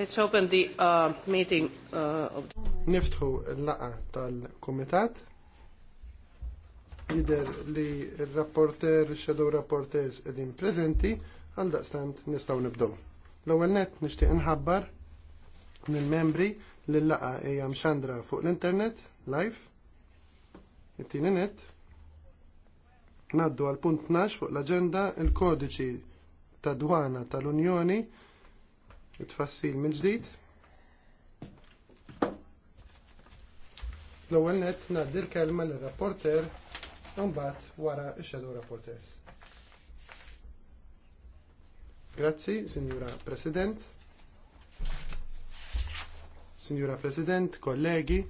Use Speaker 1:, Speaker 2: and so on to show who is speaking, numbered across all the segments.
Speaker 1: Let's open the uh, meeting uh, of Niftħu l-laqa tal-Komitat. Jider li rapporter, shadow rapporters edin prezenti, għal daqstant nistaw nibdu. L-ewwel net nixtieq inħabbar mill-membri li l-laqa hija mxandra fuq l-internet live. It-tieni net. Naddu għal punt 12 fuq l-aġenda il-kodiċi ta' dwana tal-Unjoni it-tfassil minn ġdid. L-ewwel nett ngħaddi l-kelma lir-rapporter u mbagħad wara x-shadow rapporters. Grazzi, Signora President. Signora President, kollegi,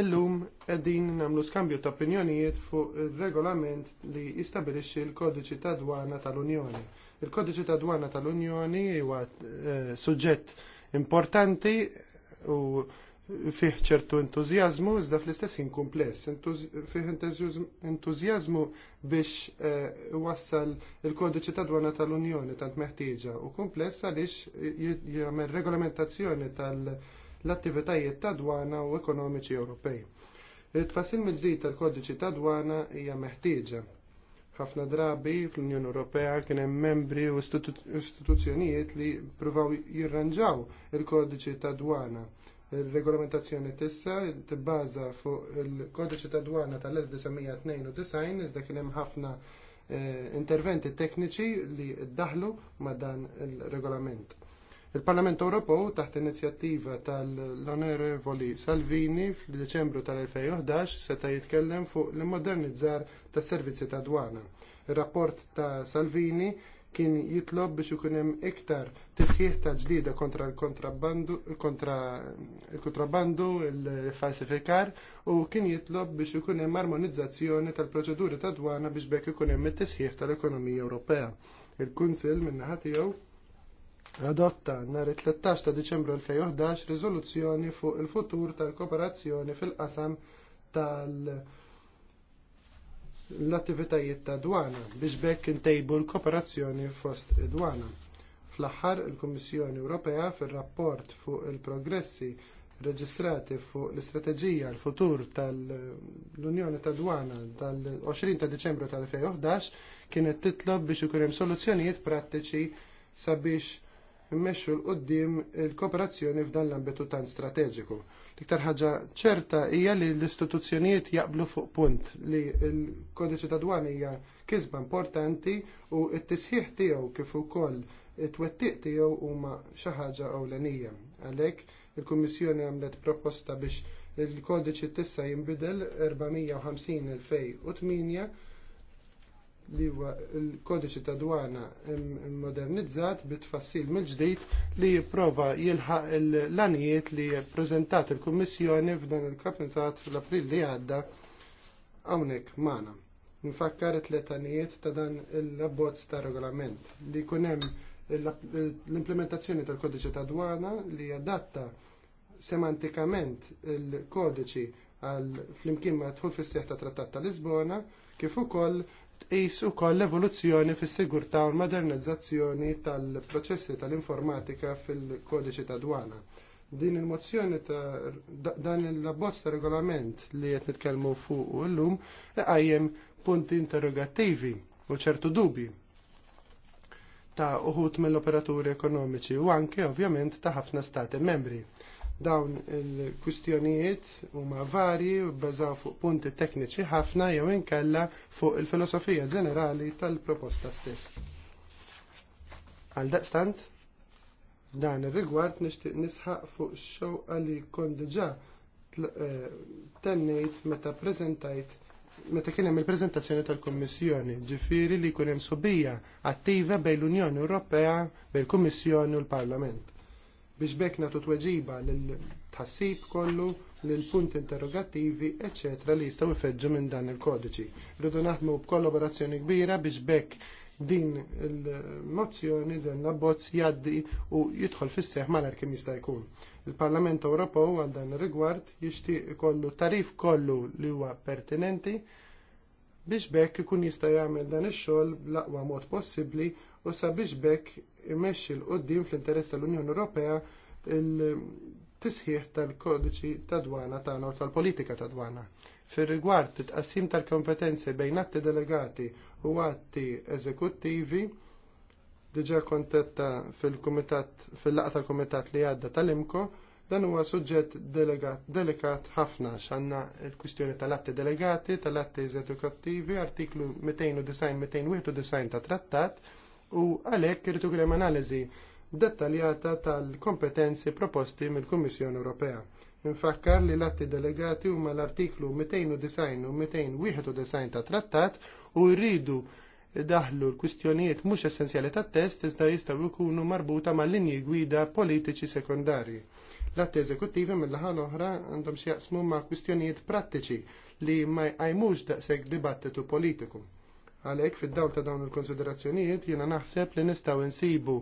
Speaker 1: Illum qegħdin nagħmlu skambju ta' opinjonijiet fuq ir regolament li jistabilixxi l-kodiċi ta' dwana tal-Unjoni Il-kodiċi ta' dwana tal-Unjoni huwa eh, suġġett importanti u fih ċertu entużjażmu iżda fl-istess ħin kumpless. Fih entużjażmu biex eh, wassal il-kodiċi ta' dwana tal-Unjoni tant meħtieġa u kumpless għaliex jagħmel regolamentazzjoni tal-attivitajiet ta' dwana u ekonomiċi Ewropej. Il-tfassil mill-ġdid tal-kodiċi ta' dwana hija meħtieġa ħafna drabi fl-Unjoni Ewropea kien hemm membri u istituzzjonijiet li pruvaw jirranġaw il-kodiċi ta' dwana. Il-regolamentazzjoni tissa tibbaża fuq il-kodiċi ta' dwana tal-1992 iżda kien hemm ħafna eh, interventi tekniċi li ddaħlu ma' dan il-regolament. Il-Parlament Ewropew taħt inizjattiva tal-Onorevoli Salvini fil-Deċembru tal-2011 seta' jitkellem fuq l-modernizzar tas servizzi ta' dwana. Il-rapport ta' Salvini kien jitlob biex ikun hemm iktar tisħiħ ta' ġlida kontra l-kontrabbandu, kontra l-kontrabbandu, l-falsifikar u kien jitlob biex ikun hemm armonizzazzjoni tal-proċeduri ta' dwana biex bekk ikun hemm it-tisħiħ tal-ekonomija Ewropea. Il-Kunsill min-naħa tiegħu adotta nhar it 13 ta' Diċembru 2011 riżoluzzjoni fuq il-futur tal-kooperazzjoni fil-qasam tal- kooperazzjoni fil qasam tal attivitajiet ta' dwana biex bekk intejbu l-kooperazzjoni fost dwana. Fl-aħħar il-Kummissjoni Ewropea fir-rapport fuq il-progressi reġistrati fuq l-istrateġija l-futur tal-Unjoni tad Dwana tal-20 ta' Diċembru tal-2011 kienet titlob biex ikun hemm soluzzjonijiet prattiċi sabiex immexxu l-qoddim il-kooperazzjoni f'dan l-ambitu tan strateġiku. L-iktar ħaġa ċerta hija li l-istituzzjonijiet jaqblu fuq punt li l-kodiċi ta' dwan hija kisba importanti u t-tisħiħ tiegħu kif ukoll it-twettiq tiegħu huma xi ħaġa ewlenija. Għalhekk il-Kummissjoni għamlet proposta biex il-kodiċi tissa jinbidel 450 2008 li huwa l-kodiċi ta' dwana modernizzat bi tfassil mill-ġdid li jipprova jilħaq l-anijiet li prezentat il-Kummissjoni f'dan il-Kapitat fl-April li għadda hawnhekk magħna. Nfakkar tliet anijiet ta' dan l-abbozz ta' regolament li jkun hemm l-implementazzjoni tal-kodiċi ta' dwana li adatta semantikament il-kodiċi għal flimkien ma tħul fis seħħ ta' trattat ta' Lisbona kif ukoll tqis ukoll l-evoluzzjoni fis-sigurtà u l-modernizzazzjoni tal-proċessi tal-informatika fil-kodiċi ta' dwana. Din il-mozzjoni ta' dan il-abbozz ta' regolament li qed nitkellmu fuq illum iqajjem punti interrogattivi u ċertu dubi ta' uħut mill-operaturi ekonomiċi u anke ovvjament ta' ħafna stati membri. Dawn il-kwistjonijiet huma vari u bbażaw fuq punti tekniċi ħafna jew inkella fuq il-filosofija ġenerali tal-proposta stess. Għal daqstant, dan ir-rigward nixtieq nisħaq fuq x għalli li kon eh, tennejt meta prezentajt meta kien hemm il-preżentazzjoni tal-Kummissjoni, ġifieri li jkun hemm subija attiva bejn l-Unjoni Ewropea, bejn l kummissjoni u l-Parlament biex bekk nagħtu tweġiba l-tħassib kollu l-punti interrogattivi, eccetera, li jistgħu ifedġu minn dan il-kodiċi. Rridu naħdmu b'kollaborazzjoni kbira biex bekk din il-mozzjoni, din l-abbozz jaddi u jidħol fis seħħ malar kemm jista' jkun. Il-Parlament Ewropew għal dan ir-rigward jixtieq ikollu tarif kollu li huwa pertinenti biex bekk ikun jista' jagħmel dan ix-xogħol bl-aqwa mod possibbli u sabiex bekk imexxi l qudiem fl-interess tal-Unjoni Ewropea il-tisħiħ tal-kodiċi tad dwana tagħna u tal-politika tad dwana. Fir-rigward it-tqassim tal-kompetenzi bejn atti delegati u atti eżekuttivi, diġa kontetta fil-laqgħa tal-Kumitat li għadda tal-imko, Dan huwa suġġett delikat ħafna x'għandna l-kwistjoni tal-atti delegati, tal-atti eżekuttivi, artiklu 291 ta' trattat u għalhekk irid ukoll analiżi dettaljata tal-kompetenzi proposti mill-Kummissjoni Ewropea. Infakkar li l-atti delegati huma l-artiklu 290 u 291 ta' trattat u rridu daħlu l-kwistjonijiet mhux essenzjali tat-test iżda jistgħu jkunu marbuta mal linji gwida politiċi sekondarji. L-atti eżekuttivi mill-ħal oħra għandhom jaqsmu ma' kwistjonijiet prattiċi li ma jqajmux daqshekk dibattitu politiku. Għalhekk fid-dawl ta' dawn il-konsiderazzjonijiet jiena naħseb li nistgħu insibu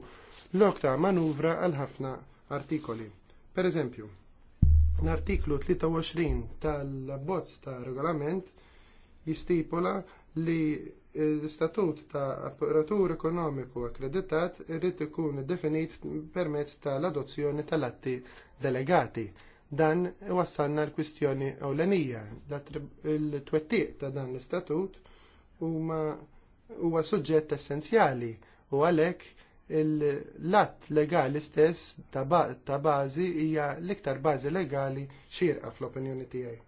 Speaker 1: lok ta' manuvra għal ħafna artikoli. Per eżempju, l-artiklu 23 tal-bozz ta' regolament jistipula li l-istatut ta' apparatur ekonomiku akkreditat irrid ikun definit permezz tal-adozzjoni tal-atti delegati. Dan wassanna l-kwistjoni ewlenija. Il-twettiq ta' dan l-istatut huwa suġġett essenzjali u għalhekk l-att legali stess ta' bażi hija l-iktar bażi legali xierqa fl-opinjoni tiegħi.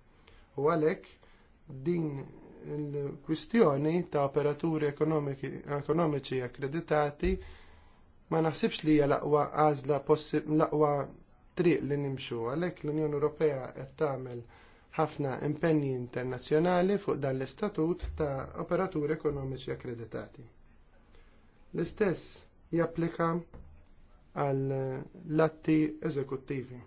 Speaker 1: U għalhekk din il-kwistjoni ta' operaturi ekonomiċi akkreditati ma naħsibx li hija l-aqwa għażla l-aqwa triq li nimxu għalhekk l-Unjoni Ewropea qed tagħmel ħafna impenji internazzjonali fuq dan l-istatut ta' operaturi ekonomiċi akkreditati. L-istess japplika għal latti eżekuttivi.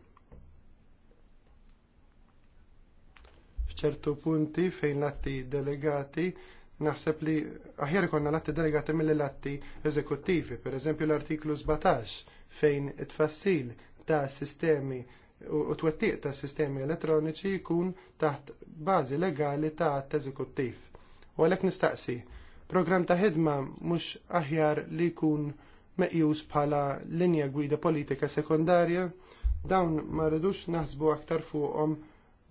Speaker 1: f'ċertu punti fejn l-atti delegati naħseb li aħjar konna l-atti delegati mill-atti eżekuttivi, per eżempju l-artiklu 17 fejn it-fassil ta' sistemi u twettiq ta' sistemi elettroniċi jkun taħt bażi legali ta' eżekuttiv. U għalhekk nistaqsi, programm ta' ħidma mhux aħjar li jkun meqjus bħala linja gwida politika sekundarja dawn ma rridux naħsbu aktar fuqhom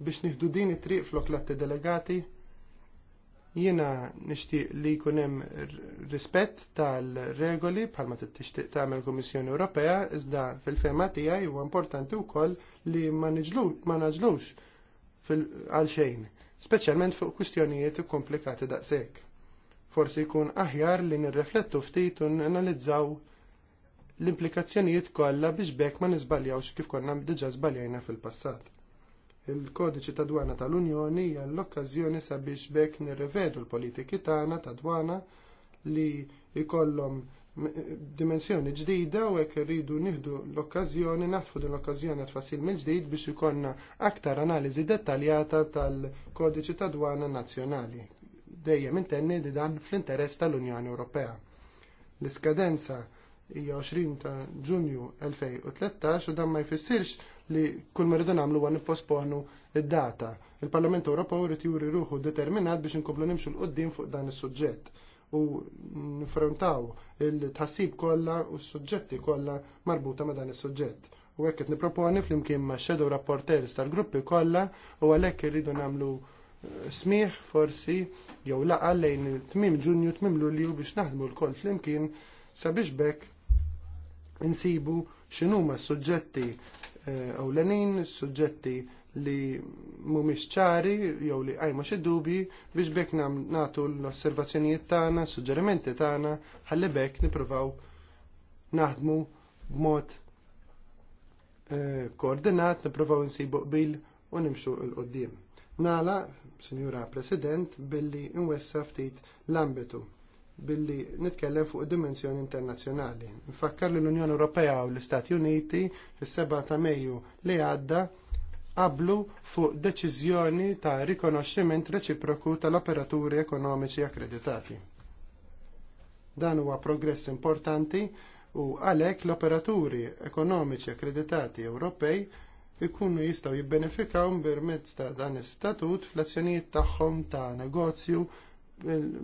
Speaker 1: biex nieħdu din it-triq flok l-atti delegati jiena nixtieq li jkun hemm rispett tal-regoli bħalma tixtieq tagħmel Kummissjoni Ewropea iżda fil-fema tiegħi huwa importanti wkoll li ma naġlux għal xejn, speċjalment fuq kwistjonijiet komplikati daqshekk. Forsi jkun aħjar li nirreflettu ftit u nanalizzaw l-implikazzjonijiet kollha biex bekk ma niżbaljawx kif konna diġà żbaljajna fil-passat. Il-kodiċi ta' dwana tal-Unjoni hija l-okkażjoni sabiex bekk nirrevedu l-politiki tagħna ta' dwana li jkollhom dimensjoni ġdida u hekk irridu nieħdu l-okkażjoni naħtfu din l-okkażjoni fasil mill-ġdid biex ikonna aktar analiżi dettaljata tal-kodiċi ta' dwana nazzjonali. Dejjem intenni li dan fl-interess tal-Unjoni Ewropea. L-iskadenza hija 20 ta' Ġunju 2013 u dan ma jfissirx li kull merridu nagħmlu għan nipposponu id-data. Il-Parlament Ewropew irid juri ruħu determinat biex inkomplu nimxu l qoddim fuq dan is-suġġett u nifrontaw il-tħassib kollha u s-suġġetti kollha marbuta ma' dan is-suġġett. U hekk qed nipproponi flimkien ma' shadow rapporters tal-gruppi kollha u għalhekk irridu nagħmlu eh, smih forsi jew laqa lejn tmim ġunju tmim lulju biex naħdmu l koll flimkien sabiex bekk insibu x'inhuma s-suġġetti Eh, ewlenin, suġġetti li mhumiex ċari jew li għajma xi dubji biex bekk nagħtu l-osservazzjonijiet tagħna, suġġerimenti tagħna, ħalli bekk nippruvaw naħdmu b'mod eh, koordinat, nippruvaw insibu qbil u nimxu l-qoddim. Nala, Sinjura President, billi nwessa ftit l-ambitu billi nitkellem fuq dimensjoni internazzjonali. Nfakkar li l-Unjoni Ewropea u l-Istati Uniti fis-7 ta' Mejju li għadda qablu fuq deċiżjoni ta' rikonoxximent reċiproku tal-operaturi ekonomiċi akkreditati. Dan huwa progress importanti u għalhekk l-operaturi ekonomiċi akkreditati Ewropej ikunu jistgħu jibbenefikaw permezz ta' dan is-statut fl-azzjonijiet tagħhom ta' negozju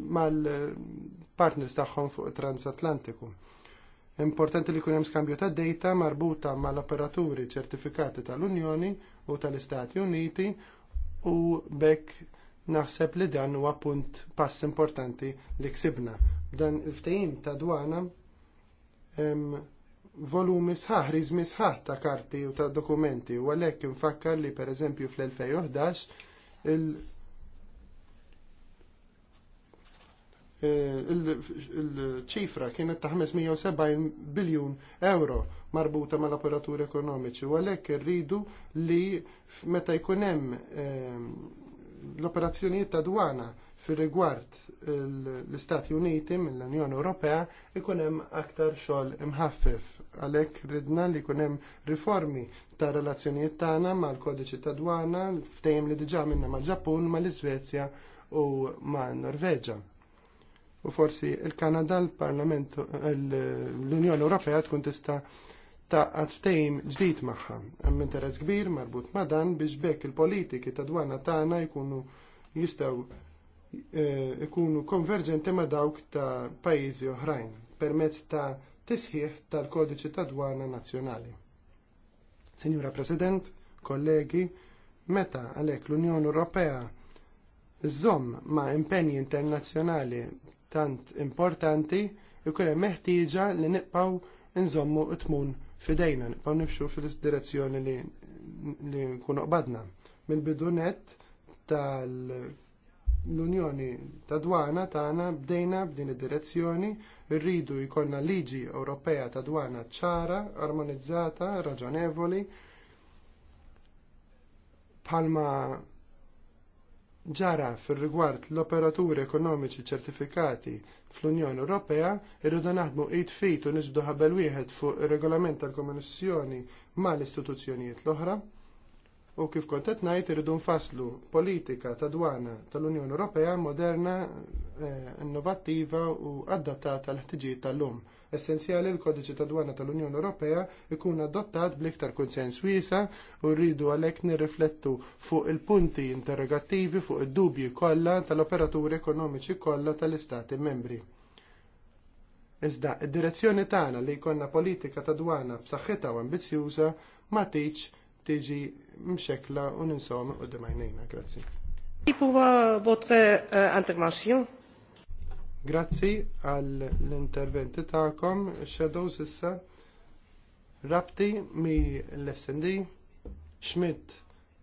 Speaker 1: mal-partners tagħhom fuq transatlantiku. Importanti li jkun hemm skambju ta' data marbuta mal-operaturi ċertifikati tal-Unjoni u tal-Istati Uniti u bekk naħseb li dan huwa punt pass importanti li ksibna. Dan il-ftehim ta' dwana volumi sħaħ, rizmi sħaħ ta' karti u ta' dokumenti u għalhekk infakkar li pereżempju fl-2011 Eh, il-ċifra kienet ta' 570 biljun euro marbuta mal apparaturi ekonomiċi u għalhekk irridu li meta jkun hemm ehm, l-operazzjonijiet ta' dwana fir rigward l-Istati Uniti mill-Unjoni Ewropea ikun hemm aktar xogħol imħaffef. Għalhekk ridna li jkun hemm riformi ta' relazzjonijiet tagħna mal-kodiċi ta' dwana ftejjem li diġà minna mal-Ġappun, mal-Iżvezja u mal Norveġa u forsi il-Kanada l-Parlament l-Unjoni Ewropea tkun tista' ta' ftejm ġdid magħha. Hemm interess kbir marbut ma' dan biex bekk il-politiki ta' dwana tagħna jkunu jistgħu eh, ikunu konverġenti ma' dawk ta' pajjiżi oħrajn permezz ta' tisħiħ tal-kodiċi ta' dwana nazzjonali. Sinjura President, kollegi, meta għalhekk l-Unjoni Ewropea żomm ma' impenji internazzjonali tant importanti ikun hemm meħtieġa li nibqgħu nżommu tmun fidejna, nibqgħu nibxu fil-direzzjoni li li nkunu qbadna. mill net tal-Unjoni ta' dwana tagħna bdejna b'din id-direzzjoni, rridu jkollna liġi Ewropea ta' dwana ċara, armonizzata, raġonevoli, bħalma ġara fir rigward l-operaturi ekonomiċi ċertifikati fl-Unjoni Ewropea irridu naħdmu id fit u nisbdu ħabel wieħed fuq ir regolament tal-Komissjoni mal istituzzjonijiet l-oħra. U kif kont qed ngħid irridu nfasslu politika ta' dwana tal-Unjoni Ewropea moderna, eh, innovattiva u adattata għall ħtiġijiet tal-lum. Essenzjali l-kodiċi ta' dwana tal-Unjoni Ewropea ikun adottat bl-iktar konsens wiesa u rridu għalhekk nirriflettu fuq il-punti interrogattivi fuq id-dubji kollha tal-operaturi ekonomiċi kollha tal-Istati membri. Iżda, id-direzzjoni tagħna li jkollna politika ta' dwana b'saħħitha u ambizzjuża ma tiġ tiġi mxekla u ninsom u d Grazzi. Euh, votre euh, intervention. Grazzi għall interventi tagħkom, Shadows issa, Rapti mi l-SND, Schmidt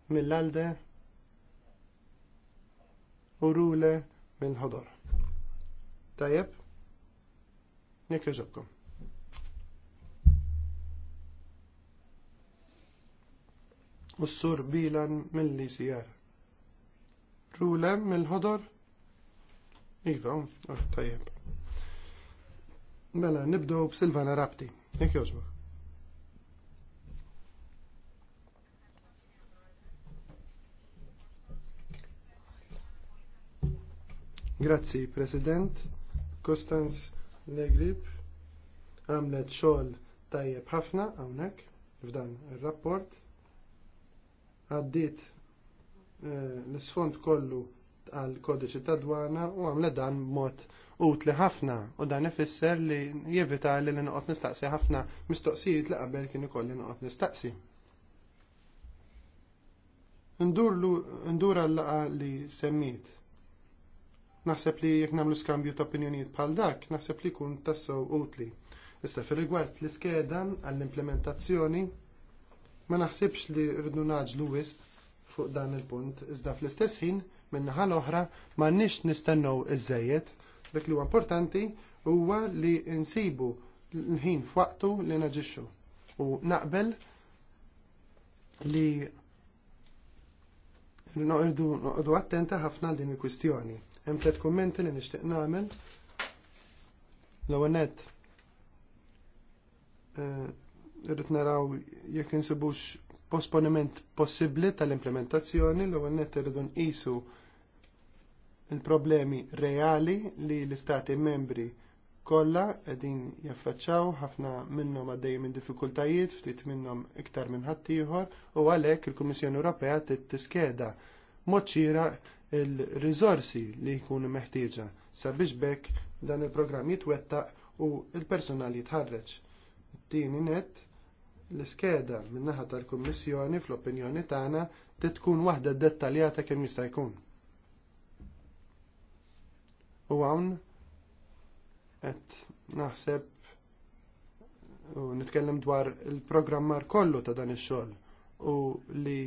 Speaker 1: mill-Alde, u Rule minn Ħodor. Tajjeb, jekk jogħġobkom. u s-sur bilan mill-li sijar. mill-ħodor Iva, oh, tajjeb. Mela, nibdow b'Silvana Rapti. Jek joġbok. Grazzi, President. Kostans Legrib għamlet xogħol tajjeb ħafna għawnek f'dan ir-rapport. Għaddit eh, l-isfond kollu għal kodiċi ta' dwana u għamle dan mod utli ħafna u dan ifisser li jevita li l-inqot nistaqsi ħafna mistoqsijiet li qabel kien ikolli inqot nistaqsi. Ndur l-laqa li semmiet. Naħseb li jekk nagħmlu skambju ta' opinjonijiet bħal dak, naħseb li jkun tassew utli. Issa fir-rigward l-iskeda għall-implementazzjoni ma naħsibx li rridu naġlu wisq fuq dan il-punt, iżda fl-istess ħin minna l-oħra ma nix nistennew iż Dak li huwa importanti huwa li nsibu l-ħin f'waqtu li naġixxu. U naqbel li noqdu attenta ħafna din il-kwistjoni. Hemm tliet kummenti li nixtieq nagħmel. L-ewwel nett eh, irrid naraw jekk insibux posponiment possibbli tal-implementazzjoni l ewwel nett irridu nqisu il-problemi reali li l-istati membri kollha qegħdin jaffaċċaw ħafna minnhom għaddej minn diffikultajiet, ftit minnhom iktar minn ħaddieħor u għalhekk il-Kummissjoni Ewropea tiskeda mod il-riżorsi li jkunu meħtieġa sabiex bekk dan il-programm jitwettaq u l personal jitħarreġ. Tieni net L-iskeda min-naħa tal-Kummissjoni fl-opinjoni tagħna tkun waħda dettaljata kemm jista' jkun. U hawn qed naħseb u nitkellem dwar il-programmar kollu ta' dan ix-xogħol u li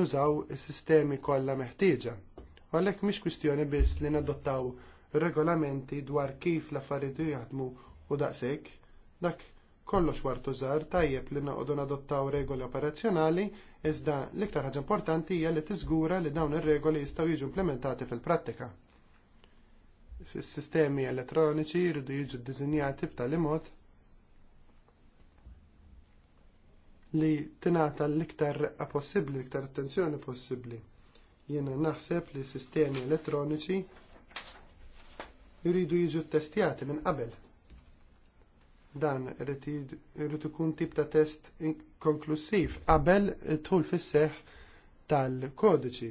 Speaker 1: nużaw is-sistemi kollha meħtieġa. U għalhekk mhix kwistjoni biss li nadottaw regolamenti dwar kif l-affarijiet jaħdmu u daqshekk, dak kollox wartu żgħar tajjeb li naqogħdu nadottaw regoli operazzjonali, iżda l-iktar ħaġa importanti hija li tiżgura li dawn ir-regoli jistgħu jiġu implementati fil-prattika. Fis-sistemi elettroniċi jridu jiġu ddisinjati b'tali mod li tingħata l-iktar reqqa possibbli, l-iktar attenzjoni possibbli. Jiena naħseb li s sistemi elettroniċi jridu jiġu ttestjati minn qabel Dan irid ikun tip ta' test konklusiv qabel tul fis seħħ tal-kodiċi.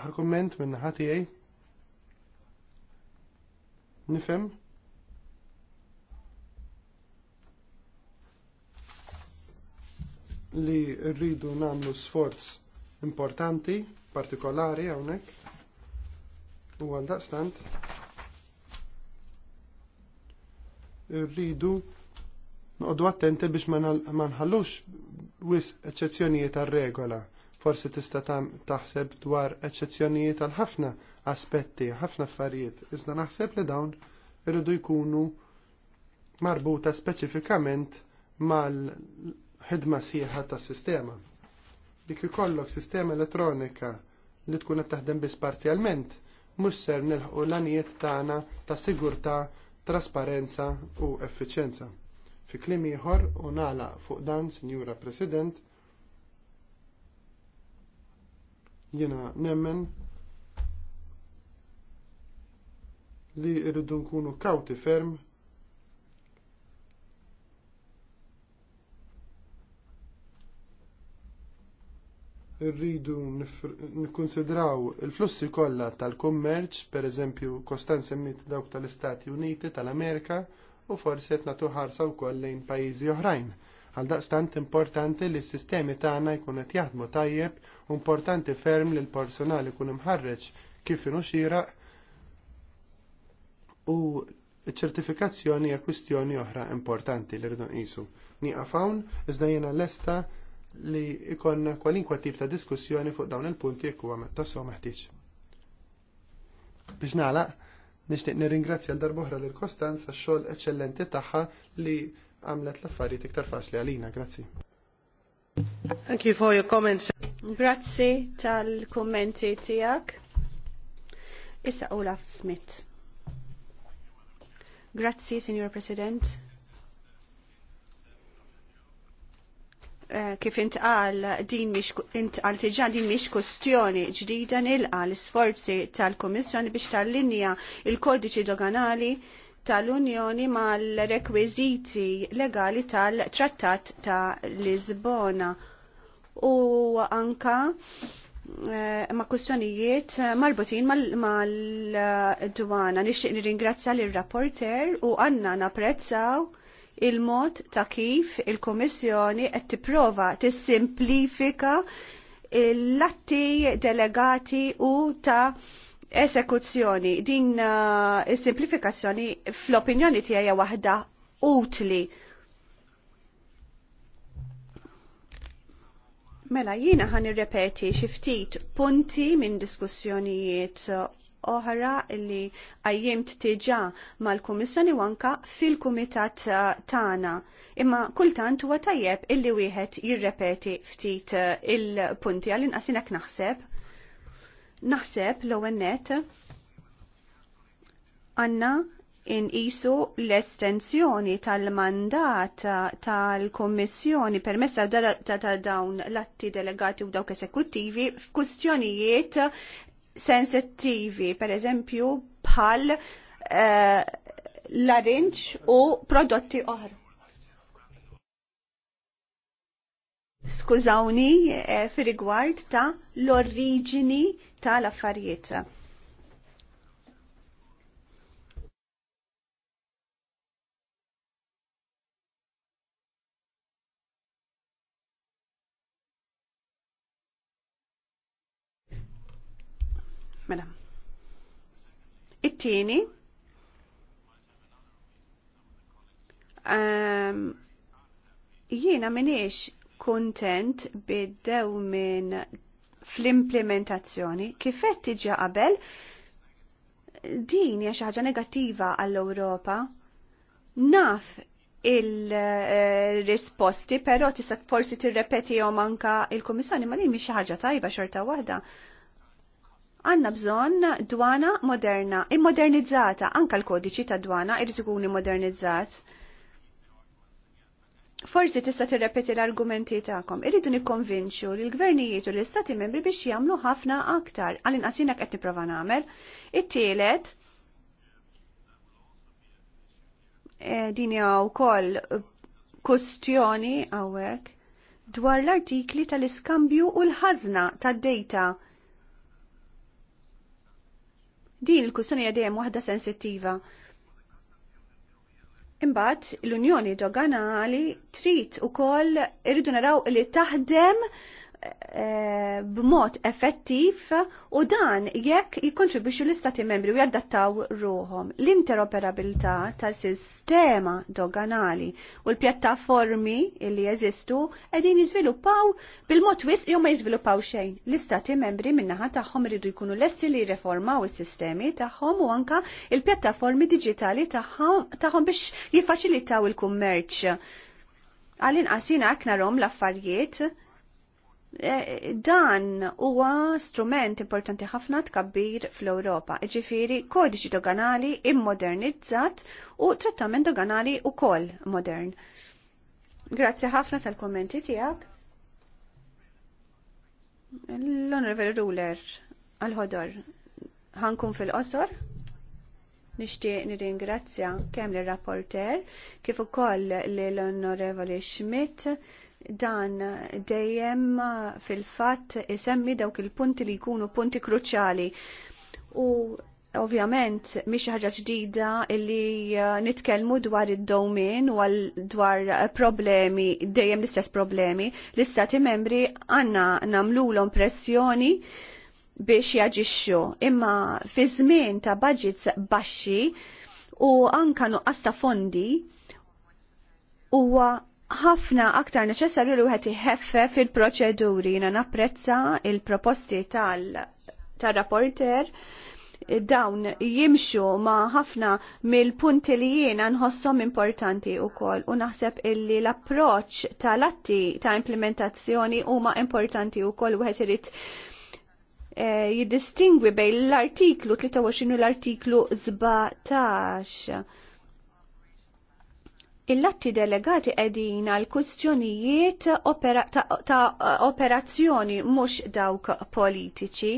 Speaker 1: Aħar komment minn naħa tiegħi. Nifhem? Li rridu nagħmlu sforz importanti, partikolari hawnhekk. U għal daqstant rridu noqdu attenti biex ma nħallux wis eċċezzjonijiet għal-regola. Forsi tista taħseb dwar eċċezzjonijiet għal ħafna aspetti, ħafna affarijiet. Iżda naħseb li dawn irridu jkunu marbuta speċifikament mal-ħidma sħiħa tas sistema. Dik ikollok sistema elettronika li tkun qed taħdem biss parzjalment, mhux ser nilħqu l-anijiet tagħna ta' sigurtà ta trasparenza u effiċjenza. Fi kliem ieħor u nagħlaq fuq dan, Sinjura President, jiena nemmen li rridu nkunu kawti ferm rridu nikkonsidraw il-flussi kollha tal-kummerċ, pereżempju kostan semmit dawk tal-Istati Uniti, tal-Amerika, u forsi qed nagħtu ħarsa wkoll lejn pajjiżi oħrajn. Għaldaqstant importanti li s-sistemi tagħna jkun qed jaħdmu tajjeb u importanti ferm li l-personal ikun imħarreġ kif inhu xieraq u ċ-ċertifikazzjoni hija kwistjoni oħra importanti li rridu nqisu. Nieqaf hawn iżda jiena lesta li ikon kwalinkwa tip ta' diskussjoni fuq dawn il-punti jekk huwa tassew meħtieġ. Biex nagħlaq, nixtieq nirringrazzja l-darbohra lil Kostanz għax-xogħol eċċellenti tagħha li għamlet l-affarijiet iktar faċli għalina. Grazzi. Thank you for your
Speaker 2: comments.
Speaker 3: Grazzi tal-kommenti tijak. Issa Olaf Smith. Grazzi, Signor President. Eh, kif intqal din mhix intqal diġà din mhix kustjoni ġdida nilqa l-isforzi tal-Kummissjoni biex tal-linja il-kodiċi doganali tal-Unjoni mal-rekwiżiti legali tal-Trattat ta' Lisbona u anka eh, ma' kustjonijiet marbutin mal-dwana. Eh, Nixtieq nirringrazzja lir rapporter u għandna napprezzaw il-mod ta' kif il-Komissjoni qed tipprova tissimplifika l-atti delegati u ta' esekuzzjoni. Din eh, il simplifikazzjoni fl-opinjoni tiegħi waħda utli. Mela jiena ħan irrepeti xi ftit punti minn diskussjonijiet oħra li għajjimt tiġa mal-Kummissjoni wanka fil-Kumitat eh, tagħna. Imma kultant huwa tajjeb illi wieħed jirrepeti ftit eh, il-punti għal inqasinek naħseb. Naħseb l-ewwel net għandna inqisu l-estensjoni tal-mandat eh, tal-Kommissjoni permessa ta' dawn l-atti delegati u dawk esekuttivi f'kustjonijiet sensittivi, per eżempju, bħal uh, larinċ u prodotti oħra. Skużawni eh, fi rigward ta' l origini tal-affarijiet mela. It-tieni ehm, jiena minix kontent biddew minn fl-implementazzjoni kifet tiġa qabel din hija xi ħaġa negattiva għall-Ewropa. Naf il-risposti, però tista' forsi tirrepetihom anka il-Kummissjoni ma din mhix xi ħaġa tajba xorta waħda għanna bżon dwana moderna, immodernizzata, anka l-kodiċi ta' dwana irrid ikun immodernizzat. Forsi tista' tirrepeti l-argumenti tagħkom. Irridu nikkonvinċu li l-gvernijiet u l-istati membri biex jagħmlu ħafna aktar għal inqasinak qed nipprova nagħmel. It-tielet e, din hija wkoll kustjoni hawnhekk dwar l-artikli tal-iskambju u l-ħażna tad-data Din il-kussjoni dejjem waħda sensittiva. Imbagħad l-Unjoni Doganali trid ukoll irridu naraw li taħdem Eh, b'mod effettiv u dan jekk jikkontribwixxu l-istati membri u jaddattaw ruhom. L-interoperabilità tal-sistema doganali u l-pjattaformi li jeżistu qegħdin jiżviluppaw bil-mod wisq jew ma jiżviluppaw xejn. L-istati membri minnaħa tagħhom iridu jkunu lesti li jirreformaw is-sistemi tagħhom u anka il-pjattaformi diġitali tagħhom biex jiffaċilitaw il-kummerċ għallin qasina aknarom l-affarijiet Eh, dan huwa strument importanti ħafna tkabbir fl-Ewropa, jiġifieri kodiċi doganali immodernizzat u trattament doganali wkoll modern. Grazzi ħafna tal-kommenti tiegħek. L-Honorable Ruler għal-ħodor ħankun fil-qosor. Nishtiq nirringrazzja kemm l-rapporter kif ukoll l-Onorevoli Schmidt dan dejjem fil-fatt isemmi dawk il-punti li jkunu punti kruċjali. U ovvjament mhix ħaġa ġdida li eh, nitkellmu dwar id-domin u dwar problemi, dejjem l-istess problemi, l-istati membri għandna nagħmluhom pressjoni biex jaġixxu. Imma fi żmien ta' budgets baxxi u anka nuqqas ta' fondi huwa ħafna aktar neċessarju li wieħed iħeffef fil proċeduri Jiena napprezza il-proposti tal-rapporter tar dawn jimxu ma ħafna mill-punti li jiena nħossom importanti wkoll u naħseb illi l-approċ tal-atti ta' implementazzjoni huma importanti wkoll wieħed irid eh, jiddistingwi bejn l-artiklu 23 u l-artiklu 17 il-latti delegati qegħdin għal kustjonijiet ta', operazzjoni mhux dawk politiċi.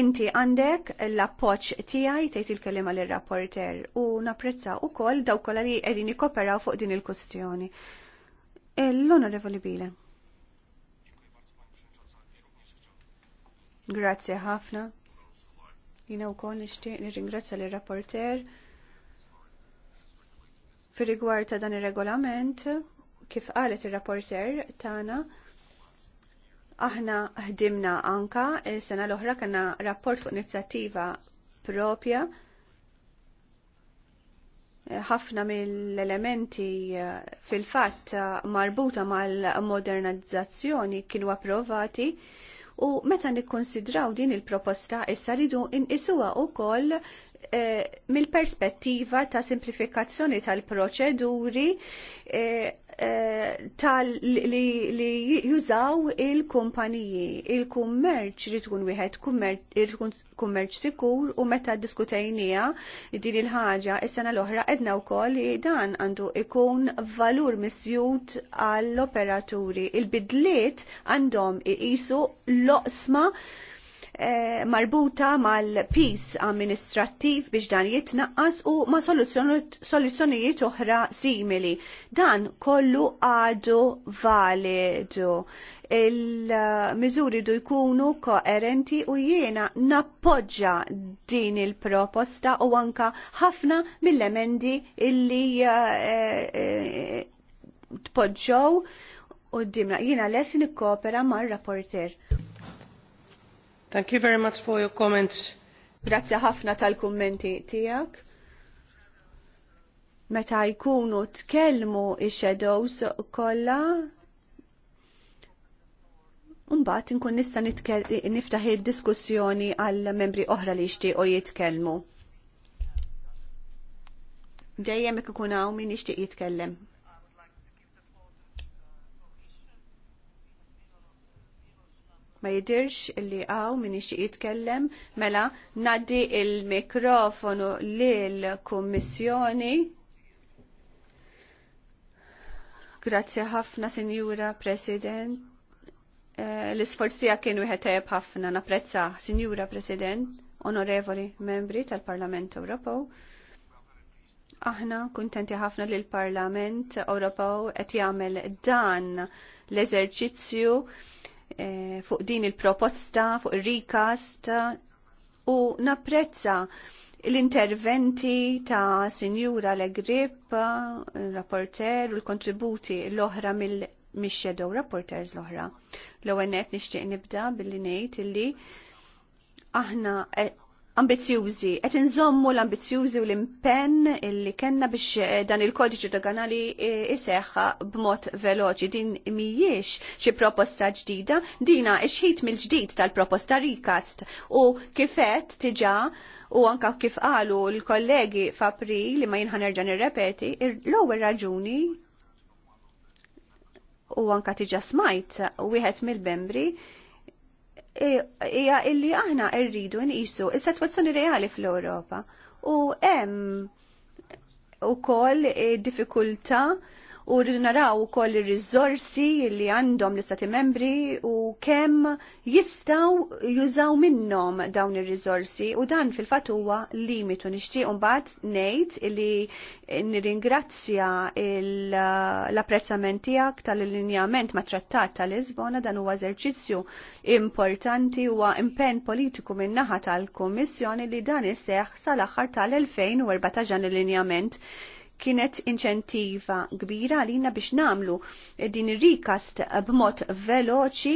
Speaker 3: Inti għandek l-appoċ tiegħi tgħid il kellima l rapporter u napprezza wkoll dawk kollha li qegħdin ikkoperaw fuq din il-kustjoni. L-Onorevoli Bile. Grazie ħafna. Jina wkoll nixtieq nirringrazzja l rapporter Fir-rigward ta' dan ir-regolament, kif qalet ir-rapporter tagħna, aħna ħdimna anka sena l-oħra kena rapport fuq inizjattiva propja ħafna mill-elementi eh, fil-fatt marbuta mal-modernizzazzjoni kienu approvati u meta nikkonsidraw din il-proposta issa rridu inqisuha wkoll Eh, mill-perspettiva ta' simplifikazzjoni tal-proċeduri eh, eh, tal li, li jużaw il-kumpaniji. Il-kummerċ li tkun wieħed kummerċ sikur u meta diskutejnija din il-ħaġa is-sena l-oħra edna wkoll li dan għandu ikun valur misjut għall-operaturi. Il-bidliet għandhom iqisu loqsma Eh, marbuta mal peace amministrattiv biex dan jitnaqqas u ma' soluzzjonijiet oħra simili. Dan kollu għadu validu il-mizuri du jkunu koerenti u jiena nappoġġa din il-proposta u anka ħafna mill-emendi illi eh, eh, eh tpoġġow u dimna jiena les nikkopera mar-rapporter.
Speaker 4: Thank you very much for your comments.
Speaker 3: Grazzi ħafna tal-kummenti tiegħek. Meta jkunu tkellmu i shadows kollha, Umbat nkun nista niftaħ id-diskussjoni għal membri oħra li jixtiequ jitkellmu. Dejjem ikun hawn min jixtieq jitkellem. ma jidirx li għaw min ixi jitkellem mela naddi il-mikrofonu l-Kommissjoni. Grazie ħafna, Sinjura President. Eh, l-isforzi tijak kienu jħetajab ħafna, naprezza, Sinjura President, onorevoli membri tal-Parlament Ewropew. Aħna kuntenti ħafna li l-Parlament Ewropew qed jagħmel dan l-eżerċizzju Eh, fuq din il-proposta, fuq il-recast u napprezza l-interventi ta' Sinjura Legrip, rapporter u l-kontributi l-oħra mill-Shadow Rapporters l-oħra. L-ewwel nixtieq nibda billi ngħid illi aħna eh, ambizjużi, qed inżommu l-ambizjużi u l-impenn illi kellna biex eh, dan il-kodiċi doganali eh, iseħħa b'mod veloċi. Din mhijiex xi proposta ġdida, dina xħit mill-ġdid tal-proposta rikast u kifet tiġa u anka kif qalu l-kollegi f'Apri li ma jinħanerġa nirrepeti, l-ewwel raġuni u anka tiġa smajt wieħed mill bembri hija illi aħna rridu nqisu is-sitwazzjoni reali fl-Ewropa u hemm ukoll eh, diffikultà u rridu naraw ukoll ir-riżorsi li għandhom l-istati membri u kemm jistgħu jużaw minnhom dawn ir-riżorsi u dan fil-fatt huwa limitu nixtieq mbagħad ngħid li nirringrazzja l-apprezzament tiegħek tal-allinjament ma' trattat tal-Lisbona dan huwa eżerċizzju importanti huwa impenn politiku min-naħa tal-Kummissjoni li dan iseħħ sal-aħħar tal-2014 l-allinjament kienet inċentiva kbira għalina biex namlu din ir-rikast b'mod veloċi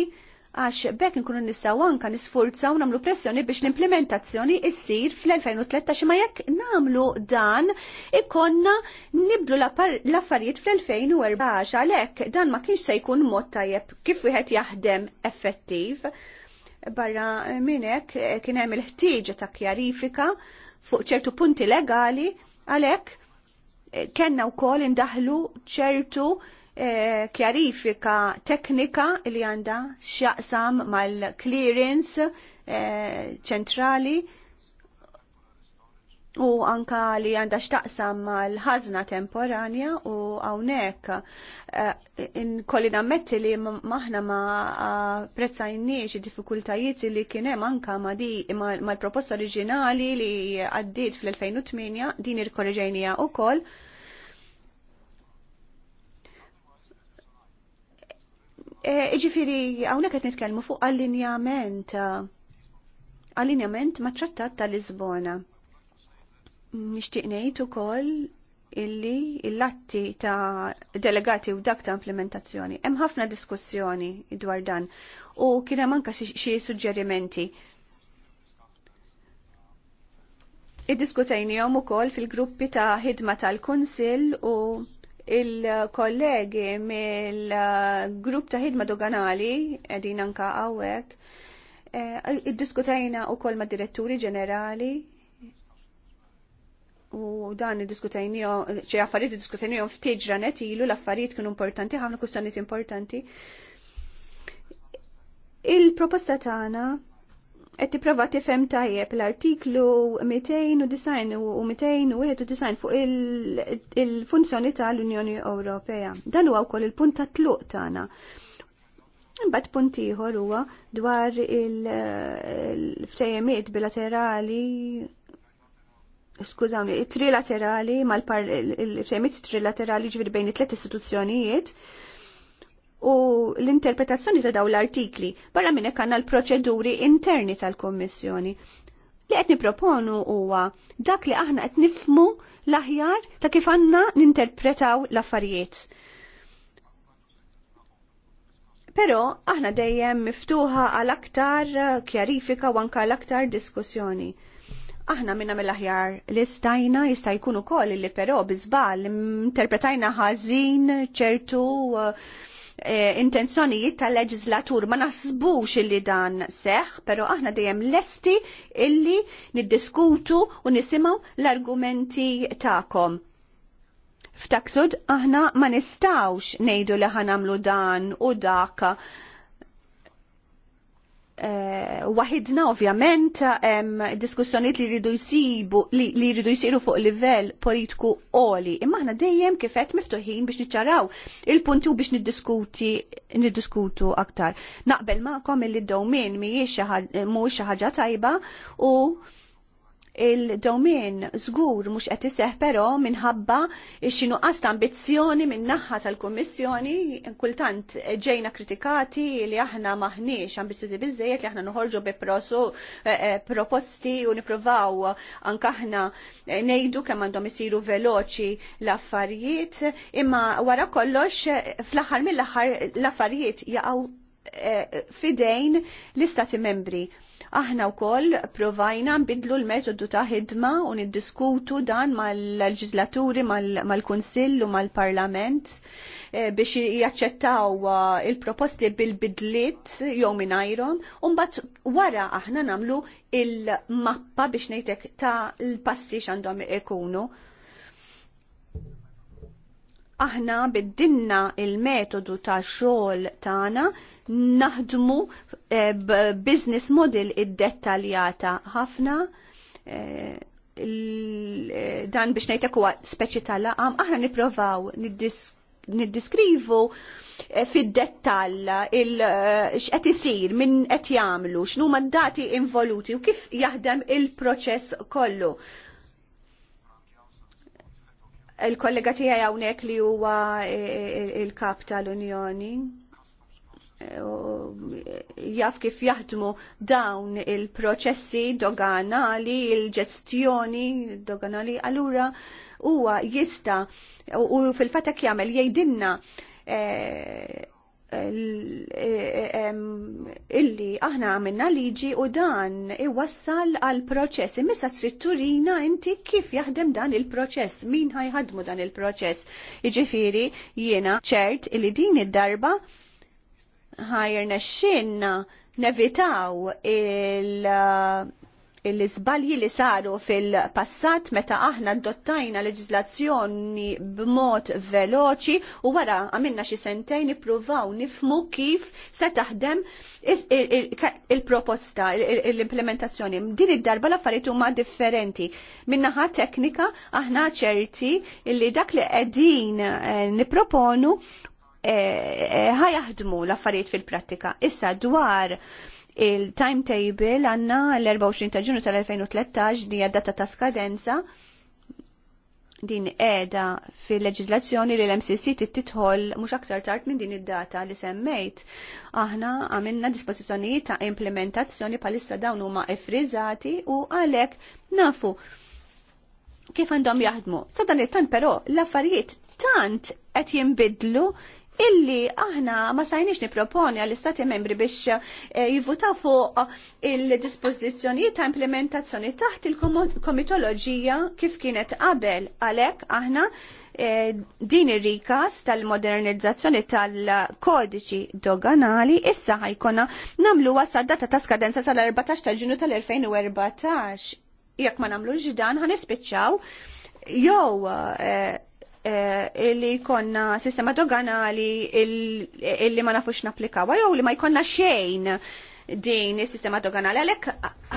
Speaker 3: għax bekk nkunu nistaw anka nisfurza u namlu pressjoni biex l-implementazzjoni issir fl-2013 ma jekk namlu dan ikonna niblu l-affarijiet fl-2014 għalhekk dan ma kienx se jkun mod tajjeb kif wieħed jaħdem effettiv. Barra minnek eh, kien hemm il-ħtieġa ta' kjarifika fuq ċertu punti legali għalhekk Kenna wkoll indahlu ċertu eh, kjarifika teknika li għanda xjaqsam mal-clearance eh, ċentrali u anka li għanda xtaqsam mal-ħazna temporanja u għawnek eh, kolli nammetti li maħna ma prezzajniex diffikultajiet li kienem anka ma di mal-proposta oriġinali li għaddit fl-2008 din ir wkoll. u eh, koll Iġifiri, għawnek għet nitkelmu fuq allinjament għallinjament eh, ma trattat tal-Lisbona. Nixtieq ngħid ukoll illi l-atti ta' delegati u dak ta' implementazzjoni. Hemm ħafna diskussjoni dwar dan u kien hemm anke xi suġġerimenti. Iddiskutejnijom ukoll fil-gruppi ta' ħidma tal-Kunsill u il-kollegi mill-grupp ta' ħidma doganali qegħdin anka hawnhekk. Eh, iddiskutejna wkoll mad diretturi ġenerali u dan diskutajnijom, ċe affarijiet diskutajnijom ftit ġranet ilu l-affarijiet kienu importanti, ħafna kustanijiet importanti. Il-proposta tagħna qed tipprova tifhem tajjeb l-artiklu 290 u 291 fuq il-funzjoni tal-Unjoni Ewropea. Dan huwa wkoll il-punt ta' tluq tagħna. Imbagħad punt ieħor huwa dwar il-ftejjemiet bilaterali skużami, trilaterali mal il-fremit trilaterali ġivir bejn it-tlet istituzzjonijiet u l-interpretazzjoni ta' daw l-artikli barra minn hekk għandna l-proċeduri interni tal-Kommissjoni. Li qed proponu huwa dak li aħna qed nifmu l-aħjar ta' kif għandna ninterpretaw l-affarijiet. Pero aħna dejjem miftuħa għal aktar kjarifika u anka għal aktar diskussjoni aħna minna mill-aħjar li stajna jista' jkun ukoll li però żball interpretajna ħażin ċertu eh, eh, intenzjonijiet tal-leġislatur ma naħsbux illi dan seħ, pero aħna dejjem lesti illi niddiskutu u nisimaw l-argumenti ta'kom. F'taksud aħna ma nistawx nejdu li ħanamlu dan u daka Eh, Waħidna ovvjament diskussjoniet diskussjonijiet li jridu jsibu li jridu jsiru fuq livell politiku oli. Imma aħna dejjem kif qed miftuħin biex niċċaraw il-punti u biex niddiskuti niddiskutu aktar. Naqbel il-li d-dowmin mhijiex mhux xi ħaġa tajba u il-domin żgur mhux qed iseħħ però minħabba xinu qasta ambizzjoni min-naħa tal-Kummissjoni kultant ġejna kritikati li aħna maħniex ambizzjużi biżejjed li aħna noħorġu bi eh, eh, proposti u nippruvaw anke aħna eh, ngħidu kemm għandhom isiru veloċi l-affarijiet imma wara kollox fl-aħħar mill-aħħar l-affarijiet jaqgħu fidejn l-istati membri Aħna wkoll provajna nbidlu l-metodu ta' ħidma u niddiskutu dan mal-leġislaturi, mal-Kunsill u mal-Parlament eh, biex jaċċettaw eh, il-proposti bil-bidliet jew mingħajrhom u mbagħad wara aħna nagħmlu il-mappa biex ngħidlek ta' l-passi x'għandhom ikunu aħna biddinna il-metodu ta' xogħol tagħna naħdmu eh, business model id detaljata ħafna eh, eh, dan biex ngħidlek huwa speċi tal-laqam, aħna nipprovaw niddiskrivu fid-dettall x'qed isir minn qed jagħmlu, x'numa d-dati involuti u kif jaħdem il-proċess kollu il-kollega tiegħi hawnhekk li huwa il-kap tal-Unjoni. Eh, jaf kif jaħdmu dawn il-proċessi doganali, il-ġestjoni doganali, allura huwa jista u fil fatak jagħmel jgħidilna eh, eh, illi aħna għamilna liġi u dan iwassal għal proċess. Imissa trid turina inti kif jaħdem dan il-proċess, min ħajħadmu dan il-proċess. Iġifieri jiena ċert illi din id-darba ħajr nexxinna nevitaw il- uh, l-izbalji li saru fil-passat meta aħna dottajna leġizlazzjoni b'mod veloċi u wara għamilna xi sentejn ippruvaw nifmu kif se taħdem il-proposta, l-implementazzjoni. Din id-darba l-affarijiet huma differenti. Minnaħa teknika aħna ċerti li dak li qegħdin eh, niproponu Eh, eh, ħaj jaħdmu l-affarijiet fil-prattika. Issa dwar il-timetable għanna l-24 ta' ġunju tal-2013 di data ta' skadenza din edha fil-leġizlazzjoni li l-MCC titħol mux aktar tard minn din id-data li semmejt. Aħna għamilna dispozizjoni ta' implementazzjoni palissa dawn huma ifriżati u għalek nafu kif għandhom jaħdmu. Sa'dan it-tan però l-affarijiet tant qed jinbidlu illi aħna ma stajniex niproponi għall-Istati membri biex eh, jivvutaw fuq il-dispożizzjonijiet ta' implementazzjoni taħt il-komitoloġija kif kienet qabel għalhekk aħna eh, din ir-rikas tal-modernizzazzjoni tal-kodiċi doganali issa ħajkonna namluwa sa data ta' skadenza tal-14 ta' ġinu tal-2014. Jekk ma namlux dan ħanispiċċaw jew eh, Eh, li konna sistema doganali illi ma nafux naplikawa jew li ma jkonna xejn din is-sistema doganali għalhekk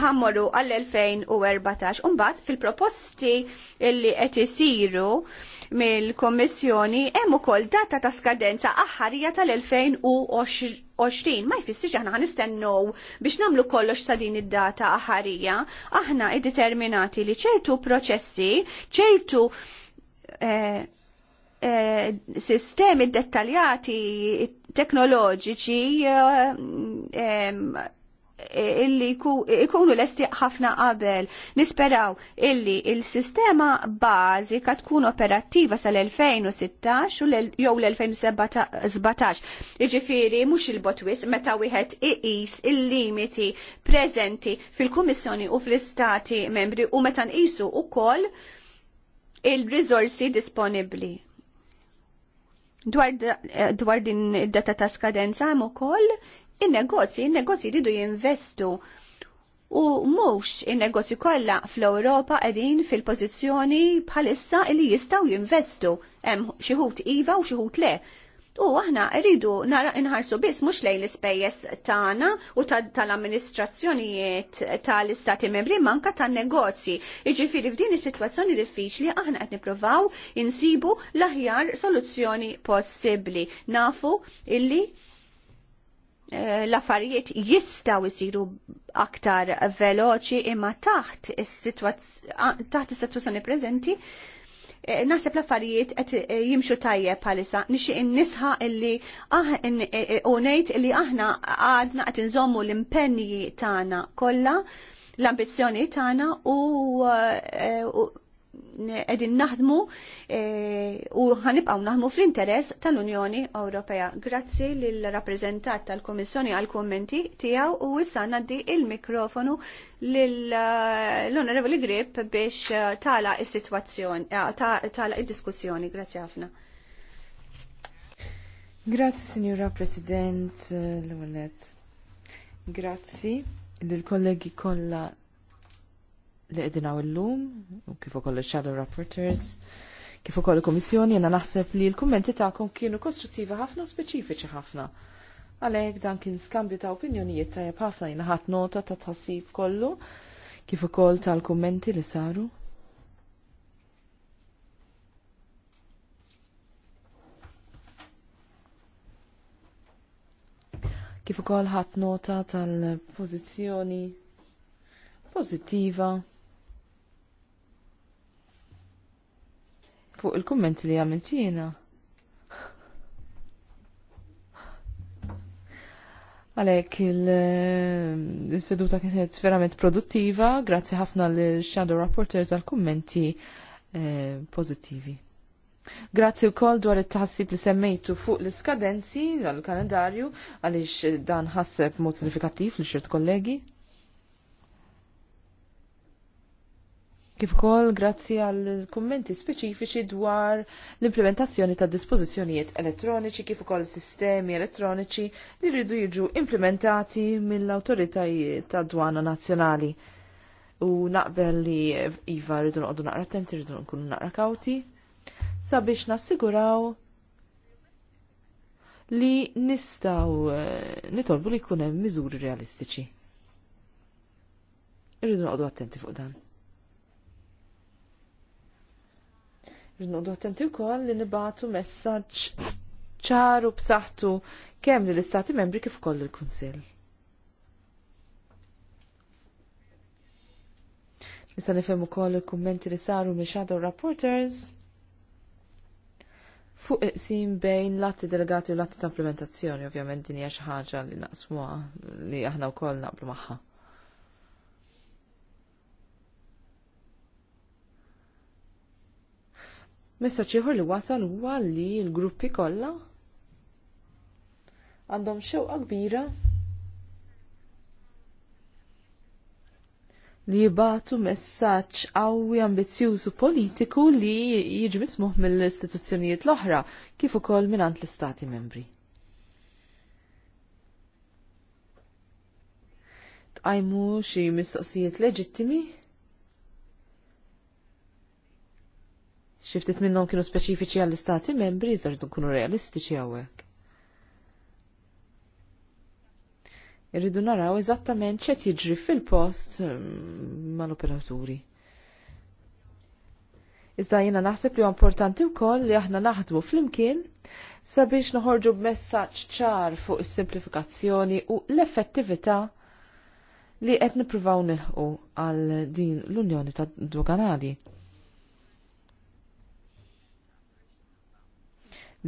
Speaker 3: ħammorru għall-2014 u mbagħad fil-proposti li qed isiru mill-Kommissjoni hemm ukoll data ta' skadenza aħħarija tal-2020. Ma jfissirx aħna ħanistennew biex nagħmlu kollox sa din id-data aħħarija. Aħna iddeterminati li ċertu proċessi, ċertu eh, Eh, sistemi dettaljati teknoloġiċi eh, eh, illi ikunu l ħafna qabel. Nisperaw illi il-sistema bażika tkun operattiva sal-2016 u jew l-2017. Iġifiri mhux il-botwis meta wieħed iqis il-limiti preżenti fil-Kummissjoni u fl-Istati membri u meta nqisu ukoll il-rizorsi disponibli Eh, dwar din id-data ta' skadenza hemm ukoll in-negozji, in-negozji jridu jinvestu u mhux in-negozji kollha fl-Ewropa qegħdin fil-pożizzjoni bħalissa li jistgħu jinvestu hemm xi ħut iva u xi ħut le. U aħna rridu nħarsu biss mhux lejn l-ispejjeż tagħna u tal-amministrazzjonijiet tal-istati membri manka tan-negozji. Jiġifieri f'din is-sitwazzjoni diffiċli aħna qed nippruvaw insibu l-aħjar soluzzjoni possibbli. Nafu illi eh, l-affarijiet jistaw isiru aktar veloċi imma taħt is-sitwazzjoni preżenti Eh, naħseb l-affarijiet qed eh, jimxu tajjeb bħalissa nixi nisħa illi u ngħid eh, illi aħna għadna qed inżommu l-impenji tagħna kollha l-ambizzjoni tagħna u qegħdin naħdmu e, u ħanibqgħu naħdmu fl-interess tal-Unjoni Ewropea. Grazzi lill rappreżentant tal-Kummissjoni għal kummenti tiegħu u issa ngħaddi il-mikrofonu lill-Onorevoli Grip biex e, tala is-sitwazzjoni e, tala id-diskussjoni. Grazzi ħafna.
Speaker 4: Grazzi, Signora President Lunet. Grazzi l-kollegi kollha li qegħdinaw illum u kif ukoll il-shadow rapporteurs, kif ukoll il-Kummissjoni jiena naħseb li l-kummenti tagħkom kienu kostruttivi ħafna u speċifiċi ħafna. Għalhekk dan kien skambju ta' opinjonijiet tajjeb ħafna jiena ħat nota ta' tħassib kollu kif ukoll tal-kummenti li saru. Kif ukoll ħadd nota tal-pożizzjoni pożittiva fuq il komment li għamilt jiena. Għalek il-seduta eh, kienet verament produttiva, grazzi ħafna l-Shadow Rapporters għal-kummenti eh, pozittivi. Grazzi wkoll dwar it-taħassib li semmejtu fuq l-iskadenzi għall-kalendarju għaliex dan ħasseb mod signifikattiv li xirt kollegi. Kif ukoll grazzi għal kummenti speċifiċi dwar l-implementazzjoni ta' dispozizjonijiet elettroniċi kif ukoll sistemi elettroniċi li rridu jiġu implementati mill autoritajiet ta' dwana nazzjonali. U naqbel li Iva rridu noqogħdu naqra attenti, rridu nkunu naqra kawti sabiex nassiguraw li nistaw eh, nitolbu li jkun hemm miżuri realistiċi. Irridu noqogħdu attenti fuq dan. Rinnodu attenti wkoll li nibatu messaġġ ċaru b'saħħtu kemm lill istati membri kif koll il-Kunsill. Nista' nifhem ukoll il-kummenti li saru minn Shadow Rapporters fuq iqsim bejn l-atti delegati u l-atti ta' implementazzjoni, ovvjament din hija xi ħaġa li naqsmuha li aħna wkoll naqblu magħha. Messaċ ieħor li wasal huwa li l-gruppi kollha għandhom xewqa kbira li jibatu messaġġ qawwi ambizzjużu politiku li jiġi mismuħ mill-istituzzjonijiet l-oħra kif ukoll mingħand l-istati membri. Tqajmu xi mistoqsijiet leġittimi Xiftit minnhom kienu speċifiċi għall-istati membri, iżda rridu realistiċi hawnhekk. Irridu naraw eżattament ċet jiġri fil-post mm, mal-operaturi. Iżda jiena naħseb li huwa importanti wkoll li aħna naħdmu flimkien sabiex noħorġu b'messaġġ ċar fuq is-simplifikazzjoni u l-effettività li qed nippruvaw nilħqu għal din l-Unjoni tad Doganali.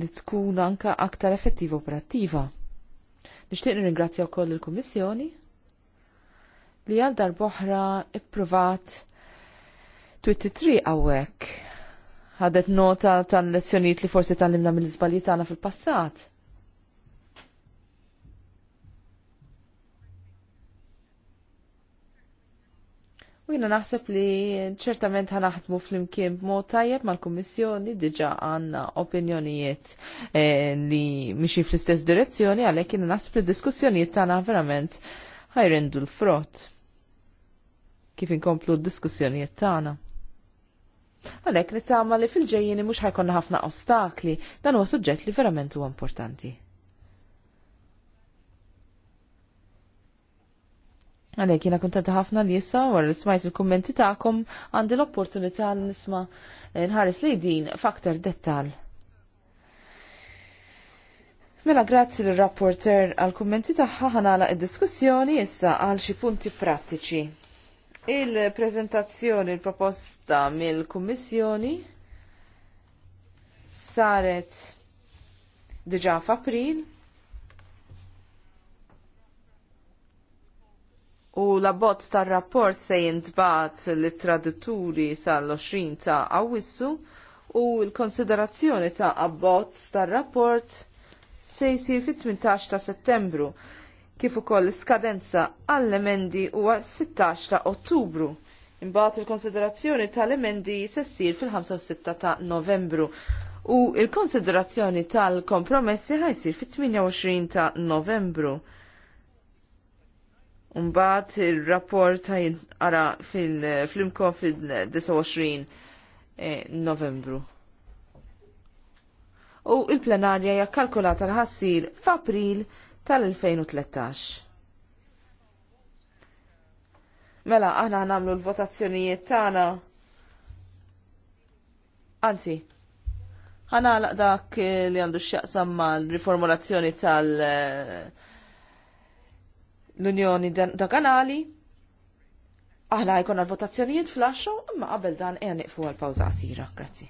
Speaker 4: li tkun anka aktar effettiva operattiva. Nixtieq nirringrazzja wkoll il-Kummissjoni li għal darboħra ippruvat twitti tri għawek ħadet nota tal-lezzjoniet li forsi tal-limna mill-izbalji tagħna fil-passat U jina naħseb li ċertament ħanaħdmu fl-imkien b'mod tajjeb mal-Kummissjoni diġa għanna opinjonijiet eh, li mixi fl-istess direzzjoni għalhekk jina naħseb li diskussjonijiet tagħna verament ħajrendu l-frott. Kif inkomplu d-diskussjonijiet tagħna. Għalhekk nittama li fil-ġejjini mhux ħajkonna ħafna ostakli, dan huwa suġġett li verament huwa importanti. Għalek, jina kontenta ħafna li jissa, għar smajt il-kommenti ta'kom, għandi l-opportunità għal nisma eh, nħares li din faktar dettal. Mela grazzi l-rapporter għal-kommenti taħħa ħanala id-diskussjoni issa għal xi punti prattiċi. Il-prezentazzjoni, il-proposta mill-Kummissjoni saret diġa f'April, U la bot tar-rapport se jintbat li tradutturi sal-20 ta' Awwissu u l-konsiderazzjoni ta' abbozz tar-rapport se jsir fit-18 ta' Settembru kif ukoll skadenza għall-emendi huwa 16 ta' Ottubru. Imbagħad il-konsiderazzjoni tal-emendi se ssir fil-5 ta' Novembru u il-konsiderazzjoni tal-kompromessi ħajsir fit-28 ta' Novembru. Umbat il-rapport għara fil-imkom fil-29 eh, novembru. U il-plenarja hija kalkulata l-ħassir f'April tal-2013. Mela, aħna għanamlu l-votazzjonijiet tagħna. Anzi, ħana dak li għandu x'jaqsam mal-riformulazzjoni tal- uh, l-Unjoni Doganali. Aħna jkun għal votazzjonijiet fl-10, imma qabel dan qiegħed niqfu għal pawża qasira. Grazzi.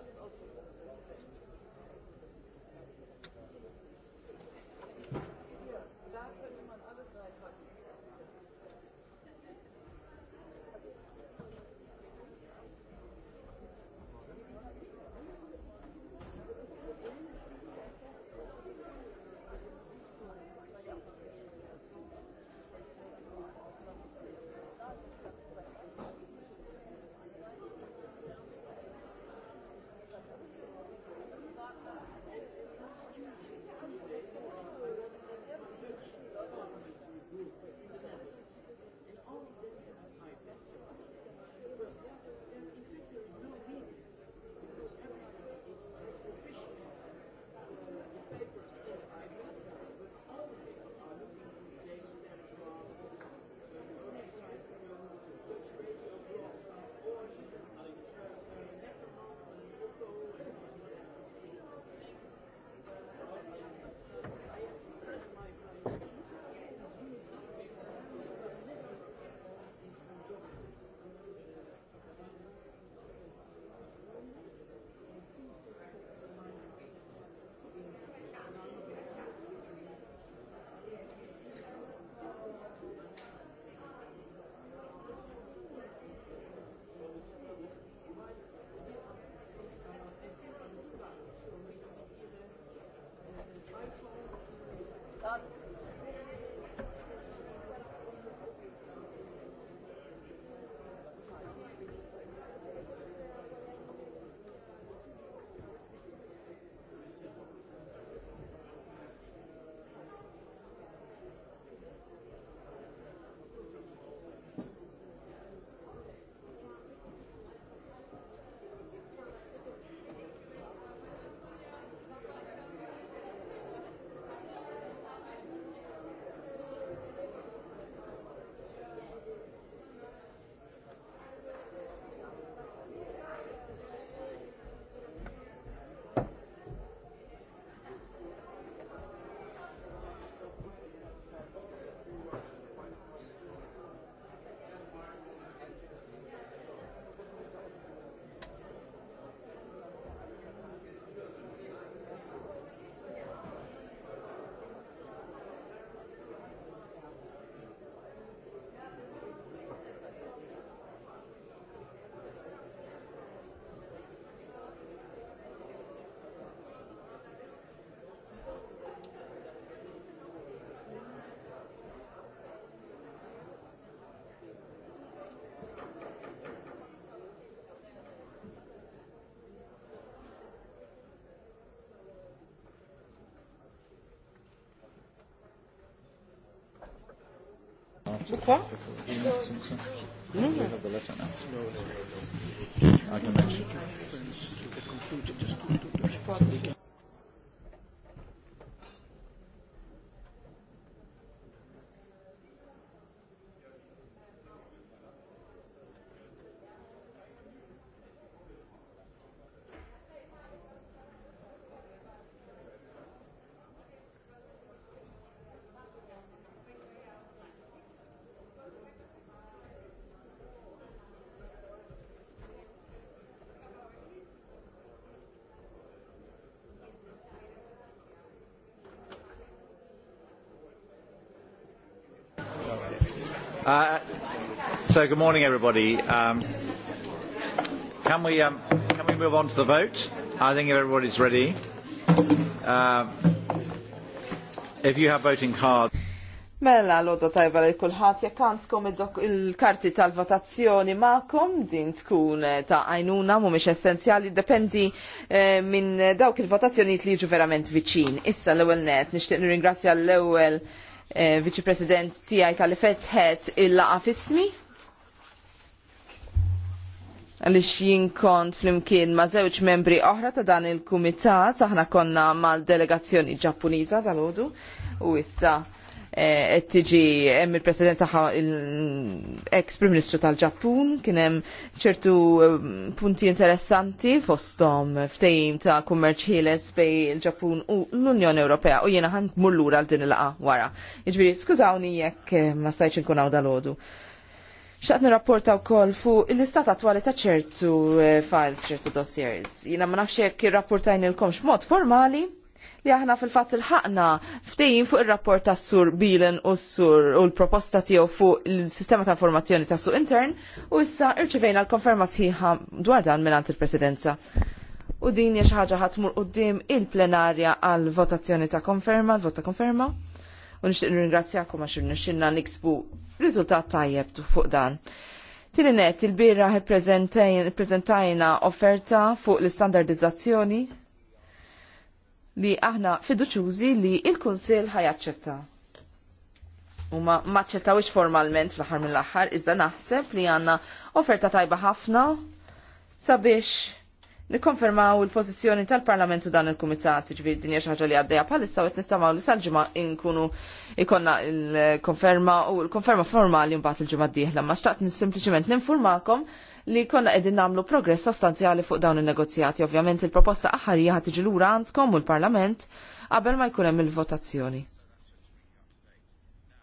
Speaker 2: għandek Pourquoi No, no. I can mention. Uh, so, good morning, everybody. Um, can, we, um, can we move on to the vote? I think everybody's ready. Uh, if you have voting cards.
Speaker 4: Mela l-odda tajba li kullħat id-dok il-karti tal-votazzjoni ma'kom din tkun eh, ta' għajnuna mu miex essenzjali dependi eh, minn dawk il votazzjoni li jiġu verament viċin. Issa l ewel net nixtieq ringrazzja l-ewwel Eh, viċi President tiegħi tal-fetħet il-laqa fismi. Għaliex jien kont flimkien ma' żewġ membri oħra ta' dan il-kumitat, aħna konna mal-delegazzjoni Ġappuniża tal-ħodu u issa Eh, tiġi hemm il-president tagħha l-ex prim ministru tal-Ġappun kien hemm ċertu eh, punti interessanti fosthom ftehim ta' kummerċ ħieles bej il-Ġappun u l-Unjoni Ewropea u jiena ħan mullura għal din il-laqa wara. Jiġifieri skużawni jekk eh, ma stajtx inkun hawn dal-għodu. Xaqt nirrapporta wkoll fuq l-istat attwali ta' ċertu files, ċertu dossiers. Jiena ma nafx jekk komx x'mod formali, li aħna fil-fatt il-ħakna ftejjin fuq il-rapport ta' sur Bilen u sur u l-proposta tiegħu fuq il-sistema ta' informazzjoni ta' suq intern u issa irċivejna l-konferma sħiħa dwar dan minn il-presidenza. U din hija xi ħaġa ħatmur quddiem il-plenarja għal votazzjoni ta' konferma, l vota konferma. U nixtieq nirringrazzjakom għax irnexxinna niksbu riżultat tajjeb fuq dan. Tini il birra prezentajna offerta fuq l-standardizzazzjoni li aħna fiduċużi li il-Kunsill ħajaċċetta. U ma maċċettawix formalment fl-aħħar mill-aħħar, iżda naħseb li għandna offerta tajba ħafna sabiex nikkonfermaw il-pożizzjoni tal-Parlamentu dan il-Kumitat, ġviri din hija xi ħaġa li għaddejja bħalissa u qed li sal ġima inkunu ikonna l konferma u l-konferma formali mbagħad il-ġimgħa diħla, dieħla ma xtaqt nissimpliċiment ninfurmakom li konna edin namlu progress sostanzjali fuq dawn il-negozjati. Ovvjament il-proposta aħħarija ħat iġi lura għandkom u l-Parlament qabel ma jkun hemm il-votazzjoni.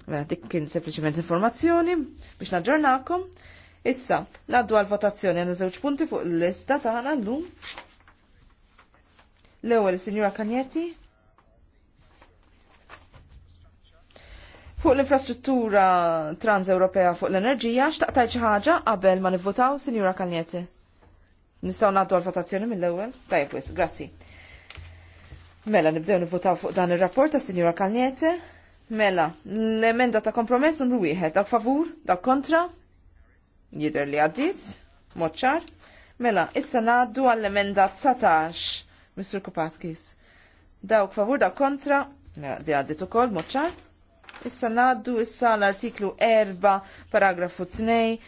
Speaker 4: Mela dik kien sempliċement informazzjoni biex naġġornakom. Issa, naddu għal-votazzjoni għandna żewġ punti fuq l-lista tagħna llum. L-ewwel, Sinjura Kanjeti. Fuq l-infrastruttura trans-Ewropea fuq l-enerġija, xtaqtaj ħaġa qabel ma nivvotaw, Sinjura Kalnieti. Nistaw naddu għal-votazzjoni mill-ewel? Tajb, wis, grazzi. Mela, nibdew nivvotaw fuq dan il-rapport ta' Sinjura Kalnieti. Mela, l-emenda ta' kompromess numru wieħed, dak favur, dak kontra, jider li għaddit, moċċar. Mela, issa naddu għall-emenda 19, Mr. Kupaskis. Dawk favur, dak kontra, mela, di għaddit ukoll, moċċar. Issa naddu issa l-artiklu 4, paragrafu 2, eh,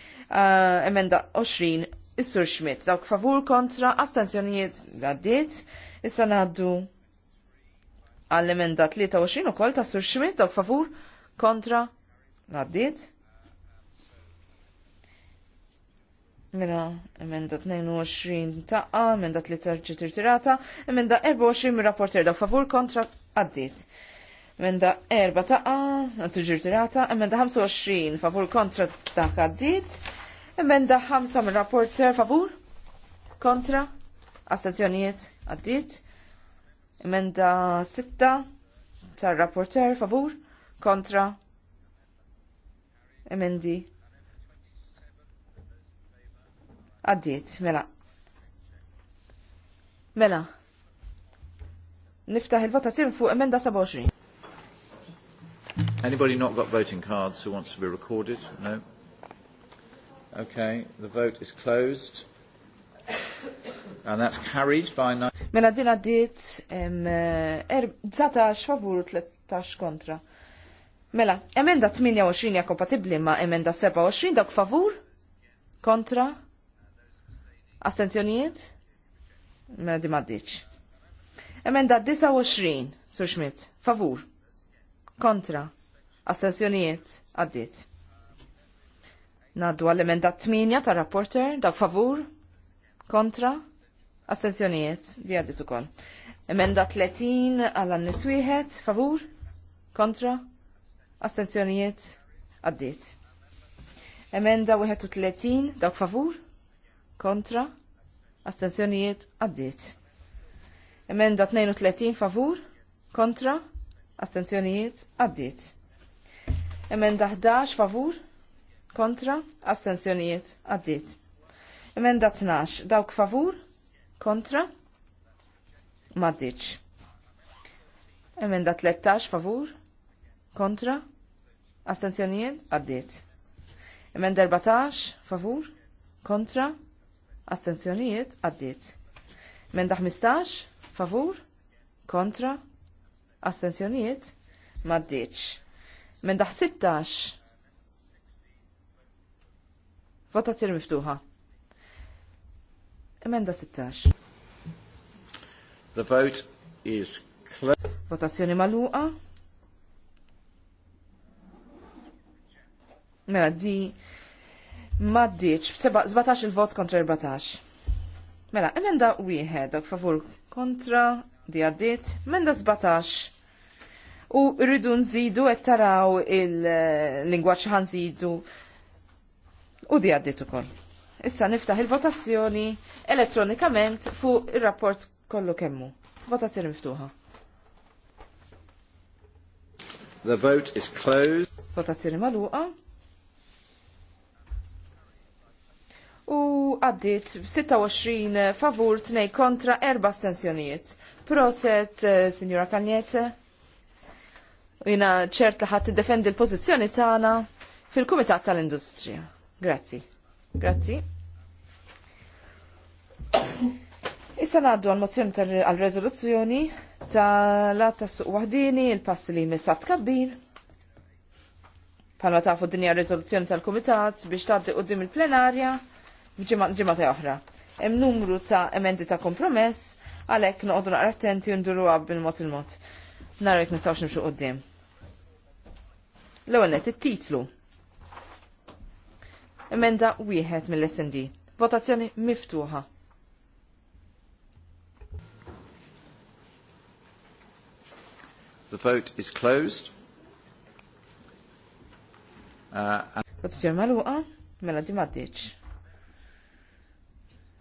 Speaker 4: emenda 20, Is-Sur Schmidt. Dawk favur kontra astenzjonijiet għaddit, Issa naddu għall-emenda 23 u kol ta' Sur Schmidt. Dawk favur kontra għaddit. Mela, emenda 22 taqqa, emenda 3 tirata, emenda 24 mir-rapporter dawk favur kontra għaddiet. Emenda 4 taqa, għantiġir tirata, emenda 25 favur kontra ta' kaddit, emenda 5 rapport rapporter favur kontra, astenzjonijiet għaddit, emenda 6 tar rapporter favur kontra, emendi għaddit, mela. Mela. Niftaħ il-votazzjoni fuq emenda 27.
Speaker 2: Anybody not got voting cards who wants to be recorded? No? Okay, the vote is closed. And that's carried by nine.
Speaker 4: Mela din għaddiet er, zata xfavur 13 kontra. Mela, emenda 28 ja kompatibli ma' emenda 27 dok favur? Kontra? Astenzjonijiet? Mela di maddiċ. Emenda 29, Sur Schmidt, favur. Kontra. Astenzjonijiet? Għaddit. Naddu għall-emenda 8 ta' rapporter, dak favur, kontra, astenzjonijiet, di għaddit ukoll. Emenda 30 għall annis favur, kontra, astenzjonijiet, għaddit. Emenda 31, dak favur, kontra, astenzjonijiet, għaddit. Emenda 32, favur, kontra, astenzjonijiet, għaddit. Emenda 11 favur kontra astensjonijiet għaddiet. Emenda 12 dawk favur kontra maddiċ. Emenda 13 favur kontra astensjonijiet għaddiet. Emenda 14 favur kontra astensjonijiet għaddiet. Emenda 15 favur kontra astensjonijiet maddiċ. Men daħ 16. Votazzjoni miftuħa. Emenda 16.
Speaker 2: The vote is closed.
Speaker 4: Votazzjoni maluqa. Mela di maddiċ b'17 il-vot kontra 14. Mela, emenda wieħed dak favur kontra di għaddit, Menda 17 u rridu nżidu qed taraw il-lingwaġġ ħanżidu u di għaddit ukoll. Issa niftaħ il-votazzjoni elettronikament fuq ir-rapport kollu kemmu. Votazzjoni miftuħa.
Speaker 2: The vote is closed.
Speaker 4: Votazzjoni magħluqa. U għaddit 26 favur, 2 kontra, 4 stensjonijiet. Proset, eh, Signora Kanjete jina ċert li ħadd tiddefendi l-pożizzjoni tagħna fil-Kumitat tal-Industrija. Grazzi. Grazzi. Issa ngħaddu għal-mozzjoni tal rezoluzzjoni tal-att suq wahdini il-passi li jmissat kabbir. Palma tafu dinja rezoluzzjoni tal-Kumitat biex taddi qoddim il-plenarja ġimata oħra. Hemm numru ta' emendi ta' kompromess għalhekk noqogħdu naqra attenti u għab bil-mod il-mod. Narek nistgħux nimxu quddiem. L-ewwel net it-titlu. Emenda wieħed mill-SND. Votazzjoni miftuħa.
Speaker 2: The vote is closed. Uh,
Speaker 4: Votazzjoni magħluqa, mela di maddiċ.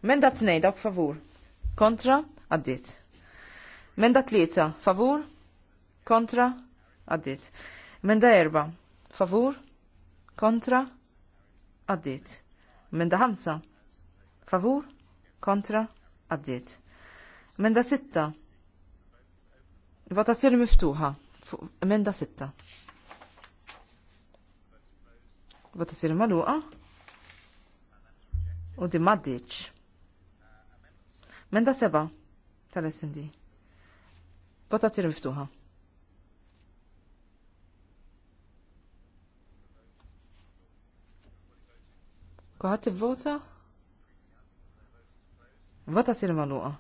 Speaker 4: Menda tnejn dawk favur. Kontra, għaddiet. Menda tlieta, favur. Kontra, għaddiet. Menda erba. Favur? Kontra? Għaddit. Menda ħamsa. Favur? Kontra? Għaddit. Menda sitta. Votazzjoni miftuħa. Menda sitta. Votazzjoni maluqa. U di maddiċ. Menda seba. Tal-SND. Votazzjoni miftuħa. Kuħat t vota? Vota sir maluqa.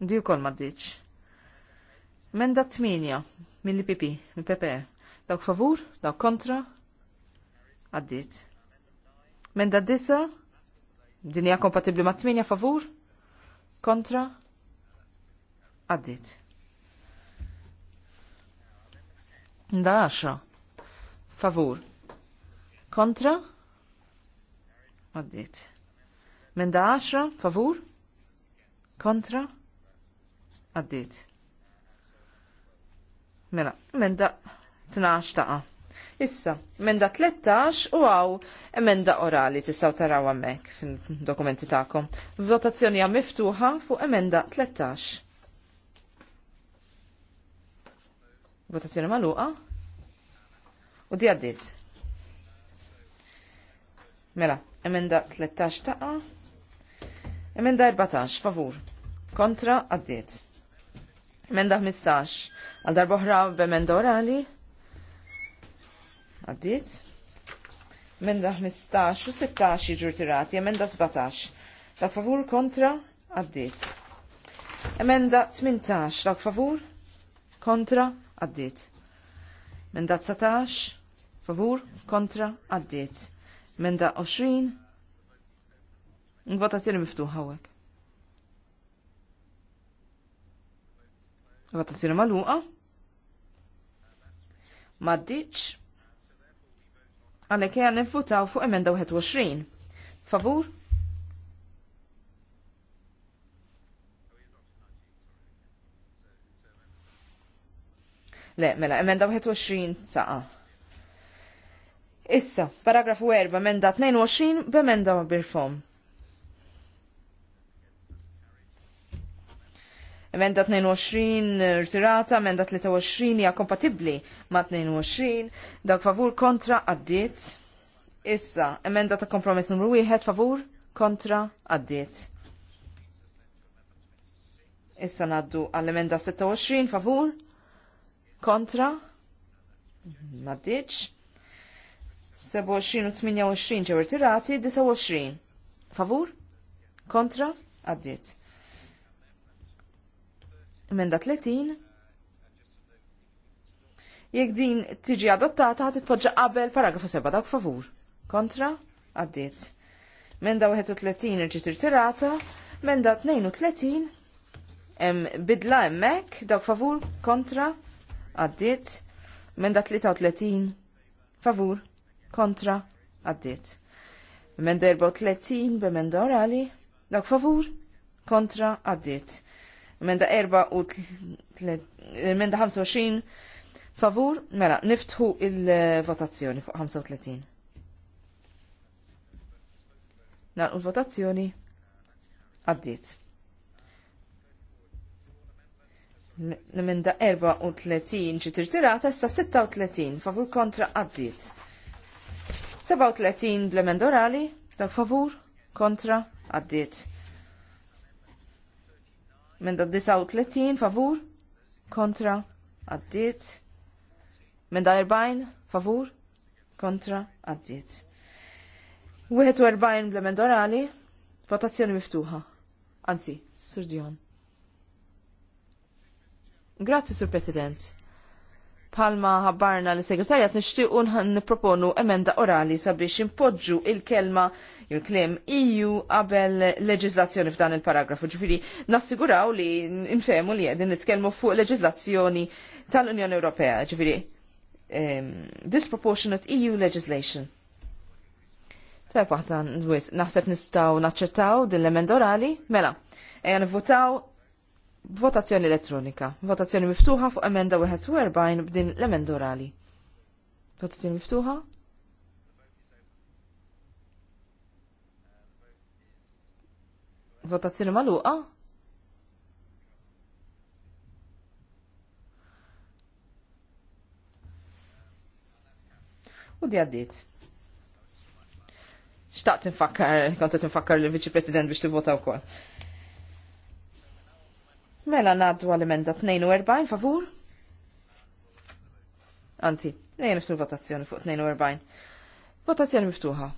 Speaker 4: Di u kol maddiċ. Menda minja mill pipi, mill pepe. Dawk favur, dawk kontra. Għaddit. Menda disa? dinja kompatibli ma' t-minja favur, kontra. Għaddit. Da 10, favur, Kontra? Għaddit. Menda 10, favur? Kontra? Għaddit. Mela, da' 12 taqa. Issa, emenda 13 u għaw emenda orali tistaw taraw għamek fin dokumenti ta'kom. Votazzjoni għam miftuħa fuq emenda 13. Votazzjoni maluqa? U di għaddit. Mela, emenda 13 taqa. Emenda 14, favur. Kontra, għaddiet. Emenda 15, għal darboħra b'emenda orali. Għaddiet. Emenda 15 u 16 ġur tirati, emenda 17. Dak favur kontra, għaddiet. Emenda 18, dak favur, kontra, għaddiet. Emenda 19, favur, kontra, għaddiet da 20. Votazzjoni miftuħa għawek. Votazzjoni maluqa. Maddiċ. Għalek jgħan nifutaw fuq emenda 21. Favur? Le, mela, emenda 21 Saqa Issa, paragrafu 4, menda 22, b'emenda bil-fom. Emenda 22 rtirata, emenda 23 hija kompatibbli ma' 22, dak favur kontra għaddiet. Issa, emenda ta' kompromess numru 1 favur kontra għaddiet. Issa naddu għall-emenda 26 favur kontra maddiċ. 27 u 28 ġew irtirati, 29. Favur? Kontra? Għaddiet. Emenda 30. Jekk din tiġi adottata ħad titpoġġa qabel paragrafu 7 dawk favur. Kontra? Għaddiet. Menda 31 irġiet irtirata, menda 32 em, bidla hemmhekk dawk favur kontra għaddiet. Menda 33 favur kontra għaddiet. Emenda 30 b'emenda orali, dak favur kontra għaddiet. Emenda 4 u emenda 25 favur, mela, niftħu il-votazzjoni fuq 35. Nal votazzjoni għaddit. L-emenda 34 ġiet irtirata issa 36 favur kontra għaddit. 37 blemend orali, dak favur, kontra, għaddiet. Menda 39 favur, kontra, għaddiet. Menda 40 favur, kontra, għaddiet. 41 blemend orali, votazzjoni miftuħa. Anzi, surdjon. Grazzi, Sur President. Palma ħabbarna li segretarjat nishtiqu nipproponu emenda orali sabiex impoġġu il-kelma il-klim EU qabel leġizlazzjoni f'dan il-paragrafu. Ġifiri, nassiguraw li nfemu li għedin nitkelmu fuq leġizlazzjoni tal-Unjoni Ewropea. Ġifiri, um, disproportionate EU legislation. Tajb waħda, naħseb nistaw naċċettaw din l-emenda orali? Mela, ejja nivvotaw Votazzjoni elettronika. Votazzjoni miftuħa fuq emenda 41 b'din l-emenda orali. Votazzjoni miftuħa? Votazzjoni maluqa? U di għaddit. Xtaqt infakkar, kontet nfakkar l-Viċi President biex tivvota wkoll. Mela naddu għal-emenda 42 favur? Anzi, nejn niftu votazzjoni fuq 42. Votazzjoni miftuħa.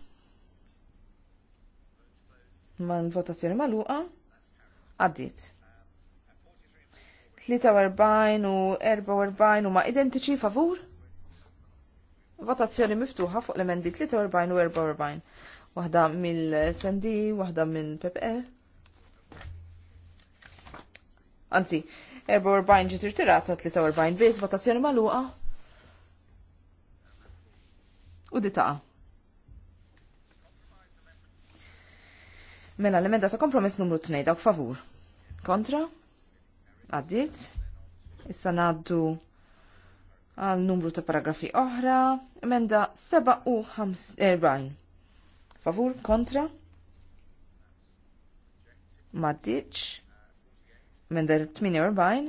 Speaker 4: Man votazzjoni maluqa? Għaddit. 43 u 44 u ma identiċi favur? Votazzjoni miftuħa fuq l-emendi 43 u 44. Waħda mill-SND, waħda mill-PPE. Anzi, 44 ġiet irtirata 43 biss, votazzjoni magħluqa. U di taqa. Mela l-emenda ta' kompromess numru 2 dawk favur. Kontra? Għaddit? Issa naddu għal numru ta' paragrafi oħra, emenda 47. Favur, kontra? Maddiċ? Mender 48.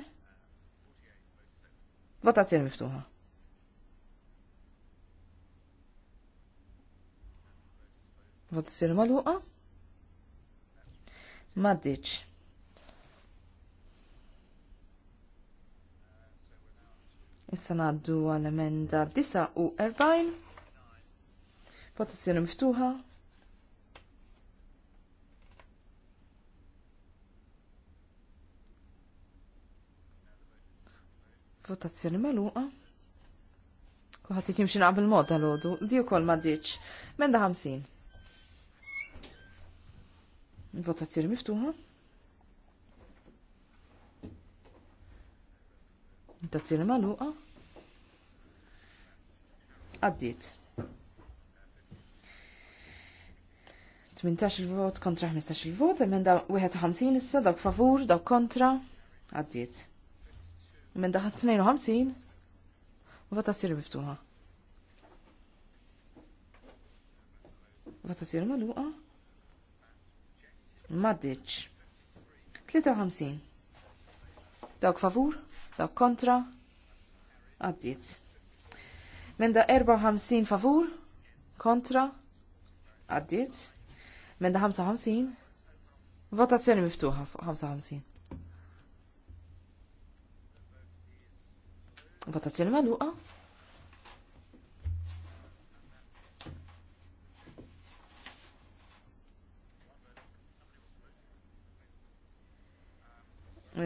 Speaker 4: Votazzjoni miftuħa. Votazzjoni maluqa. Maddiċ. Issa naddu għal-emenda 49. Votazzjoni miftuħa. Votazzjoni maluqa. Kuħat jimxi il mod dal-ħodu. Diju kol ma diċ. Menda 50. Votazzjoni miftuħa. Votazzjoni maluqa. Għaddit. 18 il-vot kontra 15 il-vot, emenda 51 issa, dawk favur, dawk kontra, għaddiet. Minn daħat 52, U votazzjoni miftuħa. Votazzjoni maluqa. Maddiċ. 53. Dawk favur, dawk kontra, għaddit. Menda 54 favur, kontra, għaddit. Menda 55, votazzjoni miftuħa 55. Votazzjoni magħluqa.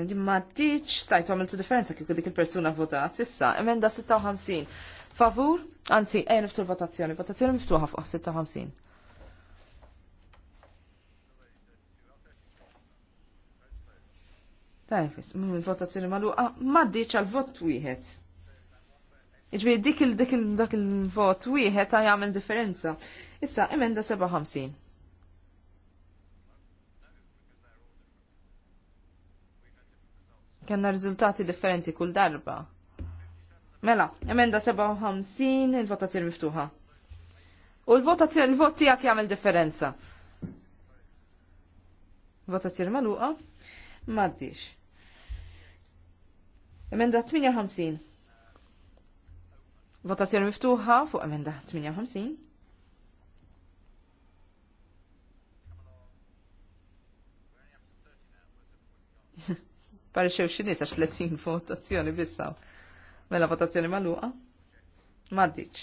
Speaker 4: Din ma tiċ stajtu għamiltu differenza kif dik il-persuna votat. Issa, emenda 56. Favur, anzi, ejja niftu l-votazzjoni. Votazzjoni miftuħa fuq 56. Tajfis, votazzjoni maluqa, ma diċ għal-vot wieħed. Iġbiri dik il dik il dak il-vot wieħed ta' jagħmel differenza. Issa emenda 57. Kenna riżultati differenti kull darba. Mela, emenda 57 il-votazzjoni miftuħa. U l-votazzjoni il-vot tiegħek jagħmel differenza. Votazzjoni magħluqa? M'għaddix. Emenda 58. Votazzjoni miftuħa fuq emenda 58. Pari xew xinis għax 30 votazzjoni bissaw. Mela votazzjoni maluqa. Maddiċ.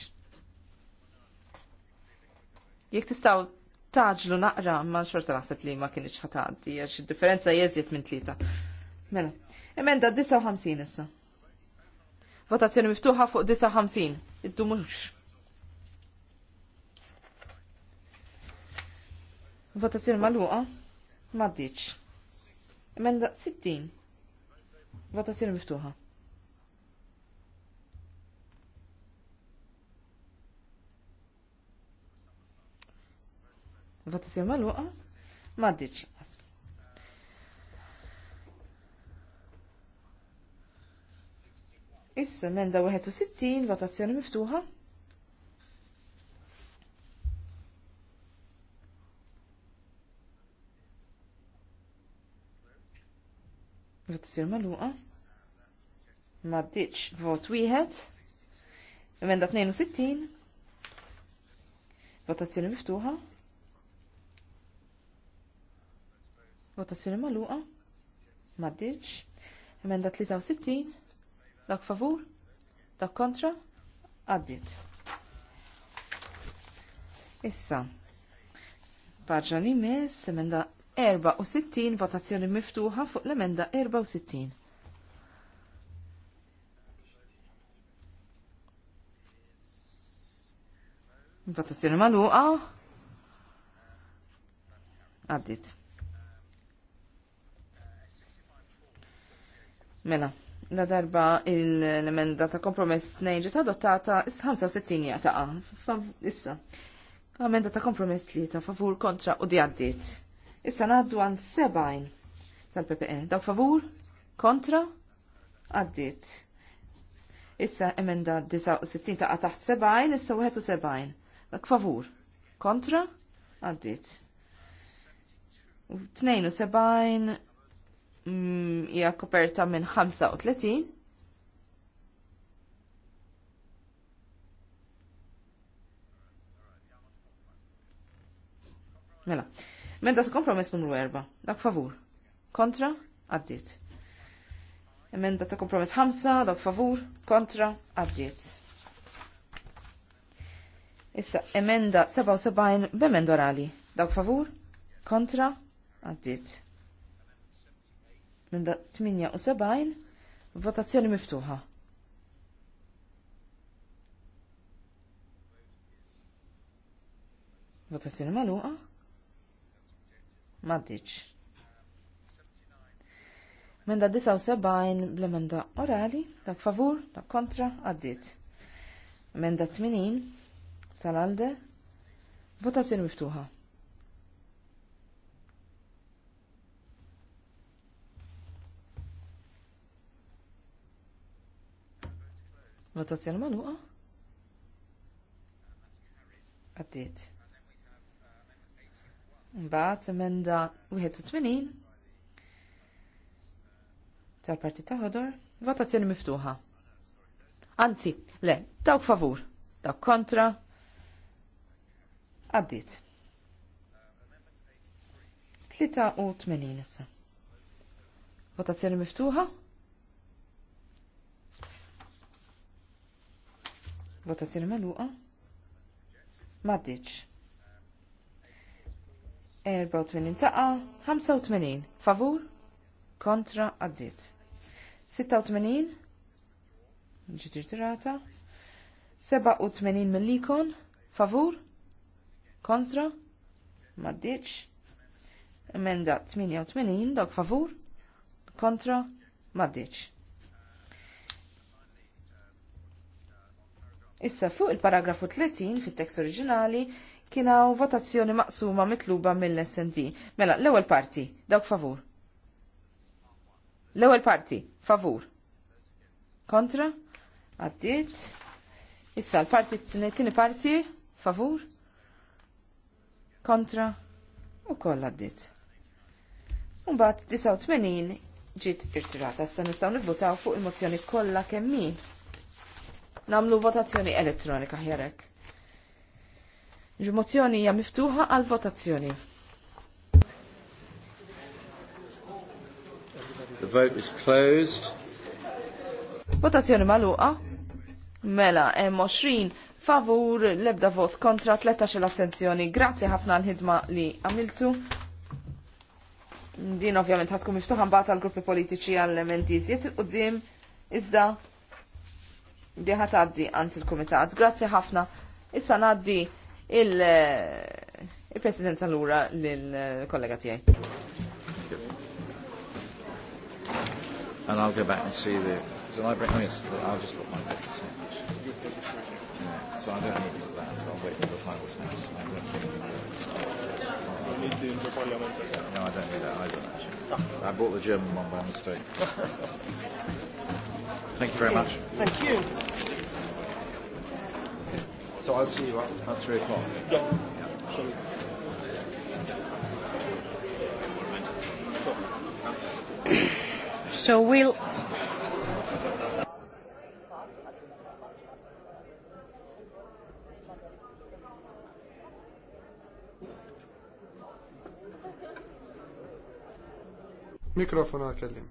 Speaker 4: Jek tistaw taġlu naqra ma xorta naħseb li ma kienieċ ħatad, għax differenza jeżiet minn tlita. Mela, emenda 59 issa. Votazzjoni miftuħa fuq 59. Iddu mux. Votazzjoni maluqa. Maddiċ. Emenda 60. Votazzjoni miftuħa. Votazzjoni maluqa. Maddiċ. Asp. Issa menda 61 votazzjoni miftuħa. Votazzjoni maluqa. Ma bdiċ vot wieħed. Emenda 62. Votazzjoni miftuħa. Votazzjoni maluqa. Ma bdiċ. Emenda 63. Dak favur? Dak kontra? Għaddit. Issa. Paġna li mis, emenda 64, votazzjoni miftuħa fuq l-emenda 64. Votazzjoni maluqa. Għaddit. Mela, La darba l-emenda ta' kompromess nejġi ta' adottata 65 jataqa. Issa. Emenda ta' kompromess li ta' favur kontra u di Issa naddu għan sebajn tal-PPE. Dawk favur kontra għaddit. Issa emenda 69 ta' taħt sebajn, issa 71. Dak favur kontra għaddit. 72 Mm, hija koperta minn 35 Mela, dat kompromess numru 4, dak favur. Kontra, għaddiet. Emenda ta' kompromess 5, dak favur, kontra, għaddiet. Issa, emenda 77 b'emenda orali, dak favur, kontra, Għaddit. Minn 78 votazzjoni miftuħa. Votazzjoni maluqa? Maddiċ. Menda 79 bl-emenda orali, dak favur, dak kontra, għaddit. Menda 80 tal-alde, votazzjoni miftuħa. Votazzjoni magħluqa? Għaddit. Mbaħt, emenda 81 tal parti taħodor. votazzjoni miftuħa. Anzi, le, dawk favur, dawk kontra. Għaddit. 83 issa. Votazzjoni miftuħa? Votazzjoni magħluqa. Maddiċ. 84 taqa, 85 favur, kontra għaddit. 86 ġitir tirata, 87 millikon, favur, kontra, maddiċ. Emenda 88 dok favur, kontra, maddiċ. Issa fuq il-paragrafu 30 fit-tekst oriġinali kienaw votazzjoni maqsuma mitluba mill-SND. Mela, l-ewwel parti, dawk favur. L-ewwel parti, favur. Kontra? Għaddiet. Issa l-parti t-tini parti, favur. Kontra? U koll għaddiet. Umbat 89 ġiet irtirata, Sa nistgħu nivvotaw fuq il-mozzjoni kollha kemm min namlu votazzjoni elettronika ħjarek. Ġumozzjoni hija miftuħa għal votazzjoni.
Speaker 2: The vote is closed.
Speaker 4: Votazzjoni maluqa. Mela, hemm 20 favur l-ebda vot kontra 13 astenzjoni. Grazzi ħafna l-ħidma li għamiltu. Din ovvjament ħatkun miftuħa mbagħad għall gruppi politiċi għall-elementi il qudiem iżda diħat għaddi għant il-komitat. Grazzi ħafna. Issa għaddi eh, il-presidenza il presidenza l l-kollega tijaj.
Speaker 2: And I'll go back and see the... Because I Oh, yes, I'll just put my papers in. Yeah, so I don't need that. I'll wait for the final text. I don't need the... So, no, I don't need that either, actually. I bought the German one by mistake. Thank you very much. Thank you. So I'll see you at, at 3 o'clock.
Speaker 1: Yeah. So we'll... Mikrofon għal-kellim.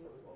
Speaker 1: Thank you.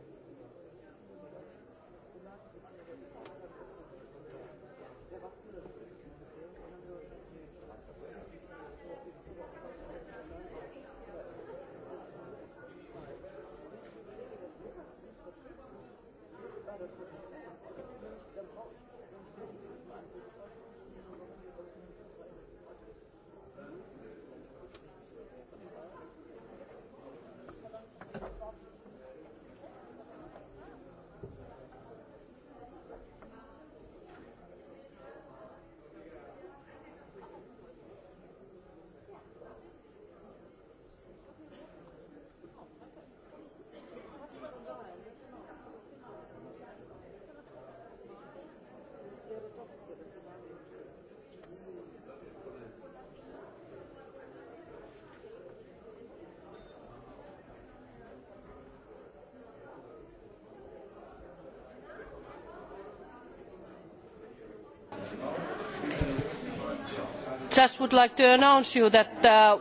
Speaker 1: just would like to announce you that uh,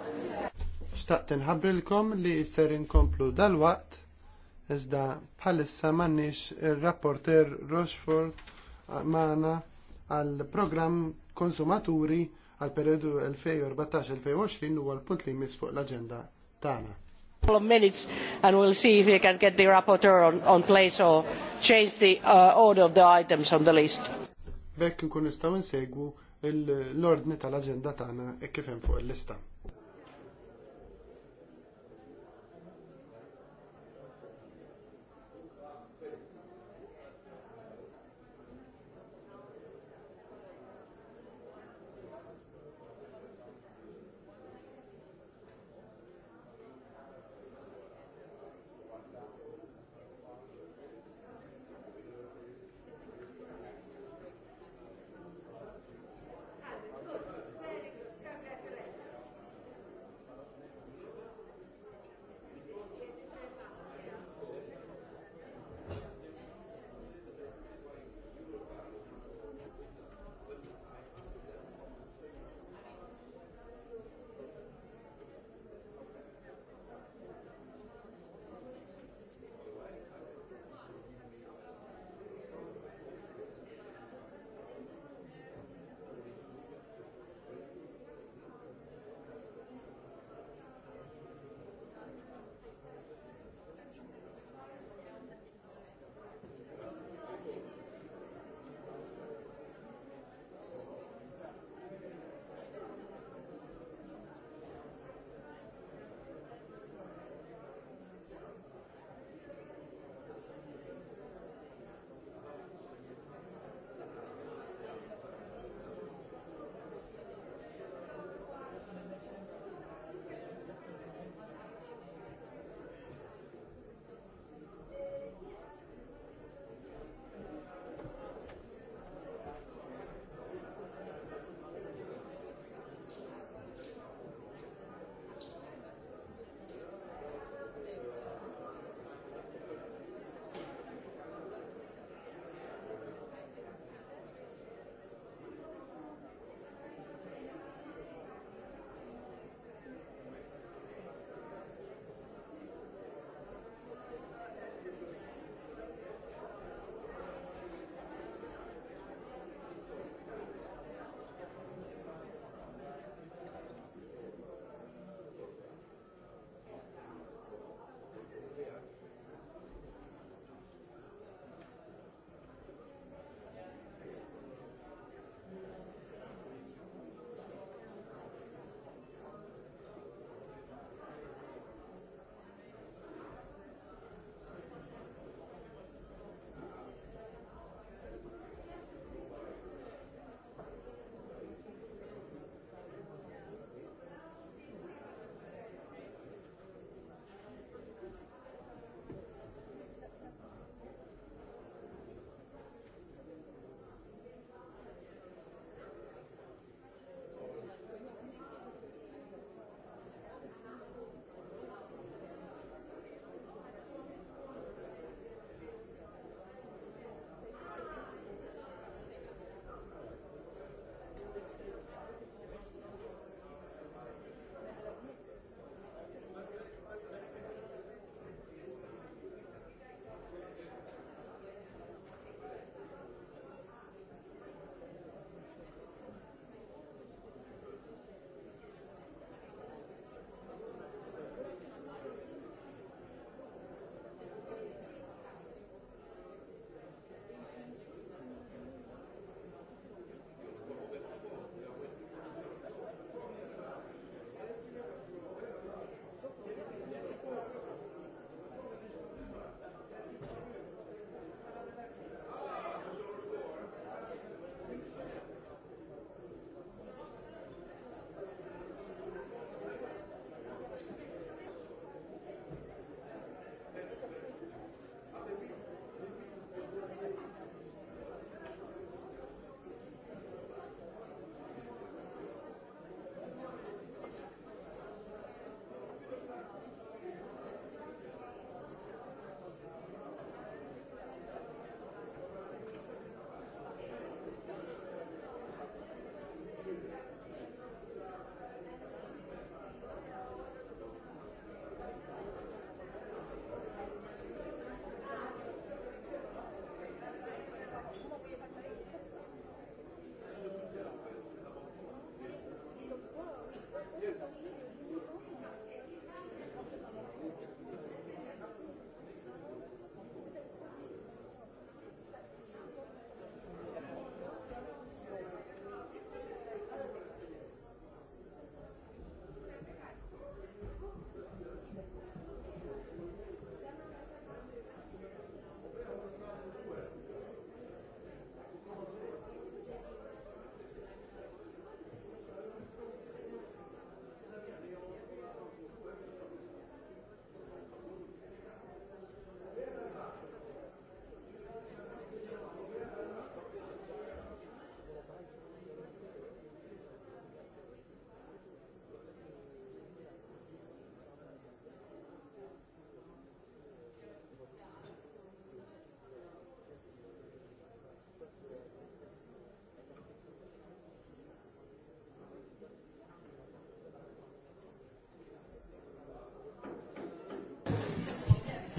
Speaker 1: Xtaqt nħabbrilkom li ser inkomplu dal-waqt iżda bħalissa m'għandniex ir rapporter Rochefort uh, magħna għal program konsumaturi għal periodu 2014-2020 huwa l-punt li jmiss fuq l agenda tagħna. Couple of minutes and we'll see if we can get the
Speaker 4: rapporteur on, on place or change the uh, order of the items on the list.
Speaker 1: Bekk nkun nistgħu nsegwu l-ordni tal-aġenda tagħna e kif hemm fuq il-lista.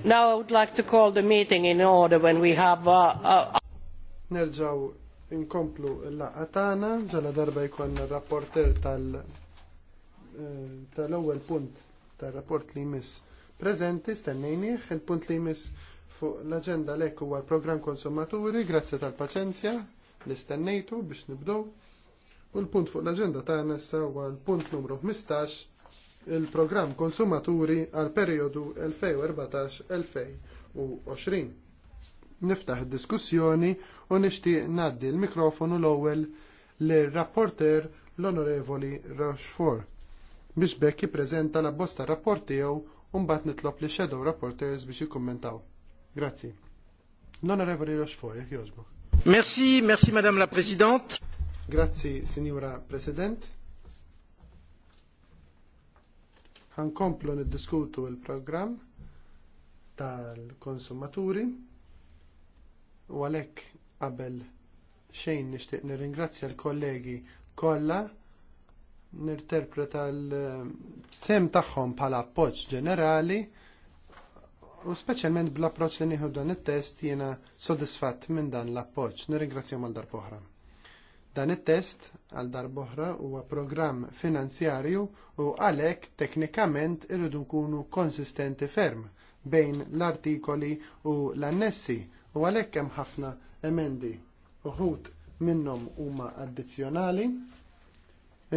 Speaker 2: Now I would like to call
Speaker 3: the meeting in order when we have... Uh,
Speaker 1: uh, Nerġaw inkomplu l-laqa tagħna ġala darba jkun rapporter tal eh, tal-ewwel punt tar-rapport li jmiss preżenti stennejnih il-punt li jmiss fuq l-aġenda lek huwa l-programm konsumaturi grazzi tal-paċenzja li stennejtu biex nibdew u l-punt fuq l-aġenda tagħna issa huwa l-punt numru 15 il-programm konsumaturi għal perjodu 2014-2020. Niftaħ id diskussjoni u nixtieq ngħaddi l-mikrofonu l-ewwel lir-rapporter l-Onorevoli Rochefort biex bekk jippreżenta la bosta rapport tiegħu u mbagħad nitlob li shadow rapporteurs biex jikkummentaw. Grazzi. L-Onorevoli Rochefort, jekk jogħġbok. Merci, merci Madame la Presidente. Grazzi, Signora President. ħankomplu niddiskutu il-programm tal-konsumaturi u għalhekk qabel xejn nixtieq nirringrazzja l-kollegi kollha nirterpreta l-sem tagħhom bħala appoġġ ġenerali u speċjalment bl-approċċ li nieħu dan it-test jiena sodisfatt minn dan l-appoġġ. Nirringrazzjahom għal darb oħra. Dan it-test għal darboħra huwa programm finanzjarju u għalhekk teknikament irridu nkunu konsistenti ferm bejn l-artikoli u l-annessi u għalhekk hemm ħafna emendi. Uħud minnhom huma addizzjonali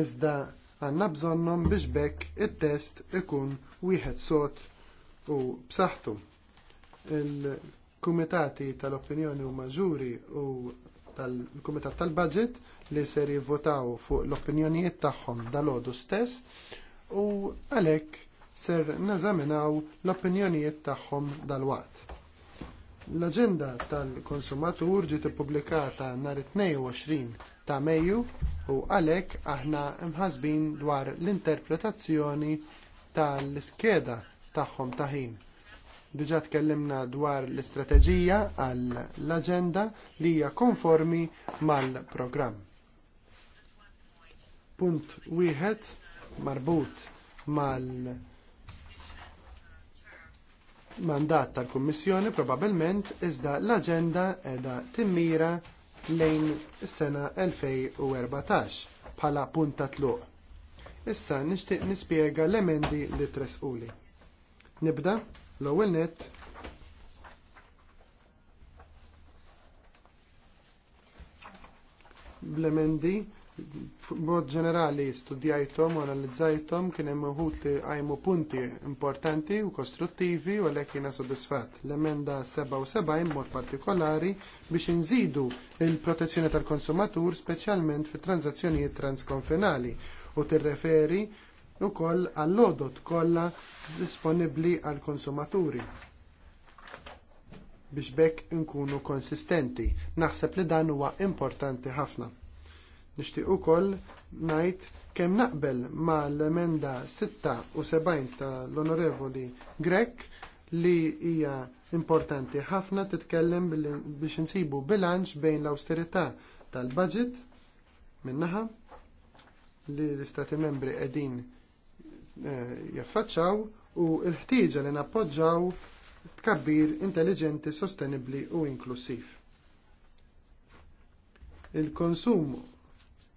Speaker 1: iżda għandna bżonnhom biex bekk it-test ikun wieħed sod u b'saħħtu. Il-kumitati tal-opinjoni huma ġuri u tal-Kumitat tal-Budget li ser jivvotaw fuq l-opinjonijiet tagħhom dal-għodu stess u għalhekk ser nażaminaw l-opinjonijiet tagħhom dal-waqt. L-aġenda tal-konsumatur ġiet ippubblikata nhar 22 ta' Mejju u għalhekk aħna mħasbin dwar l-interpretazzjoni tal-iskeda tagħhom ta' ħin. Diġa tkellimna dwar l-istrateġija għall-agenda li hija konformi mal-programm. Punt wieħed marbut mal- mandat tal-Kummissjoni probabbilment iżda l-aġenda edha timmira lejn is-sena 2014 bħala punt ta' tluq. Issa nixtieq nispjega l-emendi li tresquli. Nibda L-ewwel nett blemendi b'mod ġenerali studjajthom u analizzajthom kien hemm uħud li għajmu punti importanti u kostruttivi u għalhekk jiena sodisfatt. L-emenda 77 mod partikolari biex inżidu l protezzjoni tal-konsumatur speċjalment fit transazzjonijiet transkonfinali u tirreferi koll għall-odot kollha disponibbli għall konsumaturi biex bekk inkunu konsistenti. Naħseb li dan huwa importanti ħafna. Nixtieq ukoll ngħid kemm naqbel ma' l-emenda 76 tal-Onorevoli Grek li hija importanti ħafna titkellem biex insibu bilanċ bejn l-austerità tal-budget minnaħa li l-istati membri qegħdin Eh, jaffaċċaw u l-ħtieġa li nappoġġaw tkabbir intelligenti, sostenibbli u inklusiv. Il-konsum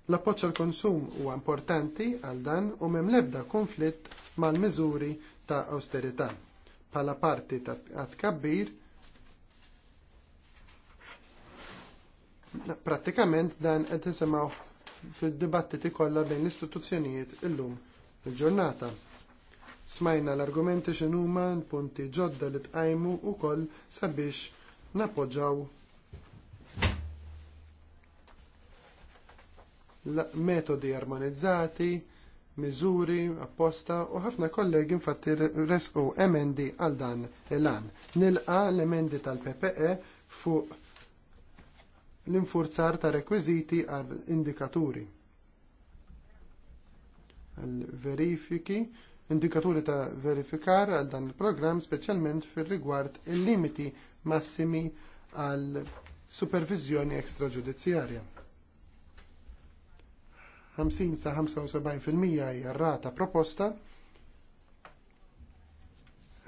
Speaker 1: L-appoċċ l konsum huwa importanti għal dan u m'hemm l-ebda konflitt mal-miżuri ta' austerità. Pala parti ta' tkabbir prattikament dan qed nisimgħu fid-dibattiti kollha bejn l-istituzzjonijiet illum il-ġurnata. Smajna l-argumenti x'inhuma l-punti ġodda li tqajmu wkoll sabiex nappoġġaw metodi armonizzati, miżuri apposta u ħafna kollegi infatti resqu emendi għal dan il-an. Nilqa l-emendi tal-PPE fuq l-infurzar ta' rekwiżiti għal indikaturi verifiki indikaturi ta' verifikar għal dan il-programm speċjalment fir-rigward il-limiti massimi għal supervizjoni ekstraġudizzjarja. 50 sa 75% hija rata proposta.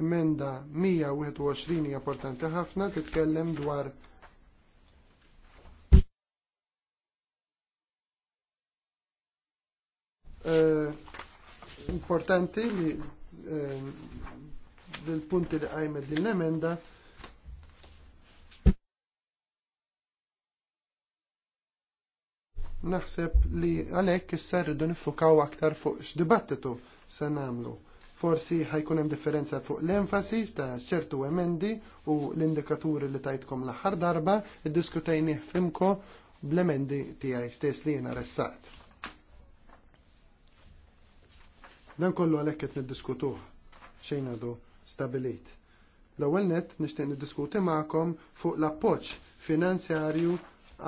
Speaker 1: Emenda 121 hija importanti ħafna titkellem dwar Eh, importanti li eh, del punti li għajmed din l-emenda naħseb li għalhekk issa rridu nifukaw aktar fuq x'dibattitu se nagħmlu. Forsi ħajkun hemm differenza fuq l-enfasi ta' ċertu emendi u l-indikaturi li tajtkom l-aħħar darba id-diskutajni fimko bl-emendi tiegħi stess li jiena ressat. Dan kollu għalhekk qed niddiskutuh xejn għadu stabilit. L-ewwel nett nixtieq niddiskuti magħkom fuq l-appoġġ finanzjarju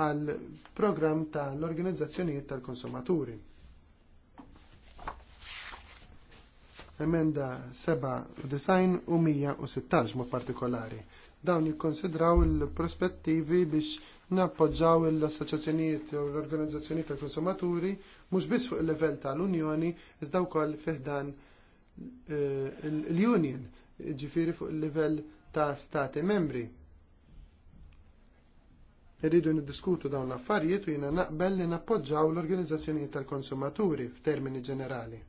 Speaker 1: għal programm tal-organizzazzjonijiet tal-konsumaturi. Emenda 97 u 116 mod partikolari. Dawn jikkonsidraw il-prospettivi biex nappoġġaw l-assoċjazzjonijiet u l-organizzazzjonijiet tal-konsumaturi mhux biss fuq il-livell tal-Unjoni iżda wkoll fiħdan eh, l-Union, ġifiri fuq il-livell ta' stati membri. Irridu niddiskutu dawn l-affarijiet u jiena naqbel li nappoġġaw l-organizzazzjonijiet tal-konsumaturi f'termini ġenerali.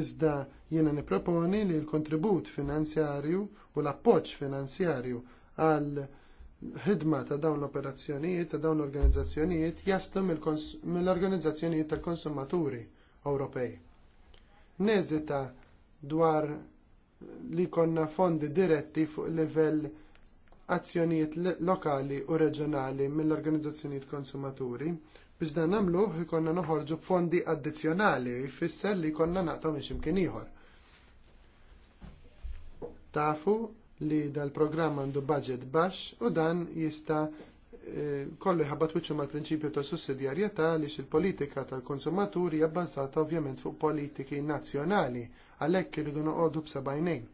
Speaker 1: Iżda jiena nipproponi li l-kontribut finanzjarju u l-appoġġ finanzjarju għal ħidma ta' dawn l-operazzjonijiet, ta' dawn l-organizzazzjonijiet jaslu mill-organizzazzjonijiet tal-konsumaturi Ewropej. Neżita dwar li konna fondi diretti fuq livell azzjonijiet lokali u reġjonali mill-organizzazzjonijiet konsumaturi biex dan nagħmluh konna noħorġu fondi addizzjonali jfisser li jkollna naqtaw minn imkien ieħor. Tafu li dal-programm għandu budget baxx u dan jista' eh, kollu jħabbat wiċċu mal-prinċipju ta' sussidjarjetà li il-politika tal-konsumaturi hija bbażata ovvjament fuq politiki nazzjonali għalhekk iridu noqogħdu bajnejn.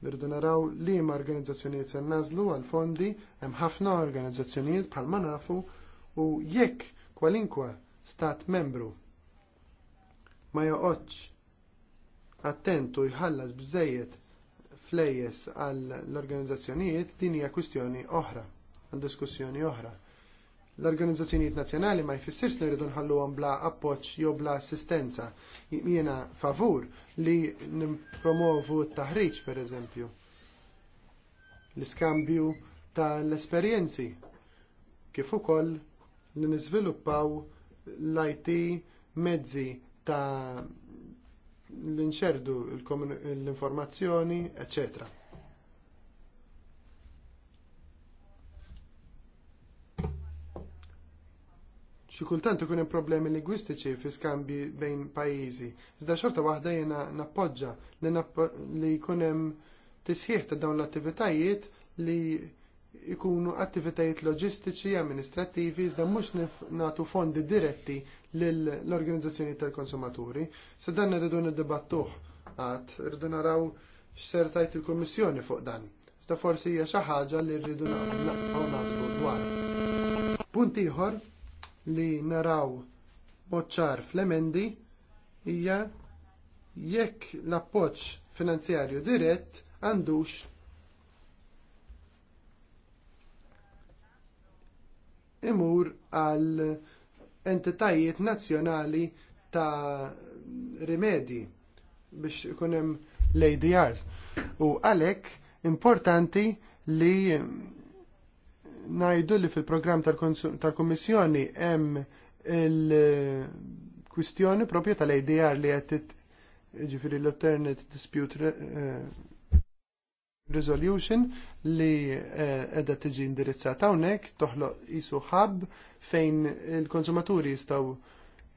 Speaker 1: Nirridu naraw li ma' organizzazzjonijiet se nażlu għal fondi hemm ħafna organizzazzjonijiet bħal ma nafu u jekk kwalinkwa stat membru ma joqgħodx attentu jħallas bżejjed flejjes għall organizzazzjonijiet din hija kwistjoni oħra, għal diskussjoni oħra l-organizzazzjonijiet nazzjonali ma jfissirx li rridu nħalluhom bla appoġġ jew bla assistenza. Jiena favur li nippromovu t-taħriġ pereżempju. L-iskambju tal-esperjenzi kif ukoll li niżviluppaw l-IT mezzi ta' l-inċerdu l-informazzjoni, eccetera. xi kultant ikun hemm problemi lingwistiċi fi skambji bejn pajjiżi. Iżda xorta waħda jiena nappoġġa li, jkun hemm tisħiħ ta' dawn l-attivitajiet li ikunu attivitajiet loġistiċi, amministrattivi, iżda mhux nagħtu fondi diretti l-organizzazzjoni tal-konsumaturi. Se dan irridu niddibattuh għad, irridu naraw x'ser tajt il kummissjoni fuq dan. Iżda forsi hija xi ħaġa li rridu naqgħu naħsbu dwar. Punt ieħor li naraw moċċar fl-emendi hija jekk l-appoġġ finanzjarju dirett għandux imur għal entitajiet nazzjonali ta' rimedi biex ikun hemm l-ADR. U għalhekk importanti li ngħidu li fil-programm tal kummissjoni hemm il-kwistjoni propju tal-ADR li qed ġifiri l-alternate dispute eh, Resolution li eh, edha tiġi indirizzata hawnhekk toħloq isu ħabb fejn il-konsumaturi jistgħu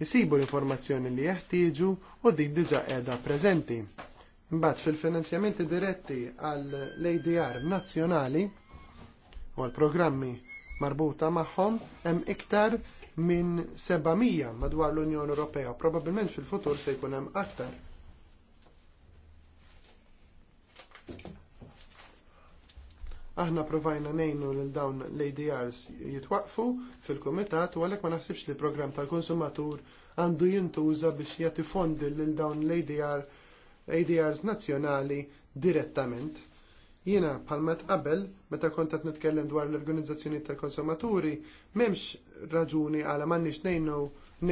Speaker 1: jisibu l-informazzjoni li jeħtieġu u dik diġà qiegħda preżenti. Mbagħad fil-finanzjamenti diretti għall-ADR nazzjonali u għall-programmi marbuta magħhom hemm iktar minn 700 madwar l-Unjoni Ewropea probabbilment fil-futur se jkun hemm aktar. Aħna provajna nejnu lil dawn l-ADRs jitwaqfu fil-komitat u għalek ma naħsibx li program tal-konsumatur għandu jintuża biex jati fondi lil dawn l-ADR ADRs nazzjonali direttament. Jiena palmet qabel, meta kontat nitkellem dwar l-organizzazzjoni tal-konsumaturi, memx raġuni għala mannix nejnu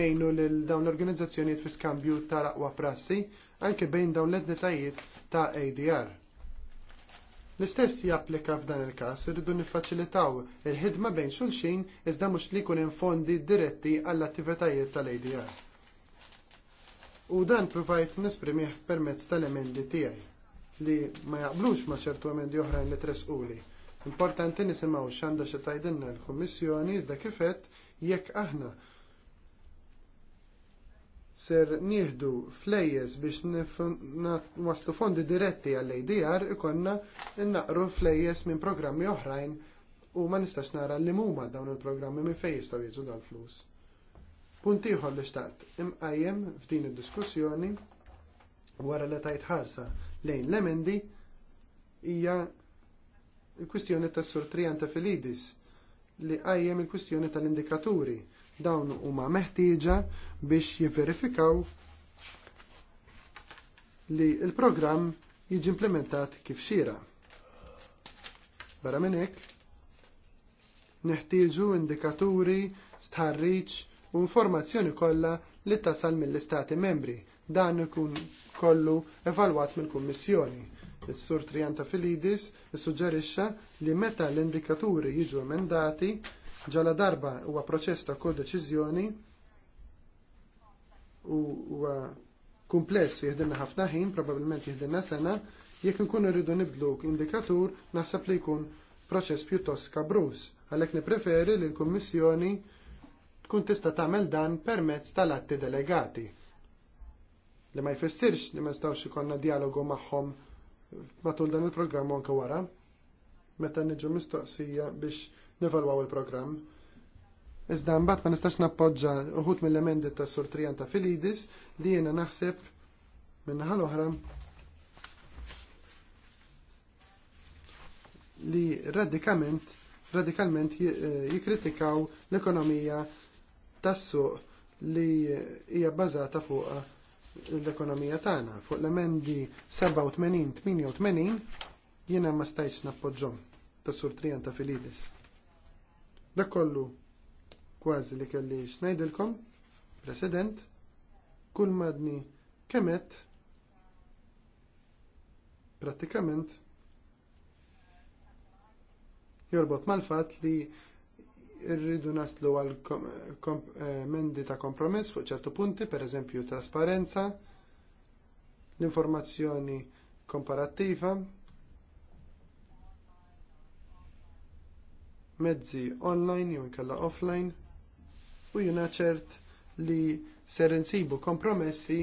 Speaker 1: nejnu lil dawn l-organizzazzjoni fi skambju tal-aqwa prassi, anke bejn dawn l-ednetajiet ta' ADR L-istess japplika f'dan il-każ irridu niffaċilitaw il-ħidma bejn xulxin iżda mhux li jkun hemm fondi diretti għall-attivitajiet tal-ADR. U dan provajt nisprimih permezz tal-emendi tiegħi li ma jaqblux ma' ċertu emendi oħrajn li tresquli. Importanti nisimgħu x'għandha xi tgħidilna l-Kummissjoni iżda kifet jekk aħna ser nieħdu flejjes biex waslu fondi diretti għall-ADR ikonna innaqru flejjes minn programmi oħrajn u ma nistax nara li huma dawn il-programmi minn fejn jistgħu jiġu dal-flus. Punt ieħor li xtaqt imqajjem f'din id-diskussjoni wara li tajt ħarsa lejn l-emendi hija l-kwistjoni tas-sur Trianta Filidis li qajjem il-kwistjoni tal-indikaturi dawn huma meħtieġa biex jiverifikaw li l programm jiġi implementat kif xira. Barra minn hekk neħtieġu indikaturi, stħarriġ u informazzjoni kollha li tasal mill-Istati membri. Dan ikun kollu evalwat mill-Kummissjoni. Is-Sur Trianta Filidis issuġġerixxa li meta l-indikaturi jiġu emendati Ġala darba huwa proċess ta' kull deċiżjoni u huwa kumpless u jihdinna ħafna ħin, probabbilment jihdinna sena, jekk nkunu rridu nibdlu indikatur naħseb li jkun proċess pjuttost kabrus, għalhekk nippreferi li l-Kummissjoni tkun tista' tagħmel dan permezz tal-atti delegati. Li ma jfissirx li ma nistgħux ikollna dialogu magħhom matul dan il-programm anke wara. Meta niġu mistoqsija biex nevalwaw il-programm. Iżda mbagħad ma nistax nappoġġa uħud mill-emendi ta' Sur Trijan ta' Filidis li jiena naħseb naħa l-oħra li radikament radikalment eh, jikritikaw l-ekonomija tas-suq li hija bbażata fuq l-ekonomija tagħna. Fuq l-emendi 87-88 jiena ma stajtx nappoġġhom tas-Sur Trijan ta' Filidis Dak kollu kważi li kelli xnajdilkom, President, kull madni kemet prattikament jorbot mal-fat li rridu naslu għal eh, mendi ta' kompromess fuq ċertu punti, per eżempju trasparenza, l-informazzjoni komparattiva, mezzi online jew inkella offline u jiena ċert li ser insibu kompromessi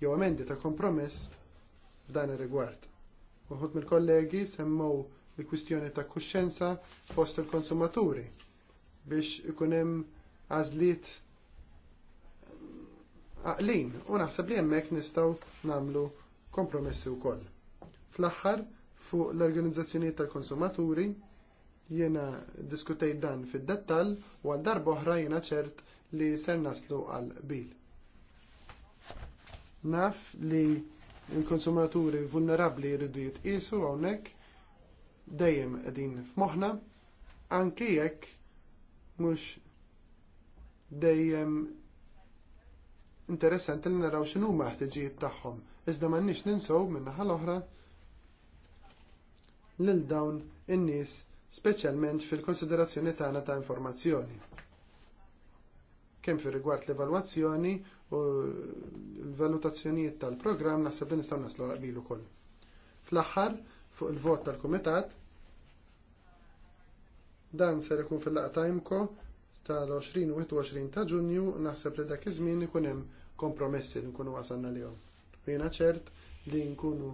Speaker 1: jew emendi ta' kompromess f'dan ir-rigward. Uħud mill-kollegi semmow il-kwistjoni ta' kuxxenza fost il-konsumaturi biex ikun hemm għażliet għaqlin u naħseb li hemmhekk nistgħu nagħmlu kompromessi wkoll. Fl-aħħar fuq l-organizzazzjonijiet tal-konsumaturi Jiena diskutejt dan fid-dettal u għal darba oħra jiena ċert li ser naslu għal bil. Naf li l konsumaturi vulnerabbli jridu jitqisu hawnhekk dejjem qegħdin f'moħħna anke jekk mhux dejjem interessanti li naraw x'inhuma ħtiġijiet tagħhom. Iżda m'għandniex ninsew min-naħa l-oħra lil dawn in-nies speċjalment fil-konsiderazzjoni tagħna ta' informazzjoni. Kemm fir rigward l-evalwazzjoni u l-valutazzjonijiet tal-programm naħseb li nistgħu naslu qabil ukoll. Fl-aħħar fuq il-vot tal-kumitat dan ser ikun fil-laqgħa imko tal-20 u 21 ta' Ġunju naħseb li dak iż-żmien ikun hemm kompromessi li nkunu wasalna lihom. U Jiena ċert li nkunu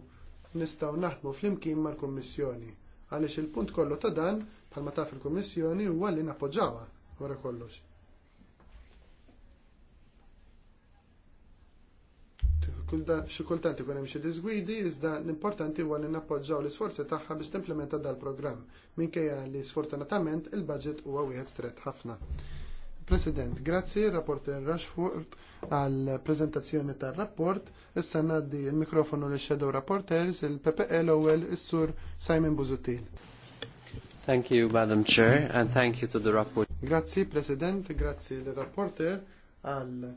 Speaker 1: nistgħu naħdmu flimkien mal-Kummissjoni għaliex il-punt kollu ta' dan bħalma taf il-Kummissjoni huwa li nappoġġawha wara kollox. Xi kultant ikun hemm xi disgwidi, iżda l-importanti huwa li nappoġġaw l-isforzi tagħha biex timplementa dal-programm minkejja li sfortunatament il-budget huwa wieħed stret ħafna. President, grazzi rapporter Rashford għal prezentazzjoni tar rapport Issa naddi il-mikrofonu li shadow rapporters il-PPE l-ewwel is-sur Simon Buzutil.
Speaker 2: Thank you, Madam Chair, and thank you to
Speaker 1: the rapporteur. Grazzi, President, grazzi l-rapporter għal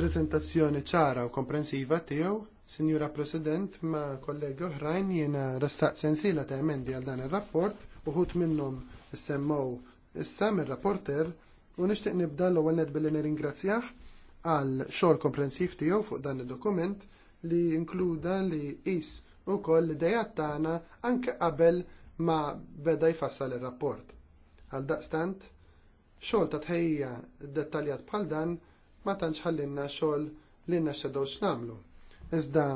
Speaker 1: prezentazzjoni ċara u komprensiva tiegħu Signora President, ma kollegi oħrajn jiena restaq sensila ta' emendi għal dan ir rapport uħut minnhom semmow issa mir-rapporter u nixtieq nibda l-ewwel nett billi nirringrazzjah għal xogħol komprensiv tiegħu fuq dan id-dokument li inkluda li qis ukoll l-idejat tagħna anke qabel ma beda jfassal ir-rapport. Għal daqstant, xogħol ta' tħejja dettaljat bħal dan ma tantx ħallinna xogħol li naxxedew x'namlu. Iżda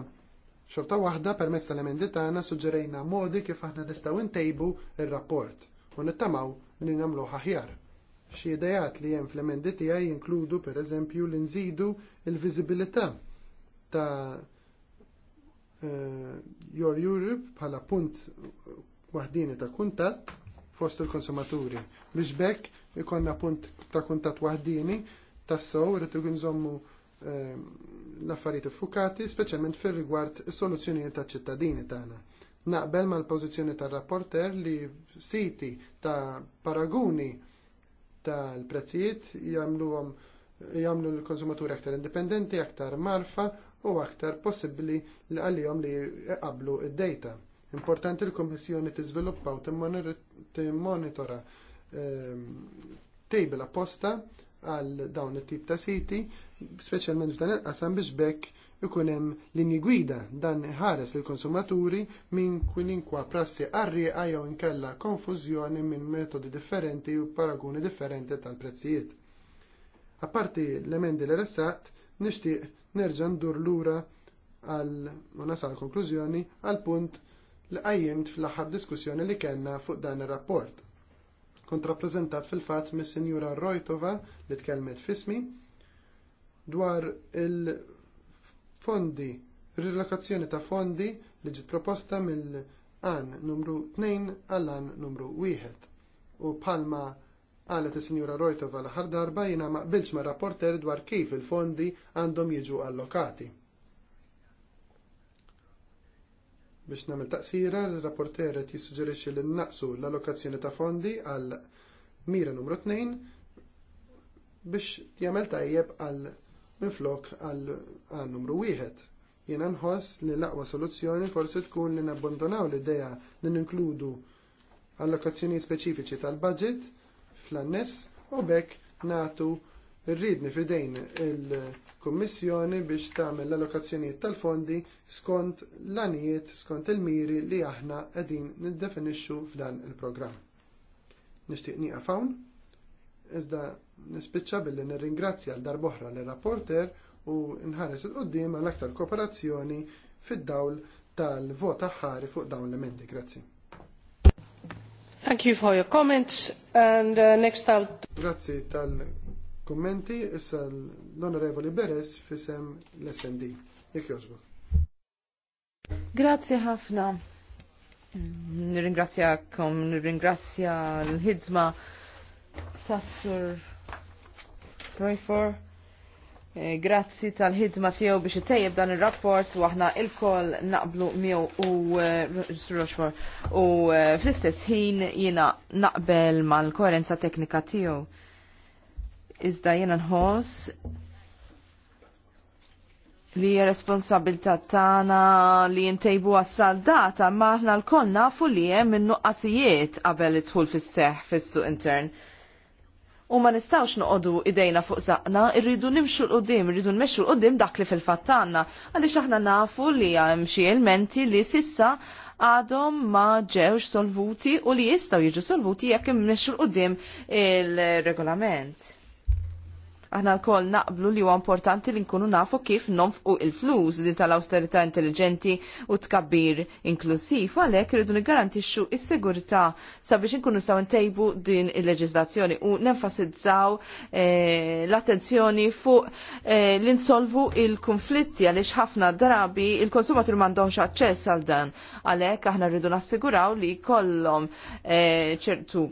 Speaker 1: xorta waħda permezz tal-emendi tagħna suġġerejna modi kif aħna nistgħu ntejbu ir-rapport u nittamaw li namlu aħjar. Xi dajat li hemm fl-emendi tiegħi per pereżempju li nżidu l-viżibilità ta' eh, Your Europe bħala punt wahdini ta' kuntatt fost il-konsumaturi. Biex bekk ikonna punt ta' kuntatt waħdini sow rritu għinżommu nżommu eh, l-affarijiet iffukati, speċjalment fir rigward is-soluzzjonijiet taċ ċittadini tagħna. Naqbel mal-pożizzjoni tar-rapporter li siti ta' paraguni tal-prezzijiet jagħmlu l-konsumaturi aktar indipendenti, aktar marfa u aktar possibbli li għalihom li jqablu d dejta Importanti l kummissjoni tiżviluppa u timmonitora ehm, tejbel apposta għal dawn it-tip ta' siti, speċjalment f'dan il-qasam biex bekk ikun hemm linji gwida dan ħares lill konsumaturi minn kwilinkwa prassi qarrieqa jew inkella konfużjoni minn metodi differenti u paraguni differenti tal-prezzijiet. Apparti l-emendi li ressaqt, nixtieq nerġa' ndur lura għal u nasal konklużjoni għal punt li qajjimt fl-aħħar diskussjoni li kellna fuq dan ir-rapport. Kontrapprezentat fil-fatt mis-Sinjura Rojtova li tkellmet fismi dwar il Fondi, rilokazzjoni ta' fondi li ġiet proposta mill an numru 2 għall an numru 1. U bħalma qalet is-Sinjura Rojtova l ħardarba jina jiena ma rapporter dwar kif il-fondi għandhom jiġu allokati. Biex nagħmel taqsira, il rapporter qed jissuġġerixxi li naqsu l-allokazzjoni ta' fondi għal mira numru 2 biex jagħmel tajjeb għal minflok għal numru wieħed. Jiena nħoss li l-aqwa soluzzjoni forsi tkun li nabbandonaw l-idea li ninkludu allokazzjoni speċifiċi tal-budget fl-annes u bekk natu rridni fidejn il-Kummissjoni biex tagħmel l-allokazzjonijiet tal-fondi skont l-anijiet skont il-miri li aħna qegħdin niddefinixxu f'dan il-programm. Nixtieq nieqaf hawn. Iżda nispiċċa billi nirringrazzja l darboħra l rapporter u nħares il-qoddim għal aktar kooperazzjoni fid-dawl tal-vota ħari fuq dawn l-emendi. Grazzi. Thank you for your comments and uh, next out. Grazzi tal-kommenti issa l-Onorevoli Beres fisem l-SND. Jek joġbok.
Speaker 4: Grazzi ħafna. Nirringrazzjakom, nirringrazzja l-ħidma tassur Rayfor. Eh, grazzi tal-ħidma tiegħu biex itejjeb dan ir-rapport u aħna lkoll naqblu miegħu u eh, Rochefort u eh, fl-istess ħin jiena naqbel mal-koerenza teknika tiegħu. Iżda jiena nħoss li hija responsabilità tagħna li ntejbu għas-saldata ma aħna lkoll nafu li hemm innuqqasijiet qabel idħul fis-seħħ fis-suq intern u ma nistawx noqodu idejna fuq zaqna, irridu nimxu l-qoddim, irridu nimxu l-qoddim dak li fil-fattanna, għaliex aħna nafu li hemm xi elementi li sissa għadhom ma ġewx solvuti u li jistgħu jiġu solvuti jekk immexxu l-qoddim il-regolament. Aħna l-koll naqblu li huwa importanti li nkunu nafu kif nonfqu il-flus din tal-austerità intelligenti u tkabbir inklusiv għalhekk irridu niggarantixxu is-segurità sabiex inkunu nistgħu ntejbu din il-leġiżlazzjoni u nenfasizzaw eh, l-attenzjoni fuq eh, l-insolvu il-konflitti għaliex ħafna drabi il-konsumatur m'għandhomx aċċess għal dan. Għalhekk aħna rridu nassiguraw li kollhom eh, ċertu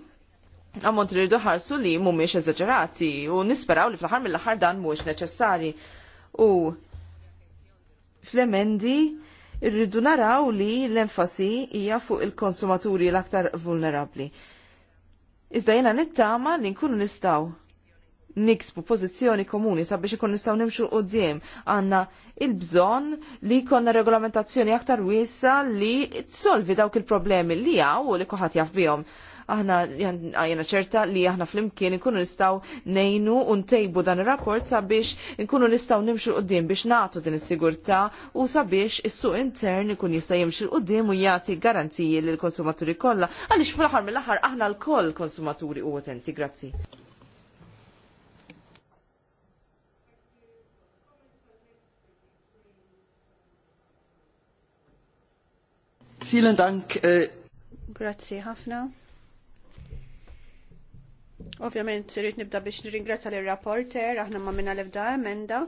Speaker 4: ammont li rridu ħarsu li mhumiex eżaġerati u nisperaw li fl-aħħar mill-aħħar dan mhux neċessari. U fl-emendi rridu naraw li l-enfasi hija fuq il-konsumaturi l-aktar vulnerabbli. Iżda jena nittama li nkunu nistaw niksbu pozizjoni komuni sabiex ikun nistaw nimxu djem għanna il-bżon li konna regolamentazzjoni aktar wisa li tsolvi dawk il-problemi li għaw u li kuħat jaf bijom aħna għajna ċerta li aħna flimkien nkunu nistaw nejnu tejbu dan il-rapport sabiex nkunu nistaw nimxu l-qoddim biex natu din is-sigurta u sabiex is-suq intern ikun jista' jimxu l-qoddim u jagħti garanziji l konsumaturi kollha għaliex fl-aħħar mill-aħħar aħna l-koll konsumaturi u għotenti, Grazzi.
Speaker 2: Vielen Dank. Äh,
Speaker 3: Grazie, Hafner. Ovvjament, rrit nibda biex nirringrazzja l rapporter aħna ma minna ebda emenda.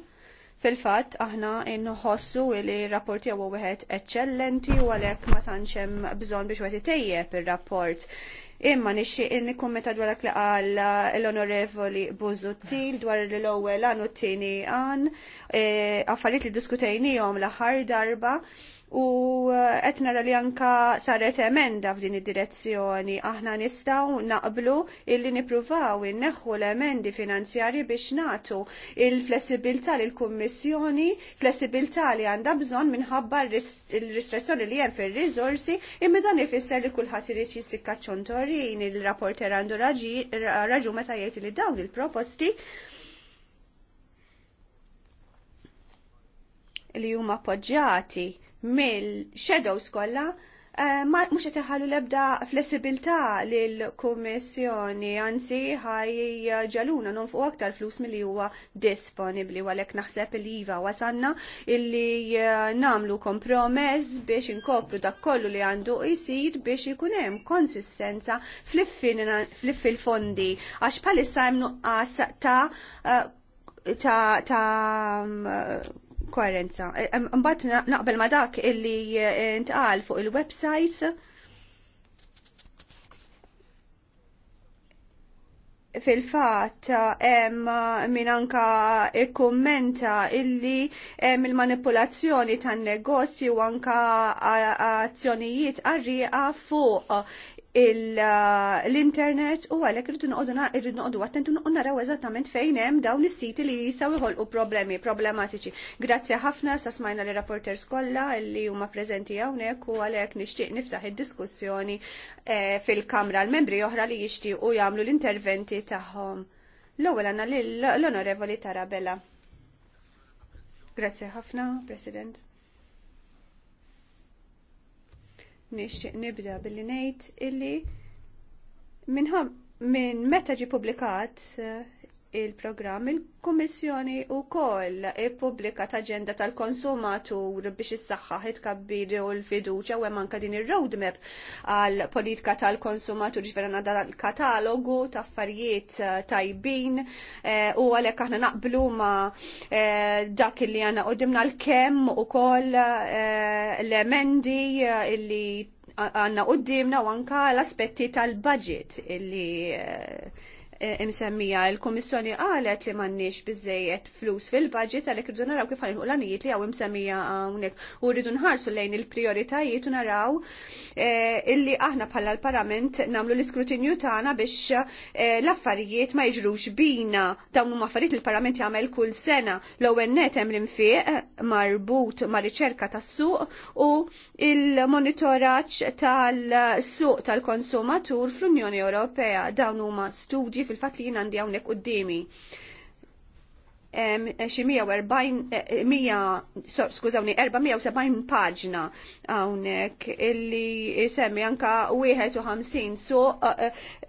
Speaker 3: Fil-fatt, aħna ħossu li rapporti huwa wieħed eċċellenti u għalhekk ma tantx hemm bżonn biex wieħed itejjeb ir-rapport. Imma nixi nikkummenta dwar dak li qal l-Onorevoli Buzuttil dwar l-ewwel għan u t tini għan, e, affarijiet li diskutejnihom l-aħħar darba u eh, qed nara li anka saret emenda f'din id-direzzjoni. Aħna nistgħu naqblu illi nippruvaw inneħħu l-emendi finanzjarji biex nagħtu il-flessibilità l kummissjoni flessibilità li għandha bżonn minħabba l-restrizzjoni li hemm fir rizorsi imma dan ifisser li kulħadd irid jissikka ċontorin il-rapporter għandu raġu meta jgħid li dawn il-proposti li huma appoġġjati mill-shadows kollha eh, ma mhux qed iħallu l-ebda flessibilità lill-Kummissjoni, anzi ħaj ġaluna fuq aktar flus milli huwa disponibbli għalhekk naħseb li iva wasanna illi eh, namlu kompromess biex inkopru dak kollu li għandu jsir biex ikun hemm konsistenza fl-fil-fondi għax bħalissa hemm nuqqas ta' eh, ta' ta' mm, koerenza. E, Mbatt naqbel ma dak illi e, ntqal fuq il-websites fil-fat min anka kommenta illi il-manipolazzjoni tan negozju anka azzjonijiet arriqa fuq Uh, l-internet u għalek rridu noqdu għattentu u naraw eżattament fejn hemm dawn is-siti li jistgħu jħolqu problemi problematiċi. Grazzi ħafna sasmajna li rapporters kollha li huma prezenti hawnhekk u għalhekk nixtieq niftaħ id-diskussjoni eh, fil-Kamra l-membri oħra li jixtiequ jagħmlu l-interventi tagħhom. L-ewwel għandna l-Onorevoli Tarabella. Grazzi ħafna, President. nixtieq nibda billi ngħid illi minn meta ġie publikat il-programm il-Kummissjoni wkoll publika aġenda tal-konsumatur biex is saxħa itkabbir u l-fiduċja u hemm anke din ir-roadmap għal politika tal-konsumatur ġvera għandha l-katalogu ta' affarijiet eh, tajbin eh, u għalhekk aħna naqblu ma' eh, dak li għandna dimna l-kemm ukoll l-emendi illi għandna qudiemna u anke l-aspetti tal-budget illi imsemmija il-Komissjoni qalet li m'għandniex biżejjed flus fil-budget għalhekk irridu naraw kif għalieħu l-għanijiet li hawn imsemmija hawnhekk u rridu nħarsu lejn il-prijoritajiet u naraw eh, illi aħna bħala l-Parlament nagħmlu l-iskrutinju tagħna biex eh, l-affarijiet ma jiġrux bina dawn huma affarijiet il parlament jagħmel kull sena l-ewwel net hemm l marbut ma' riċerka tas-suq u il-monitoraġġ tal-suq tal-konsumatur fl-Unjoni Ewropea dawn huma studji fil-fat li jien għandi hawnhekk qudiemi. Xi 140 470 paġna hawnhekk illi semmi anka 51 suq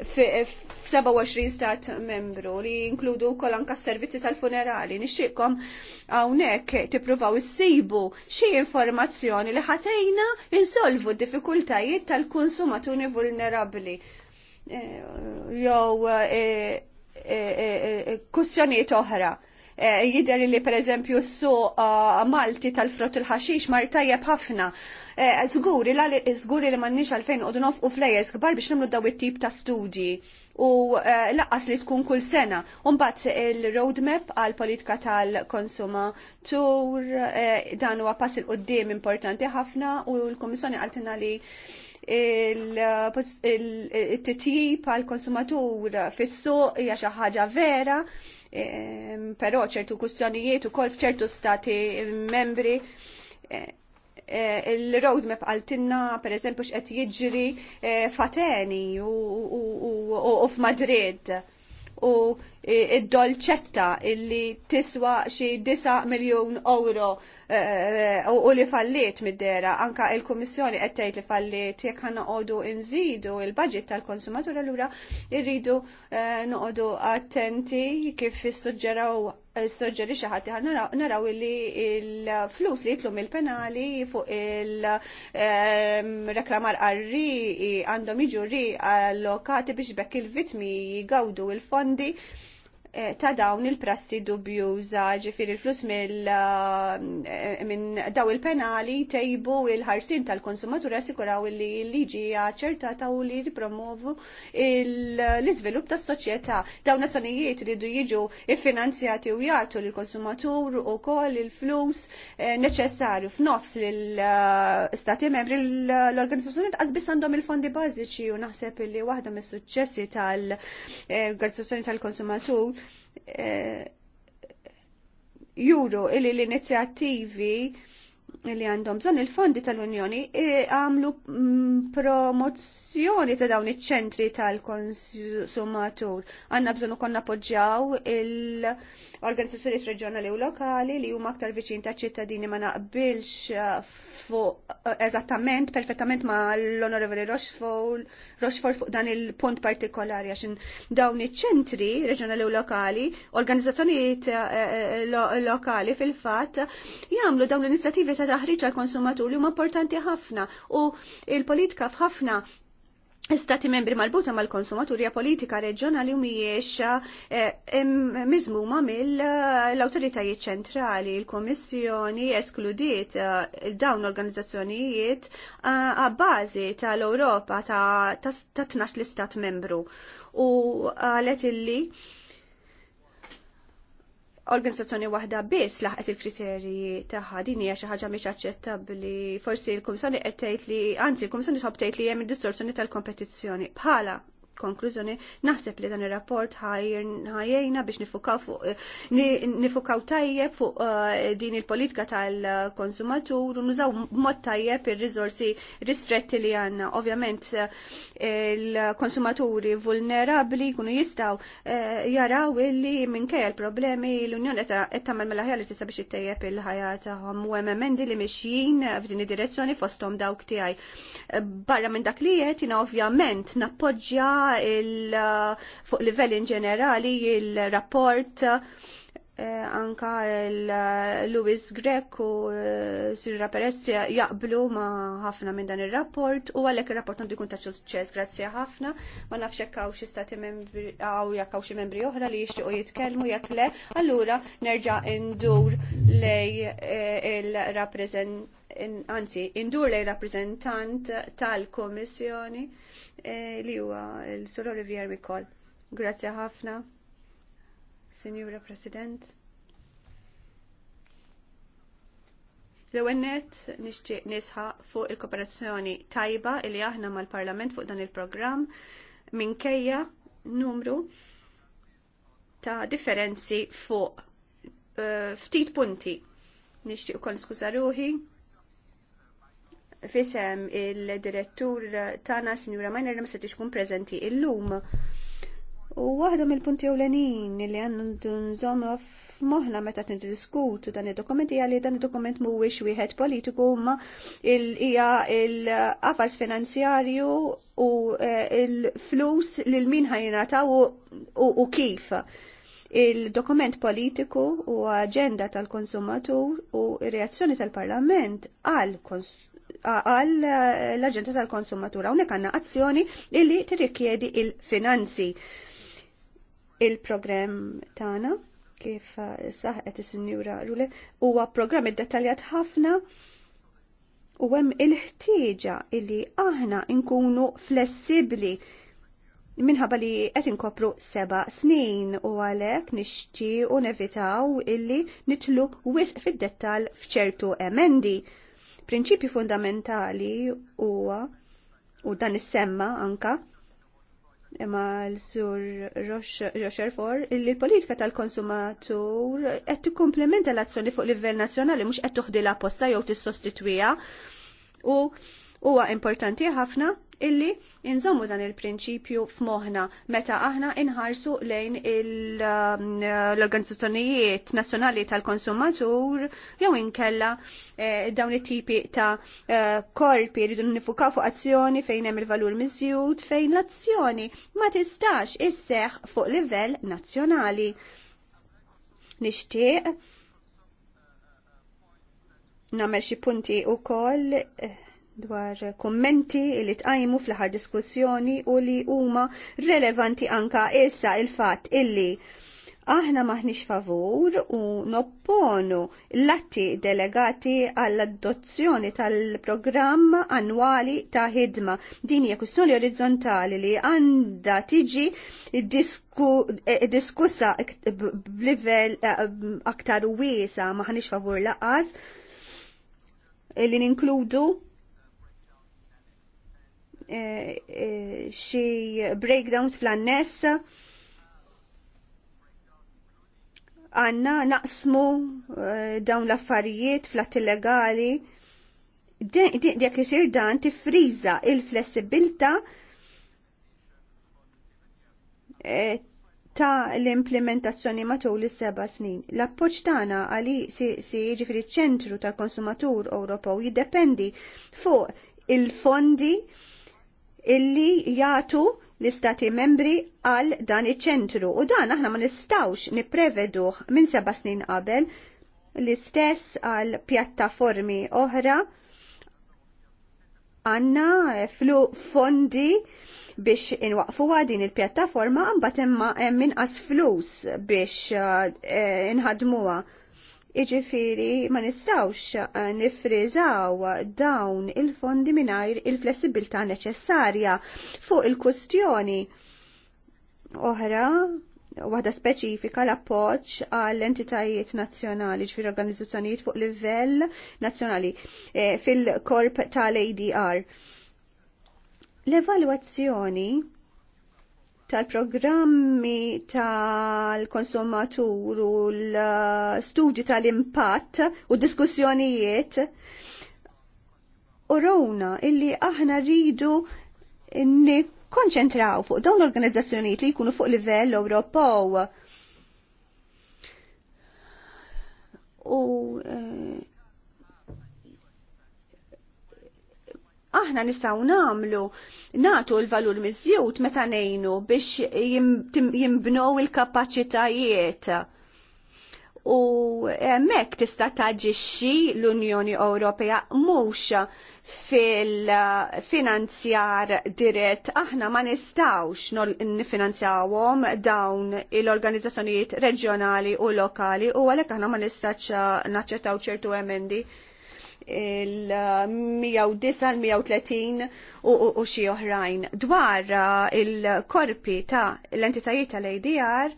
Speaker 3: 27 stat membru li jinkludu wkoll anka s-servizzi tal-funerali. Nixtieqkom hawnhekk tippruvaw issibu xi informazzjoni li ħatejna insolvu d-diffikultajiet tal konsumatuni vulnerabbli jew eh, eh, eh, kussjonijiet oħra. Jidher li pereżempju s su Malti tal-frott il-ħaxix mar tajjeb ħafna. Zguri, zguri li mannix għalfejn u nof u flejes kbar biex nagħmlu daw it-tip ta' studji u laqas li tkun kull sena. Umbat il-roadmap għal politika tal-konsumatur dan huwa pass il qoddim importanti ħafna u l-Komissjoni għaltina li il-titjib għal konsumatur fis-suq hija xi ħaġa vera, ehm, però ċertu kustjonijiet ukoll f'ċertu stati membri eh, eh, il-roadmap għaltinna per eżempju x'qed jiġri eh, fateni u f'Madrid u id-dolċetta illi tiswa xi 9 miljun euro Eh, u li falliet mid-dera, anka il-Kummissjoni qed tgħid li falliet jekk ħanna noqogħdu nżidu il-budget tal-konsumatur allura irridu eh, noqogħdu attenti kif issuġġeraw Soġġeri xaħati ħan naraw li il-flus li jitlum il-penali fuq il-reklamar ehm, għarri għandhom iġurri allokati biex bekk il-vitmi jgawdu il-fondi. il fondi Eh, ta' dawn il-prassi dubjuża ġifir il-flus eh, minn daw il-penali tejbu il-ħarsin tal-konsumatura assikuraw li l-liġi ċertata u li promovu l-izvilup tas soċjetà Dawn azzjonijiet ridu jiġu iffinanzjati u jagħtu lill-konsumatur u kol il-flus eh, neċessarju f'nofs lill-stati membri l-organizzazzjoni tqasbis għandhom il-fondi bażiċi u naħseb li waħda mis-suċċessi tal-organizzazzjoni tal-konsumatur Eh, juru illi l-inizjattivi li għandhom bżonn il-fondi tal-Unjoni eh, għamlu mm, promozzjoni ta' dawn iċ-ċentri tal-konsumatur. Għandna bżonn ukoll appoġġjaw il- organizzazzjonijiet reġjonali u lokali li huma aktar viċin ta' ċittadini ma naqbilx uh, fuq uh, eżattament, perfettament ma l-Onorevoli Rochefort fuq dan il-punt partikolari għax dawn iċ-ċentri reġjonali u lokali, organizzazzjonijiet uh, lokali fil-fatt jagħmlu dawn l-inizjattivi ta' taħriġ għal konsumaturi huma importanti ħafna u il-politika f'ħafna Stati membri malbuta mal-konsumaturja politika reġjonali u mhijiex eh, miżmuma mill-awtoritajiet ċentrali. il komissjoni eskludiet eh, dawn organizzazzjonijiet eh, bazi tal-Ewropa ta' 12 l-Istat membru u għalet illi organizzazzjoni waħda biss laħqet il-kriterji tagħha din hija xi ħaġa mhix aċċettabbli. Forsi l-Kummissjoni qed tgħid li anzi l-Kummissjoni tħobb tgħid li hemm id-distorzjoni tal-kompetizzjoni bħala konklużjoni naħseb li dan ir-rapport ħajjna biex nifukaw fuq eh, nifukaw tajjeb fuq eh, din il-politika tal-konsumatur u nużaw mod tajjeb ir-riżorsi ristretti li għandna. Ovvjament eh, il-konsumaturi vulnerabbli jkunu jistgħu jaraw illi minkejja l-problemi l-Unjoni qed tagħmel mill-aħjar li tista' biex ittejjeb il-ħajja tagħhom u hemm emendi li mixjin f'din id-direzzjoni fosthom dawk tiegħi. Barra minn dak li qed jiena ovvjament nappoġġja fuq livell in ġenerali il-rapport Eh, anka eh, Louis Grek u eh, Sirra Perez jaqblu ma ħafna minn dan il-rapport u għalek il-rapport għandu jkun ta' suċċess grazzi ħafna ma nafx għaw xie stati membri għaw jekk hawn membri oħra li jixtiequ jitkellmu jekk le, allura nerġa' indur lej il in, anzi indur lej rappreżentant tal-Komissjoni li huwa l-Sur Olivier Mikol. Grazie ħafna. Signora President. L-ewennet nixtieq nisħa fuq il-kooperazzjoni tajba li aħna mal-Parlament fuq dan il-programm minkejja numru ta' differenzi fuq uh, ftit punti. Nixtieq ukoll skuża ruhi. fisem il-direttur tagħna signora Majner, ma setix kun preżenti il lum U waħda mill-punti ewlenin li għandu nżomma f'moħna meta diskutu dan id-dokumenti għalli dan id-dokument mhuwiex wieħed politiku ma hija l-qafas finanzjarju u eh, l-flus lil min ħajnataw u kif. Il-dokument politiku u aġenda tal-konsumatur u reazzjoni tal-parlament għal għal eh, l-aġenda tal-konsumatura. Unek għanna azzjoni illi tirrikjedi il-finanzi. il il finanzi il-programm tagħna kif uh, saħqet is-Sinjura Rule huwa programm iddetaljat ħafna u hemm il-ħtieġa illi aħna nkunu flessibbli minħabba li qed inkopru seba snin u għalhekk nixtiequ nevitaw illi nitlu wisq fid-dettall f'ċertu emendi. Prinċipju fundamentali huwa u dan is-semma anka imma l-sur Rocherfor illi l-politika tal-konsumatur qed tikkumplementa l-azzjoni fuq livell nazzjonali mhux qed toħdi apposta posta jew tissostitwija u Huwa importanti ħafna illi inżommu dan il-prinċipju f'moħħna meta aħna inħarsu lejn um, l-organizzazzjonijiet nazzjonali tal-konsumatur jew inkella eh, dawn it-tipi ta' eh, korpi rridu nifukaw fuq azzjoni fejn hemm il-valur miżjud fejn l-azzjoni ma tistax isseħ fuq livell nazzjonali. Nixtieq nagħmel xi punti wkoll eh, dwar kummenti li tqajmu fl-aħħar diskussjoni u li huma relevanti anka issa il-fatt illi aħna maħniex favur u nopponu l-atti delegati għall-adozzjoni tal-programm annwali ta' ħidma. Din hija kwistjoni orizzontali li għandha tiġi eh, diskussa b'livell eh, aktar wiesa maħniex favur laqas li ninkludu Eh, eh, xi breakdowns fl-annes għanna naqsmu eh, dawn l-affarijiet fl-att illegali dak isir dan tifriża il-flessibilta ta' l-implementazzjoni matul is seba snin. l appoċ tagħna għali si jiġifieri ċentru tal-konsumatur Ewropew jiddependi fuq il-fondi illi jagħtu l-istati membri għal dan iċ-ċentru u dan aħna ma nistawx nipreveduħ minn seba' snin qabel l-istess għal pjattaformi oħra għanna eh, flu fondi biex inwaqfu din il-pjattaforma għambat imma hemm inqas flus biex eh, inħadmuha. Iġifiri ma nistawx eh, nifriżaw dawn il-fondi mingħajr il-flessibilità neċessarja fuq il-kustjoni oħra waħda speċifika l-appoġġ għall entitajiet nazzjonali ġifir organizzazzjonijiet fuq livell nazzjonali eh, fil-korp tal-ADR. L-evalwazzjoni tal-programmi tal-konsumatur u l-studji tal-impatt u diskussjonijiet u rowna illi aħna rridu nikkonċentraw fuq dawn l-organizzazzjonijiet li jkunu fuq livell Ewropew. U uh, aħna nistgħu nagħmlu nagħtu l-valur miżjud meta ngħinu biex jimbnow il-kapaċitajiet. U hemmhekk tista' taġixxi l-Unjoni Ewropea mhux fil-finanzjar dirett aħna ma nistawx nifinanzjawhom dawn il-organizzazzjonijiet reġjonali u lokali u għalhekk aħna ma nistax naċċettaw ċertu emendi il-109, il-130 u xi oħrajn. Dwar uh, il-korpi ta' l-entitajiet tal-ADR,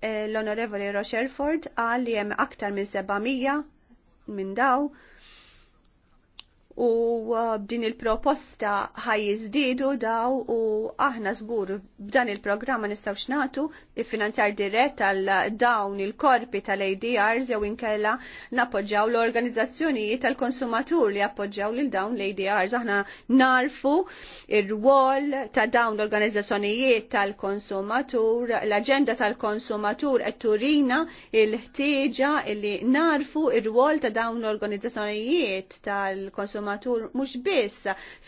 Speaker 3: eh, l-Onorevoli Rocherford għal li hemm aktar minn 700 minn daw u b'din uh, il-proposta ħajjiżdiedu daw u aħna żgur b'dan il-programma nistaw xnatu il-finanzjar dirett għal dawn il-korpi tal-ADRs jew inkella nappoġġaw l-organizzazzjonijiet tal-konsumatur li appoġġaw lil dawn l-ADRs. Aħna narfu il rwol ta' dawn l-organizzazzjonijiet tal-konsumatur, l-aġenda tal-konsumatur qed turina il-ħtieġa li narfu il rwol ta' dawn l-organizzazzjonijiet tal-konsumatur tal mhux biss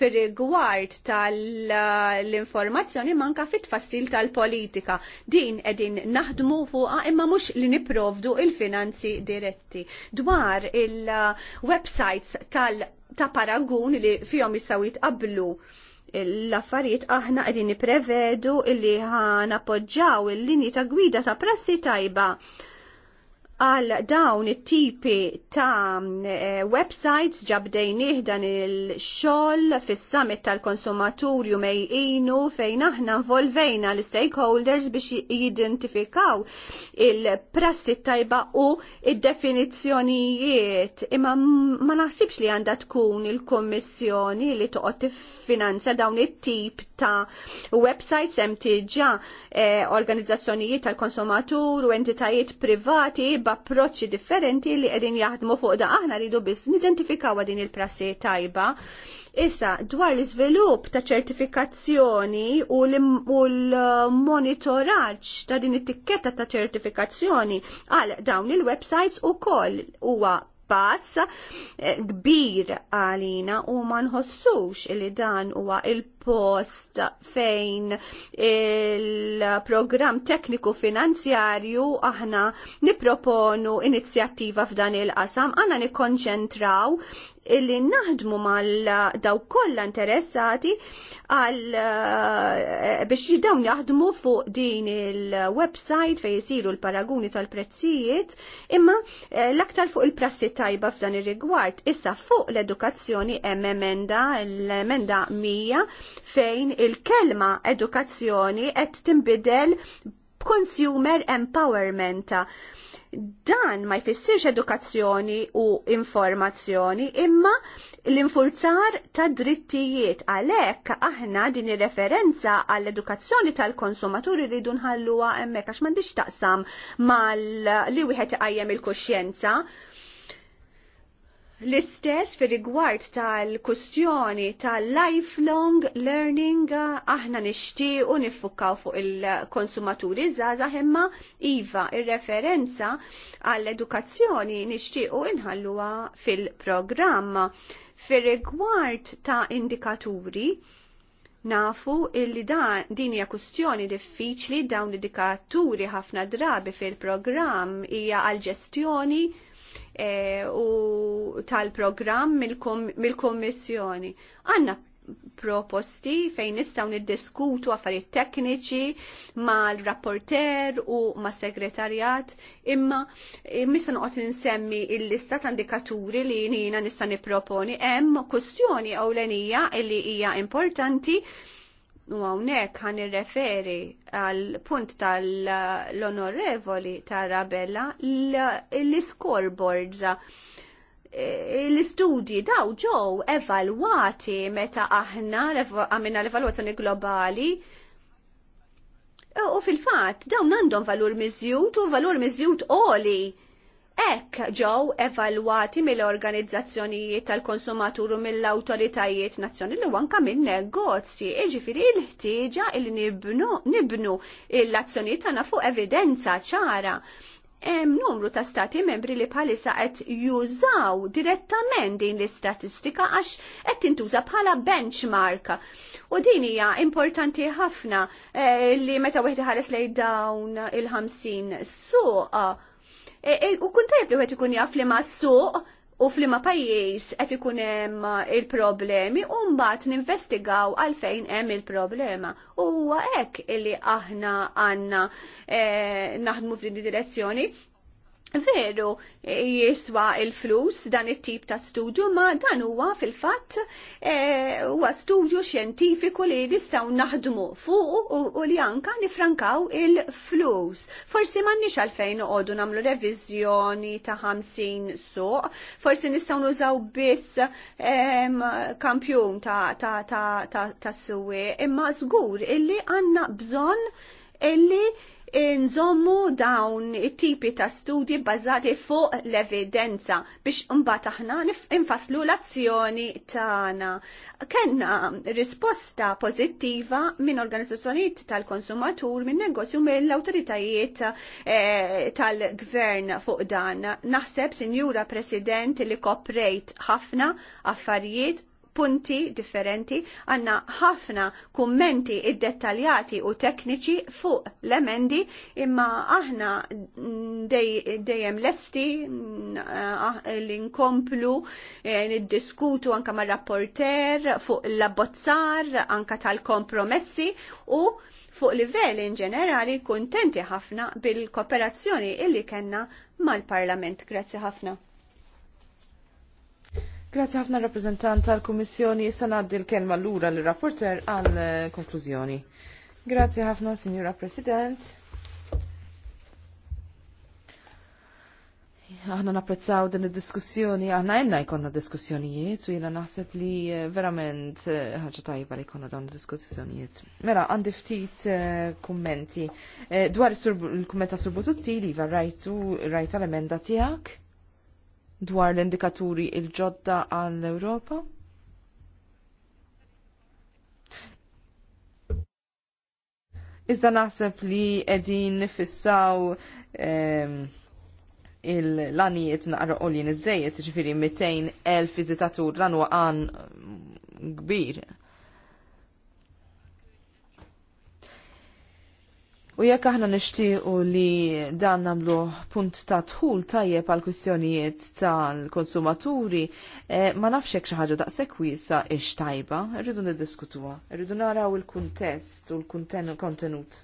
Speaker 3: fir-rigward tal-informazzjoni manka fit-tfassil tal-politika. Din qegħdin naħdmu fuqha imma mhux li nipprovdu il-finanzi diretti. Dwar il-websites tal- ta' paragun li fihom jistgħu jitqablu l-affarijiet aħna qegħdin nipprevedu li ħan il-linji ta' gwida ta' prassi tajba għal dawn it-tipi ta' eh, websites ġabdejn dan il-xol fis-summit tal-konsumaturi u mejqinu fejn aħna involvejna l-stakeholders biex jidentifikaw il-prassi tajba u id-definizzjonijiet. Imma ma naħsibx li għandha tkun il-kommissjoni li toqgħod tiffinanzja dawn it-tip ta' websites hemm tiġà eh, organizzazzjonijiet tal-konsumatur u entitajiet privati b'approċċi differenti li qegħdin jaħdmu fuq da aħna rridu biss nidentifikaw din il-prassi tajba. Issa, dwar l-iżvilupp ta' ċertifikazzjoni u l-monitoraġġ ta' din it-tikketta ta' ċertifikazzjoni għal dawn il-websites ukoll huwa pass eh, kbir għalina u ma nħossux li dan huwa il-post fejn il-programm tekniku finanzjarju aħna niproponu inizjattiva f'dan il-qasam, għana nikkonċentraw illi naħdmu mal daw kollha interessati għal eh, biex dawn jaħdmu fuq din il-website fejn jisiru l-paraguni tal-prezzijiet imma eh, l-aktar fuq il-prassi tajba f'dan ir-rigward issa fuq l-edukazzjoni hemm emenda l-emenda 100 fejn il-kelma edukazzjoni qed tinbidel consumer empowerment dan ma jfissirx edukazzjoni u informazzjoni imma l-infurzar ta' drittijiet għalhekk aħna din ir-referenza għall-edukazzjoni tal-konsumaturi rridu nħalluha hemmhekk għax m'għandix taqsam mal li wieħed iqajjem il-kuxjenza L-istess fir rigward tal-kustjoni tal-lifelong learning aħna nixtiequ nifukkaw fuq il-konsumaturi żgħażagħ imma iva il referenza għall-edukazzjoni nixtiequ inħalluha fil-programm. Fir rigward ta' indikaturi nafu illi dan din hija kustjoni diffiċli dawn l-indikaturi ħafna drabi fil-programm hija għal ġestjoni Eh, u tal-programm mill-Kommissjoni. Għanna proposti fejn nistgħu niddiskutu affarijiet tekniċi mal-rapporter u mas segretarjat imma eh, mista noqgħod insemmi l-lista ta' indikaturi li jiena nista' nipproponi hemm kwestjoni ewlenija li hija importanti U hawnhekk ħan referi għal punt tal-onorevoli ta' Rabella l-scoreboards e, l-istudji daw ġew evalwati meta aħna għamilna l-evalwazzjoni globali e, u fil-fatt dawn għandhom valur miżjud u valur miżjud oli Ek ġew evalwati mill-organizzazzjonijiet tal konsumatur u mill-awtoritajiet nazzjonali u anka minn negozji. Iġifieri l-ħtieġa il nibnu, nibnu l-azzjonijiet tagħna fuq evidenza ċara hemm numru ta' stati membri li bħalissa qed jużaw direttament din l-istatistika għax qed tintuża bħala benchmark. U din hija importanti ħafna eh, li meta wieħed ħares lejn dawn il-50 suq. So, E, e, u kun tajb li għet ikun jaf li ma suq u flima pajjiż qed ikun hemm uh, il-problemi u mbagħad ninvestigaw għalfejn hemm il-problema. U huwa hekk illi aħna għandna eh, naħdmu f'din id-direzzjoni veru jiswa il-flus dan it-tip ta' studju, ma dan huwa fil-fatt eh, huwa e, studju xjentifiku li nistgħu naħdmu fuq u li anka nifrankaw il-flus. Forsi m'għandniex għalfejn noqogħdu nagħmlu reviżjoni ta' 50 suq, forsi nistgħu nużaw biss kampjun ta' ta' ta' ta' ta' suwi, imma żgur illi għandna bżonn illi nżommu dawn it-tipi ta' studji bbażati fuq l-evidenza biex imbagħad aħna infaslu l-azzjoni tagħna. Kenna risposta pożittiva minn organizzazzjonijiet tal-konsumatur, minn negozju mill-awtoritajiet eh, tal-gvern fuq dan. Naħseb, Sinjura President, li koprejt ħafna affarijiet punti differenti, għanna ħafna kummenti id-dettaljati u tekniċi fuq l-emendi, imma aħna dejjem lesti mm, ah, li nkomplu eh, niddiskutu anka ma' rapporter fuq l-abbozzar anka tal-kompromessi u fuq livell in ġenerali kuntenti ħafna bil-kooperazzjoni illi kenna mal-Parlament. Grazzi ħafna.
Speaker 4: Grazie ħafna rappresentant tal-Kummissjoni, issa ngħaddi l-kelma lura lir-rapporter għal eh, konklużjoni. Grazie ħafna, Signora President. aħna napprezzaw din id-diskussjoni, aħna jenna jkonna diskussjonijiet u jena naħseb li eh, verament eh, ħagġa tajba li jkonna dawn id diskussjonijiet. Mela, għandi ftit kummenti. Dwar il kummenta ta' surbużutti li rajtu rajt l emenda tijak dwar l-indikaturi il-ġodda għall-Ewropa? Iżda naħseb li edin nifissaw l għanijiet naqra u li nizzejiet, ġifiri 200.000 elf vizitatur l-anwa għan kbir. U jekk aħna nixtiequ li dan nagħmlu punt ta' tħul tajjeb għal kwistjonijiet tal-konsumaturi, eh, ma nafx hekk xi ħaġa daqshekk wiesa x tajba, rridu niddiskutuha, rridu naraw il-kuntest u l-kontenut.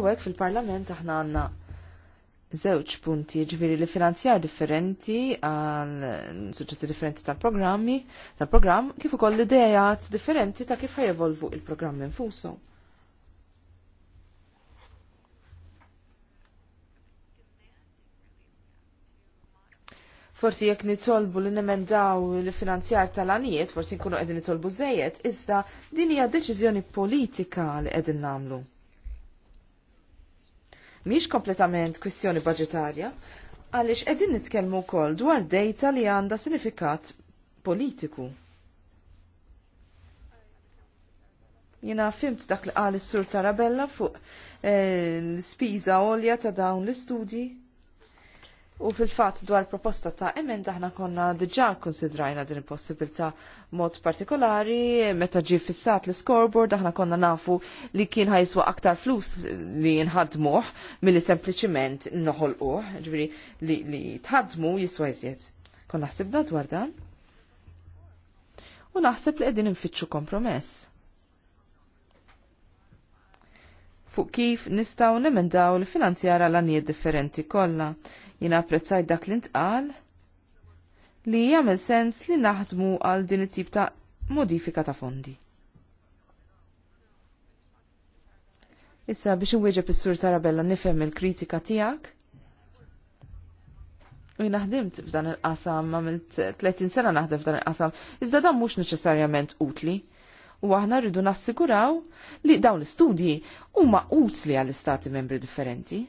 Speaker 4: Awek fil-parlament aħna għanna żewġ punti ġviri li finanzjar differenti għal suġġetti differenti tal-programmi, tal-programm kif ukoll l-idejat differenti ta' kif ħajevolvu il-programm infusu. Forsi jekk nitolbu li nemendaw l-finanzjar tal-anijiet, forsi nkunu qegħdin nitolbu żejjed, iżda din hija deċiżjoni politika li qegħdin nagħmlu miex kompletament kwistjoni budgetarja, għaliex qegħdin nitkellmu wkoll dwar data li għandha sinifikat politiku. Jina fimt dak li qal is-Sur Tarabella fuq eh, l-spiża għolja ta' dawn l-istudji U fil-fatt dwar proposta ta' emenda aħna konna diġà konsidrajna din il-possibilità mod partikolari, meta ġie fissat l-scoreboard aħna konna nafu li kien ħajswa aktar flus li nħadmuh milli sempliċiment noħolquh, ġifieri li, li tħadmu jiswa jżjed. Konna ħsibna dwar dan? U naħseb li qegħdin infittxu kompromess. Fuq kif nistgħu nemendaw l-finanzjara l-għanijiet differenti kollha Jina apprezzajt dak li ntqal li jagħmel sens li naħdmu għal din it-tip ta' modifika ta' fondi. Issa biex inwieġeb is-sur Tarabella nifhem il-kritika tiegħek. U naħdimt f'dan il-qasam, għamilt 30 sena naħdem f'dan il-qasam, iżda dan mhux neċessarjament utli. U aħna rridu nassiguraw li dawn l-istudji huma utli għall-istati membri differenti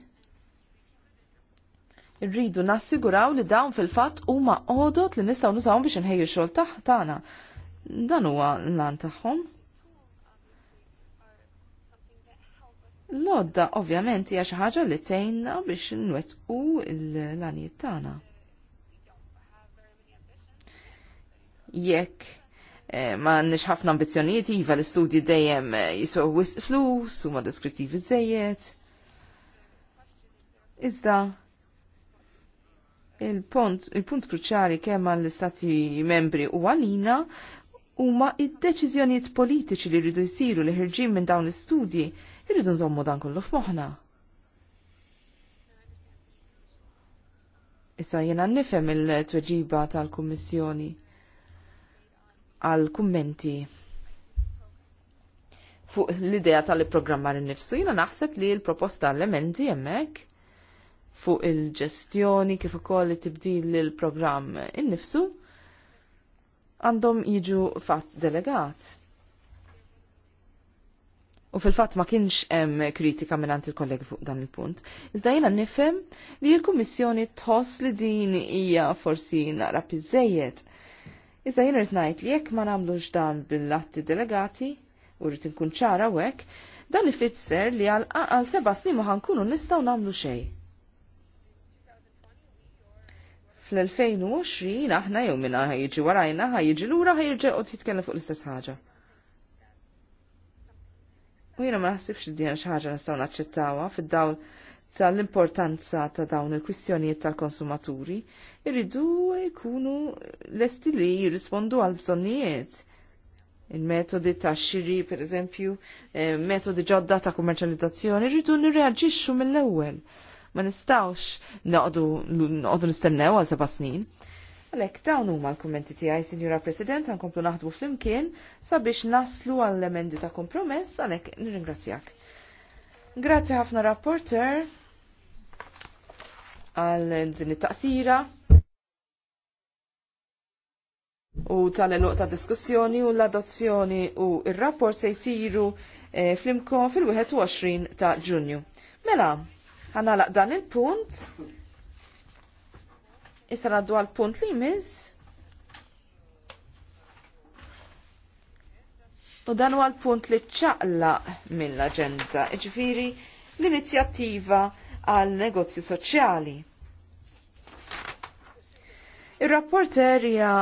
Speaker 4: rridu nassiguraw li dawn fil-fatt huma għodot li nistgħu nużawhom biex inħejju x-xogħol tagħna. Dan huwa l-lan tagħhom. L-odda ovvjament hija xi ħaġa li tgħinna biex nwettqu l-għanijiet tagħna. Jekk eh, ma nix ħafna ambizjonijiet iva l-istudji dejjem eh, jiswew wisq flus u ma deskrittivi żejjed. Iżda il-punt il kruċali kemm għall-istati membri u għalina huma id-deċiżjonijiet politiċi li rridu jsiru li ħirġin minn dawn l-istudji irridu nżommu dan kollu f'moħħna. Issa jiena nifhem il-tweġiba tal-Kummissjoni għal kummenti fuq l-idea tal-programmar innifsu jiena naħseb li l-proposta l-elementi hemmhekk fuq il-ġestjoni kif ukoll tibdil lil programm innifsu għandhom jiġu fatt delegat. U fil-fatt ma kienx hemm kritika minn il-kollegi fuq dan il-punt. Iżda jiena nifhem li l-Kummissjoni tħoss li din hija forsi naqra piżejjed. Iżda jiena rrid ngħid li jekk ma nagħmlux dan bil-atti delegati, u rrid inkun ċara hekk, dan ifisser li għal seba' snin ma ħankunu nistgħu nagħmlu xejn fl-2020 aħna jew minna ħajġi warajna ħajġi lura ħajġi qod jitkellem fuq l-istess ħaġa. U jiena ma naħsibx li din xi ħaġa nistgħu naċċettawha fid-dawl tal-importanza ta' dawn il-kwistjonijiet tal-konsumaturi irridu jkunu lesti li jirrispondu għal bżonnijiet. Il-metodi ta' xiri, per eżempju, eh, metodi ġodda ta' kummerċjalizzazzjoni, rridu nirreagġixxu mill-ewwel ma nistawx noqdu nistennew għal seba' snin. Għalek, dawn huma l-kummenti tiegħi, Sinjura President, għankomplu naħdmu flimkien sabiex naslu għall-emendi ta' kompromess, għalek nirringrazzjak. Grazzi ħafna rapporter għal din it-taqsira u tal-eluq ta' diskussjoni u l-adozzjoni u il-rapport se jisiru eh, fl-imkon fil-21 ta' ġunju. Mela, Għanna laq dan il-punt. Issa għaddu għal-punt li jmiss. U dan huwa l-punt li ċaqla mill-aġenda, ġifiri l-inizjattiva għal negozju soċjali. Ir-rapporterja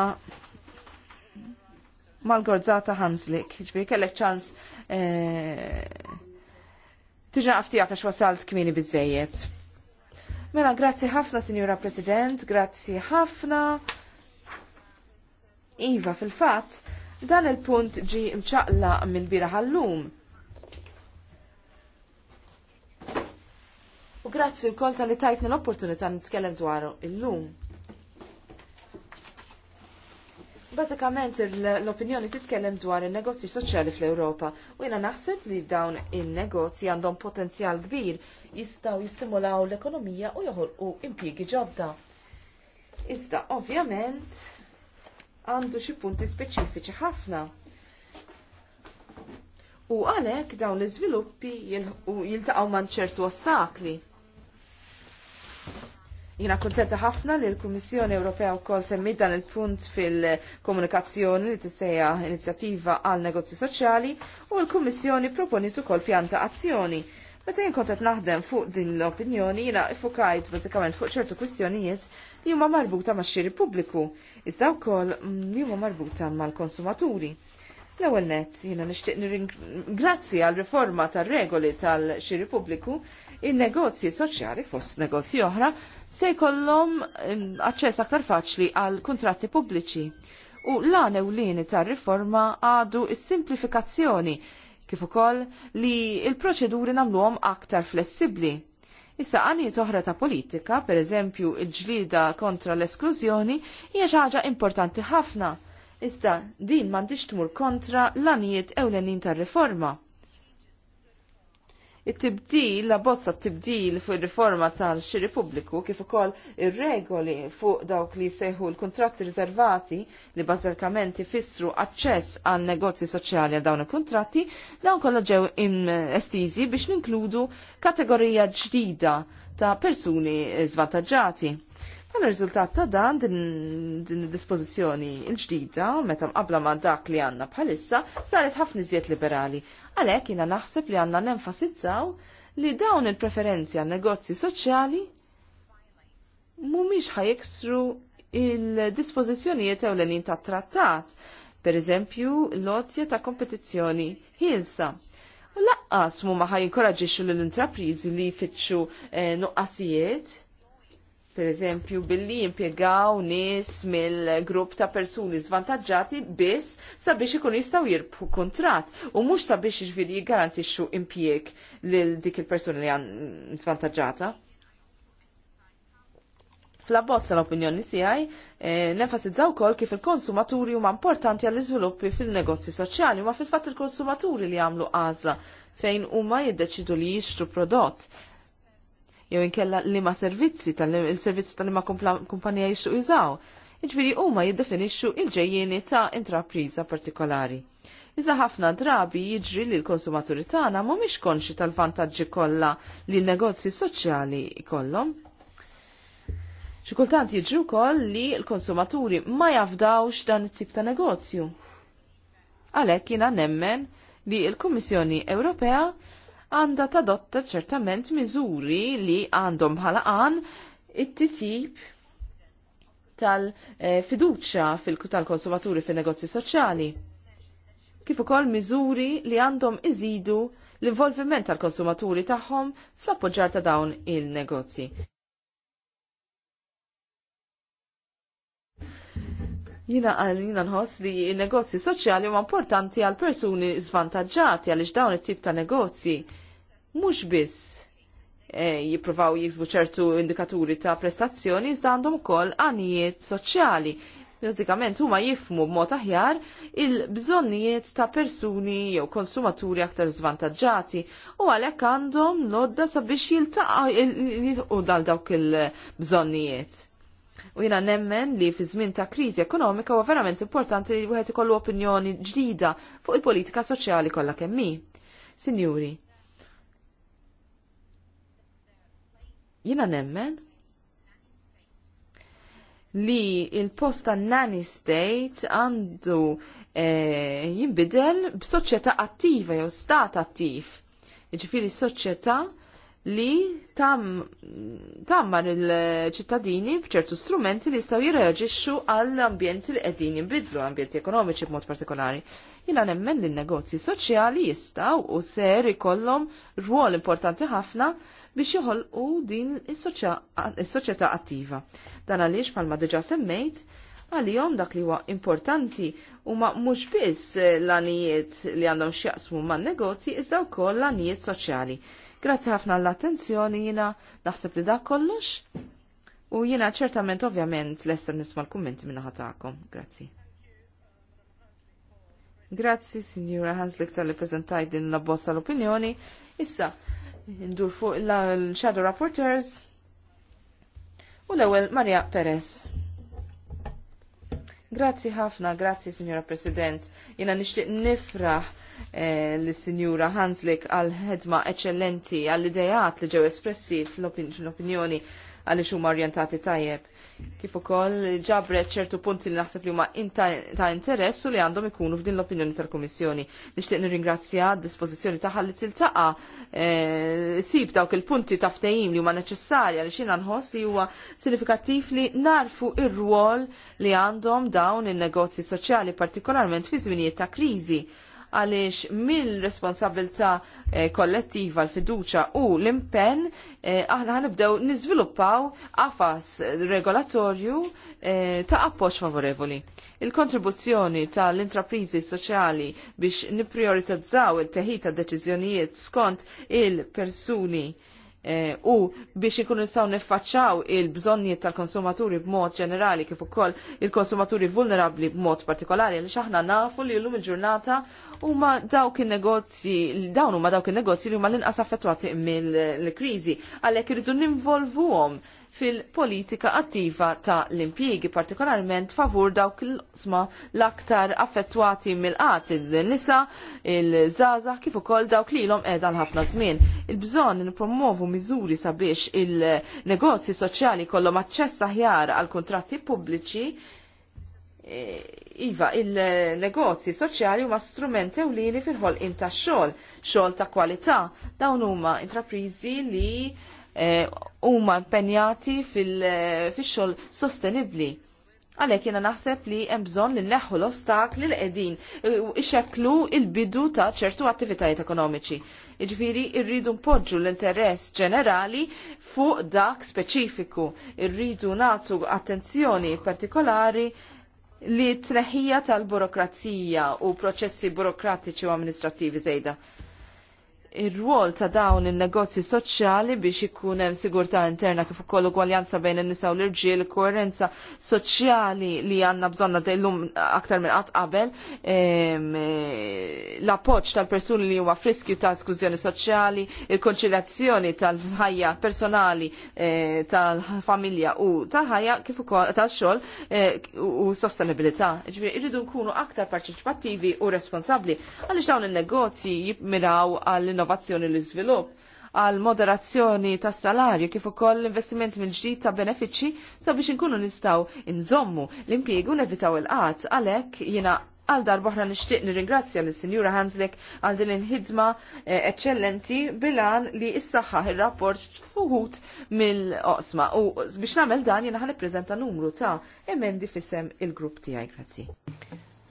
Speaker 4: mal-gorzata Hanslik, ġifiri kellek ċans eh, Tiġa għaftijak għax wasalt kmini bizzejiet. Mela, grazzi ħafna, Signora President, grazzi ħafna. Iva, fil-fat, dan il-punt ġi mċaqla minn bira ħallum. U grazzi u kol tal-li tajtni l-opportunità nitkellem dwaru il-lum. Bazzikament l-opinjoni titkellem dwar il-negozji soċjali fl-Ewropa u jena naħseb li dawn il-negozji għandhom potenzjal kbir jistaw jistimulaw l-ekonomija u joħolqu impjiegi ġodda. Iżda, ovvjament, għandu xi punti speċifiċi ħafna. U għalhekk dawn l iżviluppi jiltaqgħu man ċertu ostakli. Jina kontenta ħafna li l-Kummissjoni Ewropea wkoll semmi dan il-punt fil-komunikazzjoni li tissejja inizjattiva għal negozju soċjali u l-Kummissjoni proponiet ukoll pjanta azzjoni. Meta jien kontet naħdem fuq din l-opinjoni jiena ifukajt bażikament fuq ċertu kwistjonijiet li huma marbuta max-xiri pubbliku, iżda wkoll li huma marbuta mal-konsumaturi. L-ewwel nett jiena nixtieq grazzi għal riforma tar-regoli tal-xiri pubbliku, in-negozji soċjali fost negozji oħra se jkollhom aċċess aktar faċli għal kuntratti pubbliċi. U l-għan ewlieni tar-riforma għadu is-simplifikazzjoni kif ukoll li il-proċeduri nagħmluhom aktar flessibbli. Issa għani toħra ta' politika, per eżempju il-ġlida kontra l-esklużjoni, hija xi ħaġa importanti ħafna iżda din m'għandix tmur kontra l-anijiet ewlenin tar-riforma. It-tibdil, la bozza t-tibdil fuq ir-riforma tal-xiri pubbliku kif ukoll ir-regoli fuq dawk li seħu l-kontratti riservati li bażikament ifissru aċċess għal negozji soċjali għal dawn il-kontratti, dawn kollha ġew estiżi biex ninkludu kategorija ġdida ta' persuni zvantaġġati. Għala riżultat ta' dan din dispozizjoni l-ġdida meta mqabla ma' dak li għanna bħalissa saret ħafna iżjed liberali. Għalhekk jiena naħseb li għandna nenfasizzaw li dawn il-preferenzi għan negozji soċjali mumiex ħajeksru il-dispozizjonijiet ewlenin ta' trattat, per eżempju lotja ta' kompetizzjoni ħilsa. U laqqas mumma ħajinkoraġiċu l-intraprizi li jfittxu eh, nuqqasijiet per eżempju billi jimpiegaw nies mill-grupp ta' persuni zvantagġati biss sabiex ikun jistgħu jirbħu kuntratt u mhux sabiex jiġifieri jiggarantixxu impieg lil dik il persuni li għan zvantagġata fl-abbozza l-opinjoni tiegħi eh, nefasizzaw kol kif il-konsumaturi huma importanti għall iżviluppi fil-negozji soċjali ma fil-fatt il-konsumaturi li għamlu għażla fejn huma jiddeċidu li jixtru prodott jew inkella li ma servizzi tal-servizzi tal ma kumpanija jixtuq jużaw. Iġviri huma jiddefinixxu il-ġejjieni ta' intrapriża partikolari. Iżda ħafna drabi jiġri li l-konsumaturi tagħna mhumiex konxi tal-vantaġġi kollha li l negozji soċjali jkollhom. Xi kultant jiġri wkoll li l-konsumaturi ma jafdawx dan it-tip ta' negozju. Għalhekk jiena nemmen li l-Kummissjoni Ewropea għandha tadotta ċertament miżuri li għandhom bħala għan it-titjib tal-fiduċa tal-konsumaturi fin-negozji soċjali kif ukoll miżuri li għandhom iżidu l-involviment tal-konsumaturi tagħhom fl-appoġġar ta' dawn il-negozji. Jina għalina nħoss li il-negozji soċjali huma importanti għal persuni zvantaġġati għaliex dawn it-tip ta' negozji mhux biss e, jippruvaw jiksbu ċertu indikaturi ta' prestazzjoni iżda għandhom ukoll għanijiet soċjali. Bażikament huma jifmu b'mod aħjar il-bżonnijiet ta' persuni jew konsumaturi aktar żvantaġġati u għalhekk għandhom lodda sabiex jiltaqgħu dal dawk il-bżonnijiet. U jina nemmen li fi żmien ta' kriżi ekonomika huwa verament importanti li wieħed ikollu opinjoni ġdida fuq il-politika soċjali kollha kemm hi. Sinjuri, Jina nemmen li il posta nanny state għandu e, eh, jimbidel b'soċjetà attiva jew stat attiv. Iġifiri soċjetà li tam, tammar il-ċittadini bċertu strumenti li jistaw jirreġixxu għall-ambjenti li qegħdin jinbidlu, ambjenti ekonomiċi b'mod partikolari. Jina nemmen li n-negozji soċjali jistaw u ser ikollhom rwol importanti ħafna biex joħolqu din is-soċjetà attiva. Dan għaliex bħalma diġà semmejt, għalihom dak li huwa importanti huma mhux biss l-anijiet li għandhom x'jaqsmu man-negozji iżda wkoll l-anijiet soċjali. Grazzi ħafna l-attenzjoni jiena naħseb li dak kollox u jiena ċertament ovvjament lesta nisma' l-kummenti minna ħatakom. Grazzi. Grazzi, Signora Hanslik, tal-li prezentajt din la bozza l-opinjoni. Issa, ndur fuq l-Shadow Rapporteurs u l-ewel Maria Perez. Grazzi ħafna, grazzi Signora President. Jena nishtiq nifraħ eh, l-Signora Hanslik għal-ħedma eccellenti, għall-idejat li ġew espressi fl-opinjoni. -opin għaliex huma orjentati tajjeb. Kif ukoll ġabret ċertu punti li naħseb li huma ta' interess u li għandhom ikunu f'din l-opinjoni tal-Kummissjoni. Nixtieq nirringrazzja d-dispożizzjoni tagħha li tiltaqa e, sib dawk il-punti ta' li huma neċessarja li xina nħoss li huwa sinifikattiv li narfu ir-rwol li għandhom dawn in-negozji soċjali partikolarment fi żminijiet ta' kriżi għaliex mill-responsabilità eh, kollettiva l-fiduċa u l-impenn eh, aħna ħanibdew niżviluppaw għafas regolatorju eh, ta' appoġġ favorevoli. Il-kontribuzzjoni tal-intraprizi soċjali biex niprioritizzaw il-teħita deċiżjonijiet skont il-persuni il persuni Eh, u biex ikunu nistgħu neffaċċaw il-bżonnijiet tal-konsumaturi b'mod ġenerali kif ukoll il-konsumaturi vulnerabbli b'mod partikolari li aħna nafu li llum il-ġurnata huma dawk in-negozji dawn huma dawk in-negozji li huma l-inqas affettwati mill-kriżi għalhekk irridu ninvolvuhom fil-politika attiva ta' l-impjiegi, partikolarment favur dawk kil sma l-aktar affettwati mill-qat il-nisa, il-żaza, kif ukoll dawk li edha l-ħafna żmien. Il-bżon nipromovu miżuri sabiex il-negozji soċjali kollhom aċċess aħjar għal kontratti pubbliċi Iva, il-negozji soċjali huma strument ewlieni fil-ħolqien tax-xogħol, xogħol ta' kwalità. Dawn huma intrapriżi li Eh, huma impenjati fil-xogħol eh, sostenibbli. Għalhekk jiena naħseb li hemm bżonn li nneħħu l-ostakli li qegħdin eh, ixekklu il-bidu ta' ċertu attivitajiet ekonomiċi. Jiġifieri rridu npoġġu l-interess ġenerali fuq dak speċifiku. Irridu nagħtu attenzjoni partikolari li t tneħħija tal-burokrazija u proċessi burokratiċi u amministrativi zejda ir-rwol ta' dawn in-negozji soċjali biex ikun hemm sigurtà interna kif ukoll ugwaljanza bejn in-nisa u l-irġiel, koerenza soċjali li għandna bżonna dejlum aktar minn qatt qabel, e, l-appoġġ tal-persuni li huwa friskju ta' skużjoni soċjali, il-konċiljazzjoni tal-ħajja personali e, tal-familja u tal-ħajja kif ukoll tax-xogħol e, u sostenibilità. Ġifieri irridu nkunu aktar parċiċipattivi u responsabbli għaliex dawn in-negozji jibmiraw għall l-innovazzjoni l-iżvilupp għal moderazzjoni tas salarju kif ukoll investiment mill-ġdid ta' benefiċċji sabiex inkunu nistgħu inżommu l-impjiegu nevitaw il-qatt għalhekk jiena għal darbohra nixtieq nirringrazzja lis-Sinjura Hanslik għal din il-ħidma eh, eċċellenti bilan li issaħħaħ ir-rapport fuħut mill-qosma. U biex nagħmel dan jiena ħan numru ta' emendi fisem il-grupp tiegħi. Grazzi.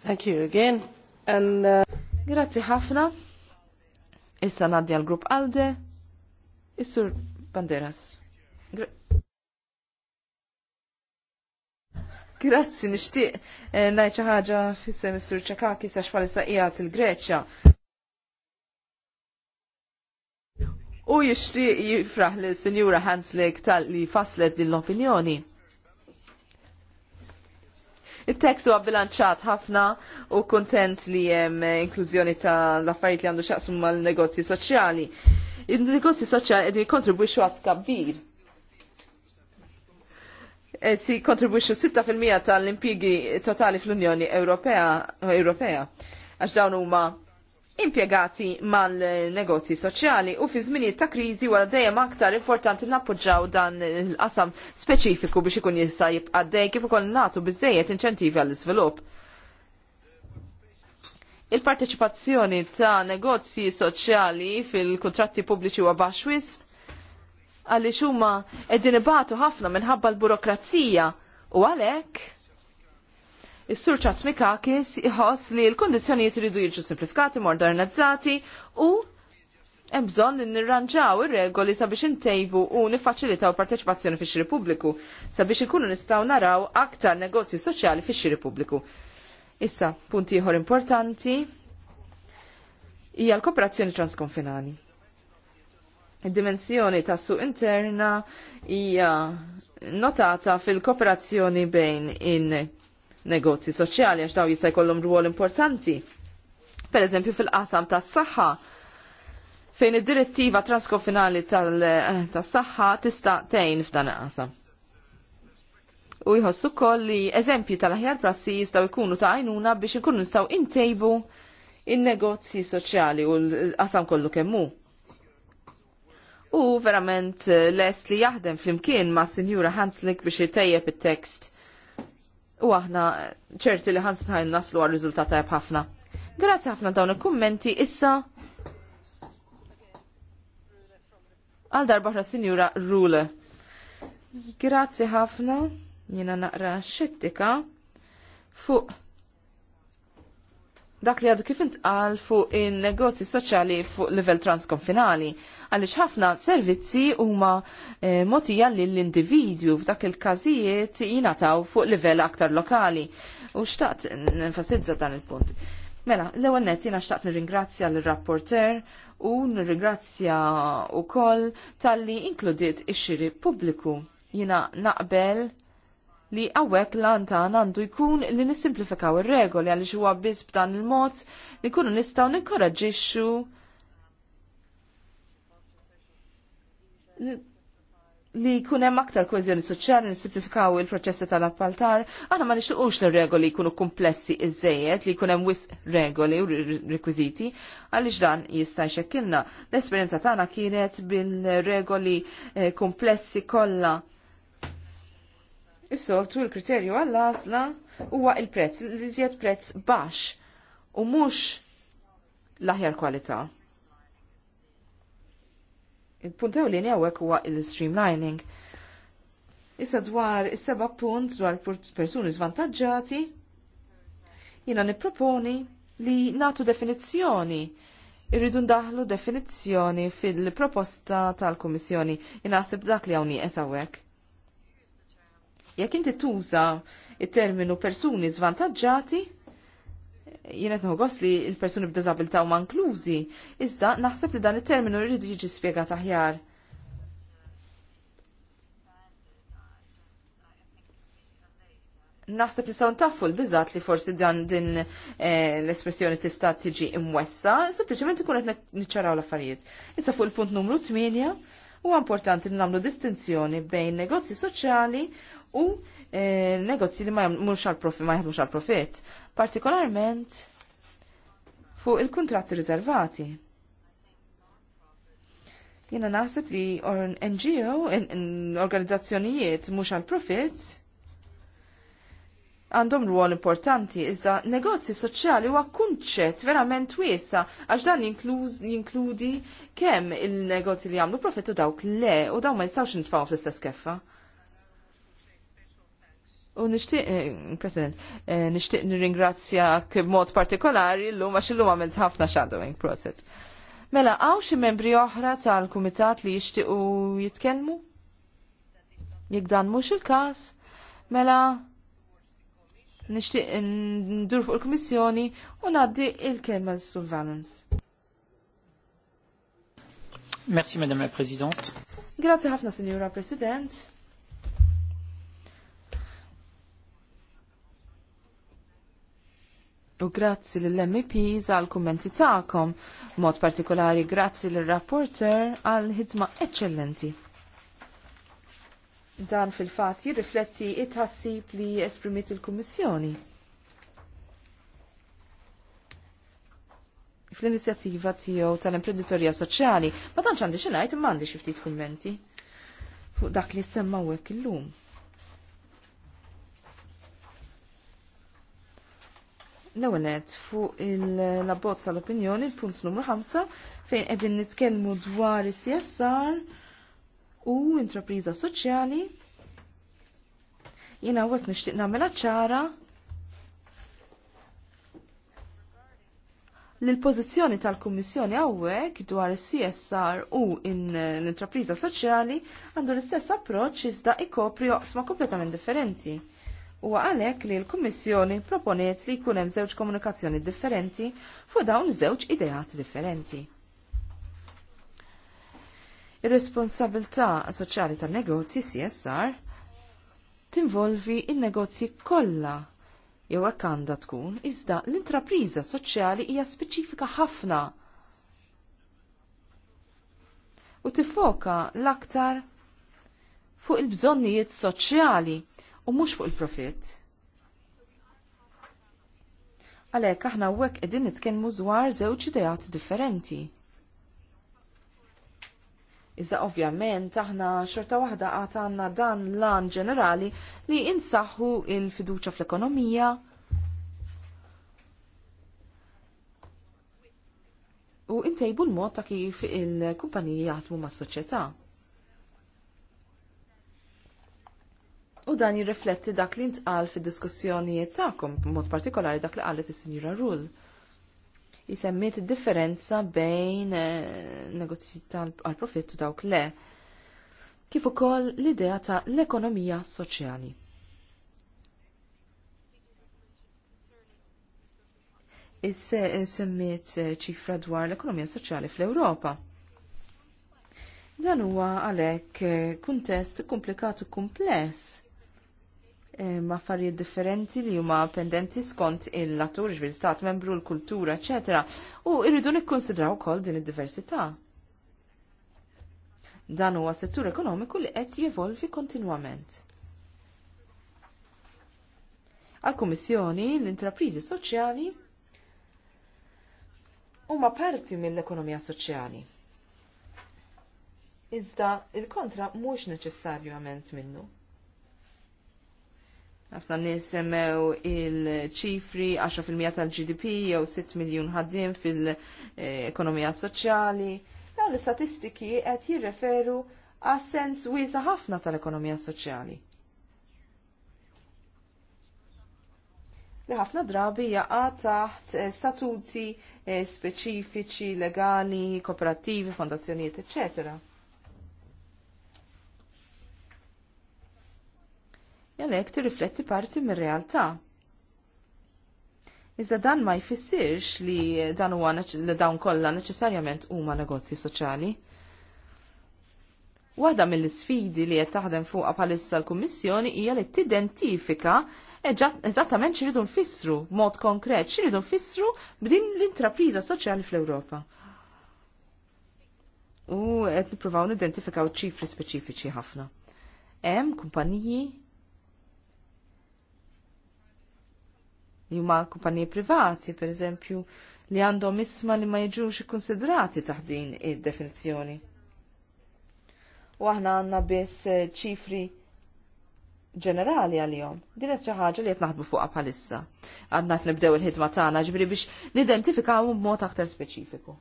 Speaker 4: Thank you again. And, uh... Grazzi ħafna. Issa naddi għal grupp Alde, Is-Sur Banderas. Gra Grazzi, nishtiq eh, najċa ħaġa fissem Is-Sur għax palissa xpali il-Greċja. U jishtiq jifraħ li Senjura Hanslek tal-li faslet din l-opinjoni. Il-tekst huwa bilanċat ħafna u kontent li hemm eh, inklużjoni ta' l-affarijiet li għandu xaqsmu mal-negozji soċjali. Il-negozji soċjali qed jikkontribwixxu għad kabbir. Qed jikkontribwixxu 6% tal-impjigi totali fl-Unjoni Ewropea Ewropea għax dawn huma impjegati mal-negozji soċjali u fi żminijiet ta' kriżi wara dejjem aktar importanti nappoġġaw dan il-qasam speċifiku biex ikun jista' jibqa' dejjem kif ukoll nagħtu biżejjed inċentivi għall-iżvilupp. Il-parteċipazzjoni ta' negozji soċjali fil-kontratti pubbliċi huwa baxwis għaliex huma qegħdin ibatu ħafna minħabba l-burokrazija u għalhekk Is-sur Mikakis iħoss li l-kondizjonijiet iridu jiġu simplifikati, modernizzati u hemm bżonn li nirranġaw ir-regoli sabiex intejbu u niffaċilitaw parteċipazzjoni fix-xiri pubbliku sabiex ikunu nistgħu naraw aktar negozji soċjali fix-xiri pubbliku. Issa, punti ieħor importanti hija l-kooperazzjoni transkonfinali. Id-dimensjoni tas suq interna hija notata fil-kooperazzjoni bejn in negozji soċjali għax daw jista' jkollhom rwol importanti. Per eżempju fil-qasam tas-saħħa fejn id-direttiva transkofinali tas-saħħa eh, tista' tgħin f'dan il-qasam. U jħossu koll li eżempji tal-aħjar prassi jistgħu jkunu ta' għajnuna biex ikunu nistgħu intejbu in-negozji soċjali u l-qasam kollu kemmu. U verament eh, les li jaħdem flimkien ma' Sinjura Hanslik biex jitejjeb it-tekst u aħna ċerti li ħansnħajn naslu għal riżultat tajb ħafna. Grazzi ħafna dawn il-kummenti issa għal darba sinjura Rule. Grazzi ħafna, jiena naqra xettika fuq dak li għadu kif intqal fuq in-negozji soċjali fuq livell transkonfinali għaliex ħafna servizzi huma e, eh, motija lill individju f'dak il-każijiet jinataw fuq livell aktar lokali. U xtaqt nenfasizza dan il-punt. Mela, l-ewwel nett jiena xtaqt nirringrazzja l-rapporter u nirringrazzja wkoll talli inkludiet ix-xiri pubbliku. Jiena naqbel li għawek lantan għandu jkun li nisimplifikaw ir-regoli għal ġuwa biss b'dan il-mod li kunu nistaw ninkoraġġixxu li kunem aktar kohezjoni soċjali nisimplifikaw il-proċessi tal-appaltar, għana ma nixtuqux li regoli jkunu komplessi iżejjed li kunem wis regoli u rekwiziti, għalix dan jista' jxekkilna. L-esperjenza tagħna kienet bil-regoli eh, komplessi kollha. Is-soltu l-kriterju għall-għażla huwa il-prezz, l-iżjed prezz baxx u mhux l-aħjar kwalità. Il-punt li njawek huwa il-streamlining. Issa dwar is-seba punt dwar persuni svantagġati, jiena nipproponi li natu definizzjoni irridu ndaħlu definizzjoni fil-proposta tal-Kummissjoni inaħseb dak li hawn hawnhekk. Jekk inti tuża it-terminu persuni żvantaġġati, jenet nħogos li il-persuni b'dizabilta huma inklużi, iżda naħseb li dan it-terminu rridu jiġi spjegat aħjar. Naħseb li sawn taffu l-bizzat li forsi dan din eh, l-espressjoni tista' tiġi imwessa, sempliċement ikun qed niċċaraw l-affarijiet. Issa fuq il-punt numru 8 huwa importanti li nagħmlu distinzjoni bejn negozji soċjali u E, negozji li ma jmurx għal-profit, ma jħadmux għal-profit, partikolarment fuq il-kontratti riservati. Jena naħseb li or NGO, organizzazzjonijiet mhux għal-profit, għandhom ruol importanti, iżda negozji soċjali huwa kunċett verament wiesa għax dan jinkludi kemm il-negozji li jagħmlu u dawk le u daw ma jistgħux nitfgħu fl-istess keffa. U nishtiq, eh, President, eh, nishtiq nirringrazzja b'mod partikolari l-lum għax l-lum għamilt ħafna shadowing process. Mela, għaw xi membri oħra tal-kumitat li u jitkellmu? Jek dan mhux il-każ, mela nixtieq ndur fuq il-Kummissjoni u ngħaddi il-kelma sul surveillance
Speaker 1: Merci Madame la Présidente.
Speaker 4: Grazie ħafna Signora President. U grazzi lill-MEPs għal kummenti tagħkom. Mod partikolari grazzi l rapporter għal ħidma eċċellenti. Dan fil-fatt jirrifletti it-ħassib li esprimiet il-Kummissjoni. fl-inizjattiva tiegħu tal-imprenditorja soċjali, ma tantx għandi xi ngħid imma għandi xi ftit kummenti fuq dak li semmawek hekk illum. L-ewenet fuq il labbozz l-opinjoni, il-punt numru 5, fejn edin nitkelmu dwar il-CSR u intrapriza soċjali. Jena għek nishtiq namela ċara l-pozizjoni tal-Kummissjoni għawek dwar CSR u l-intrapriza soċjali għandu l-istess approċ iżda ikopri joqsma kompletament differenti. U għalek li l-Kummissjoni proponiet li jkun hemm żewġ komunikazzjoni differenti fuq dawn żewġ ideat differenti. Ir-responsabilità soċjali tan-negozji CSR tinvolvi in-negozji kollha jew hekk għandha tkun iżda l-intrapriża soċjali hija speċifika ħafna u tifoka l-aktar fuq il-bżonnijiet soċjali u mhux fuq il-profitt. Għalhekk aħna hawnhekk qegħdin nitkellmu dwar żewġ ideat differenti. Iżda ovvjament aħna xorta waħda għad għandna dan lan ġenerali li insaħħu il-fiduċa fl-ekonomija u intejbu l-mod ta' kif il-kumpaniji jaħdmu mas-soċjetà. U dan jirrifletti dak li ntqal fid-diskussjonijiet tagħkom, b'mod partikolari dak li qalet is-Sinjura Rule. Isemmiet id-differenza bejn eh, negozji tal-profittu dawk le, kif ukoll l-idea ta' l-ekonomija soċjali. Is-semmiet eh, eh, ċifra dwar l-ekonomija soċjali fl-Ewropa. Dan huwa għalhekk kuntest komplikat u kumpless. Eh, maffarijiet differenti li huma pendenti skont il-latur ġvil stat membru l-kultura, ecc. U irridu nikkonsidraw kol din id-diversità. Dan huwa settur ekonomiku li qed jevolvi kontinwament. Għal-Kummissjoni l-intrapriżi soċjali huma parti mill-ekonomija soċjali. Iżda il-kontra mhux neċessarjament minnu. Għafna nis semmew il-ċifri 10% tal-GDP jew 6 miljon ħaddim fil-ekonomija soċjali. Dawn l-istatistiki qed jirreferu għas sens wiesa ħafna tal-ekonomija soċjali. li ħafna drabi jaqa taħt eh, statuti eh, speċifiċi, legali, kooperativi, fondazzjonijiet, eccetera. jalek tirrifletti parti mir-realtà. Iżda dan ma jfissirx li dan huwa li dawn kollha neċessarjament huma negozji soċjali. Waħda mill-isfidi li qed taħdem fuqha bħalissa l-Kummissjoni hija li tidentifika eżattament x'iridu nfissru mod konkret x'iridu nfissru b'din l-intrapriża soċjali fl-Ewropa. U qed nippruvaw nidentifikaw ċifri speċifiċi ħafna. Hemm kumpaniji li huma kumpaniji privati, per eżempju, li għandhom isma li ma jiġux ikkonsidrati taħt din id-definizzjoni. U aħna għandna biss eh, ċifri ġenerali għal-jom. Dinet xi ħaġa li qed fuqa fuqha bħalissa. Għadna t nibdew il-ħidma tagħna ġibri biex nidentifikaw b'mod aktar speċifiku.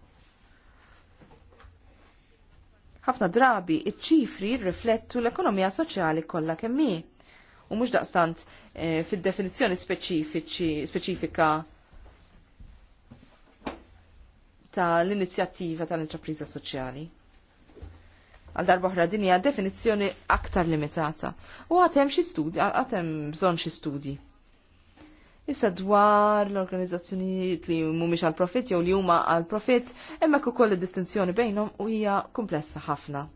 Speaker 4: Ħafna drabi iċ-ċifri rriflettu l-ekonomija soċjali kollha kemm hi u mhux daqstant fil eh, fid-definizzjoni speċifika tal-inizjattiva tal-intrapriża soċjali għal darba oħra din hija definizzjoni aktar limitata. U għatem xi studi, għatem bżonn xi studi. Issa dwar l-organizzazzjonijiet li mhumiex għal profit jew li huma għal profit, hemmhekk ukoll id-distinzjoni bejnhom u hija komplessa ħafna.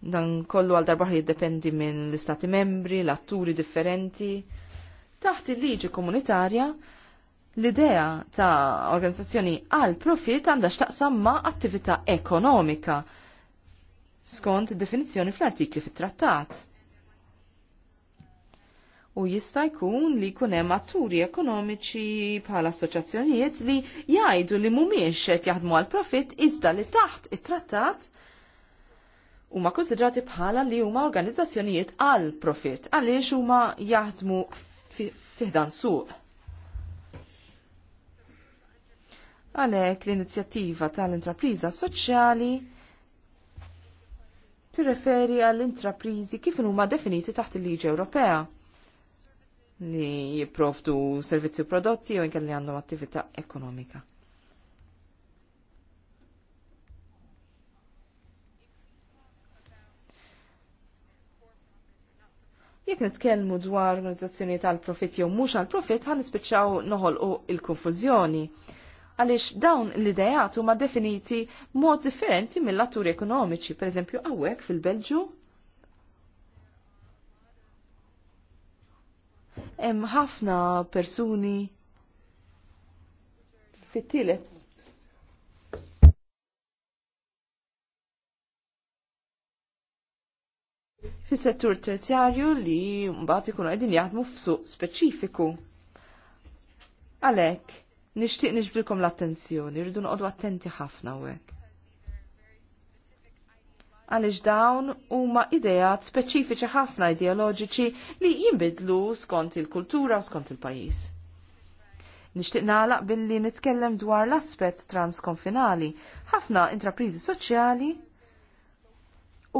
Speaker 4: Dan kollu għal darba jiddependi minn l-istati membri, l-atturi differenti. Taħt il-liġi komunitarja, l-idea ta' organizzazzjoni għal profit għandha x'taqsam ma' attività ekonomika skont definizzjoni fl-artikli fit-trattat u jista' jkun li jkun hemm atturi ekonomiċi bħala assoċjazzjonijiet li jgħidu li mhumiex qed jaħdmu għal profitt iżda li taħt it-trattat huma konsidrati bħala li huma organizzazzjonijiet għal profit għaliex huma jaħdmu fiħdan suq. Għalhekk l-inizjattiva tal-intrapriża soċjali tirreferi għall-intrapriżi kif huma definiti taħt il-liġi Ewropea li jipprovdu servizzi u prodotti u li għandhom attività ekonomika. Jekk nitkellmu dwar organizzazzjoni tal-profit jew mhux għall-profit ħan nispiċċaw noħolqu il-konfużjoni. Għaliex dawn l-idejat huma definiti mod differenti mill-atturi ekonomiċi, pereżempju hawnhekk fil-Belġu. Hemm ħafna persuni fit-tielet fis-settur terzjarju li mbagħad ikunu qegħdin jaħdmu f'suq speċifiku. Għalhekk, nixtieq niġbilkom l-attenzjoni, rridu noqogħdu attenti ħafna hekk. Għaliex dawn huma idejat speċifiċi ħafna ideoloġiċi li jinbidlu skont il-kultura u skont il-pajjiż. Nixtieq nagħlaq billi nitkellem dwar l-aspett transkonfinali. Ħafna intrapriżi soċjali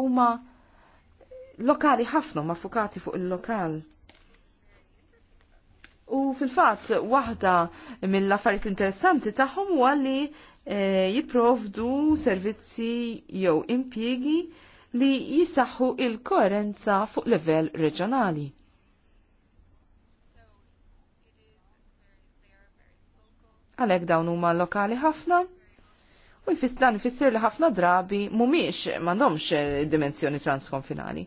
Speaker 4: huma lokali ħafna ma fukati fuq il-lokal. U fil-fat, waħda mill-affarijiet interessanti tagħhom huwa li jiprovdu eh, jipprovdu servizzi jew impjiegi li jisaħħu il-koerenza fuq livell reġjonali. Għalhekk dawn huma lokali ħafna U jfis dan li ħafna drabi mumiex m'għandhomx eh, dimensjoni transkonfinali.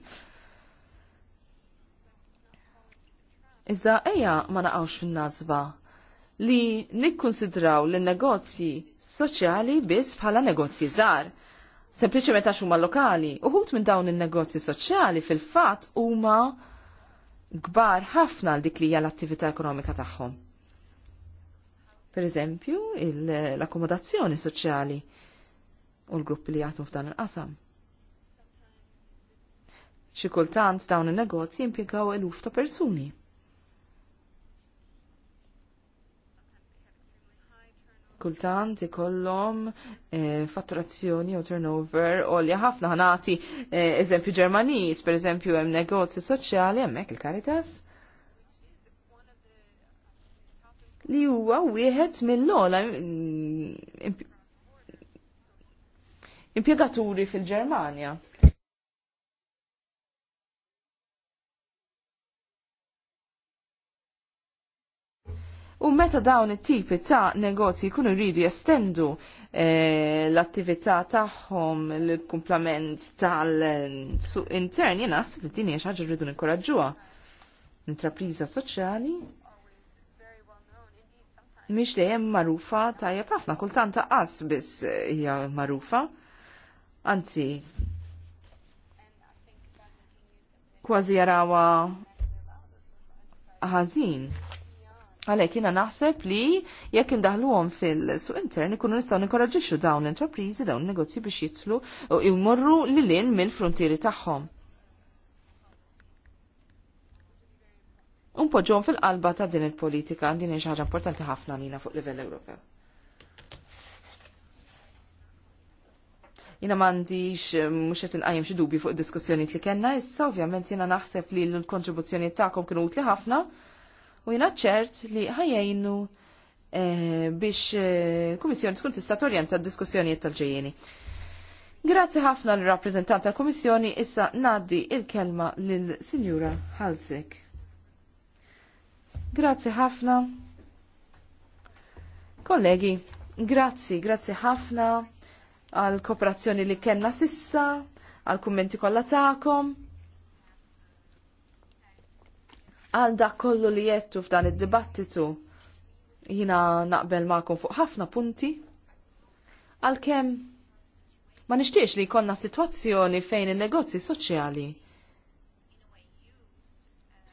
Speaker 4: Iżda eja ma naqgħux fin-nazba li nikkonsidraw l negozji soċjali biss bħala negozji żgħar. Sempliċement għax huma lokali, uħut minn dawn in-negozji soċjali fil-fatt huma kbar ħafna għal dik li hija l-attività ekonomika tagħhom. Per eżempju, l-akkomodazzjoni soċjali u l-gruppi li jaħdmu f'dan il-qasam. Xi kultant dawn in-negozji jimpjegaw eluf ta' persuni. kultant ikollhom eh, fatturazzjoni u turnover għolja ħafna ħanati eh, eżempju Ġermaniż, per eżempju hemm negozji soċjali hemmhekk il karitas li huwa wieħed mill-ola impjegaturi fil-Ġermanja. U meta dawn it-tipi ta' negozji jkunu jridu jestendu eh, l-attività tagħhom l-kumplament tal-suq intern, jena naħseb li din hija xi ħaġa rridu nkoraġġuha. Intrapriża soċjali mhix dejjem magħrufa tajjeb ħafna kultant qas biss hija magħrufa. Anzi, kważi jarawa ħażin. Għalek jina naħseb li jekk indaħluhom fil-suq intern ikunu nistgħu ninkoraġġixxu dawn l-intrapriżi dawn negozji biex jitlu u jmorru lil mill-frontieri tagħhom. unpoġġon fil-qalba ta' din il-politika din hija ħaġa importanti ħafna nina fuq livell Ewropew. Jina m'għandix eh, mhux qed inqajjem xi dubju fuq id-diskussjonijiet li kellna issa, ovvjament jiena naħseb li l-kontribuzzjoni tagħkom kienu utli ħafna u jiena ċert li ħajjejnu eh, biex eh, l-Kummissjoni tkun tista' torjenta d-diskussjonijiet tal-ġejjeni. Grazzi ħafna l-rappresentant tal-Komissjoni issa naddi il-kelma lil Sinjura Halsek. Grazzi ħafna. Kollegi, grazzi, grazzi ħafna għal kooperazzjoni li kellna sissa, għal kummenti kollha tagħkom. Għal dak kollu li jettu f'dan id-dibattitu jina naqbel ma'kom fuq ħafna punti. Għal kem ma nixtiex li jkollna sitwazzjoni fejn in-negozji soċjali.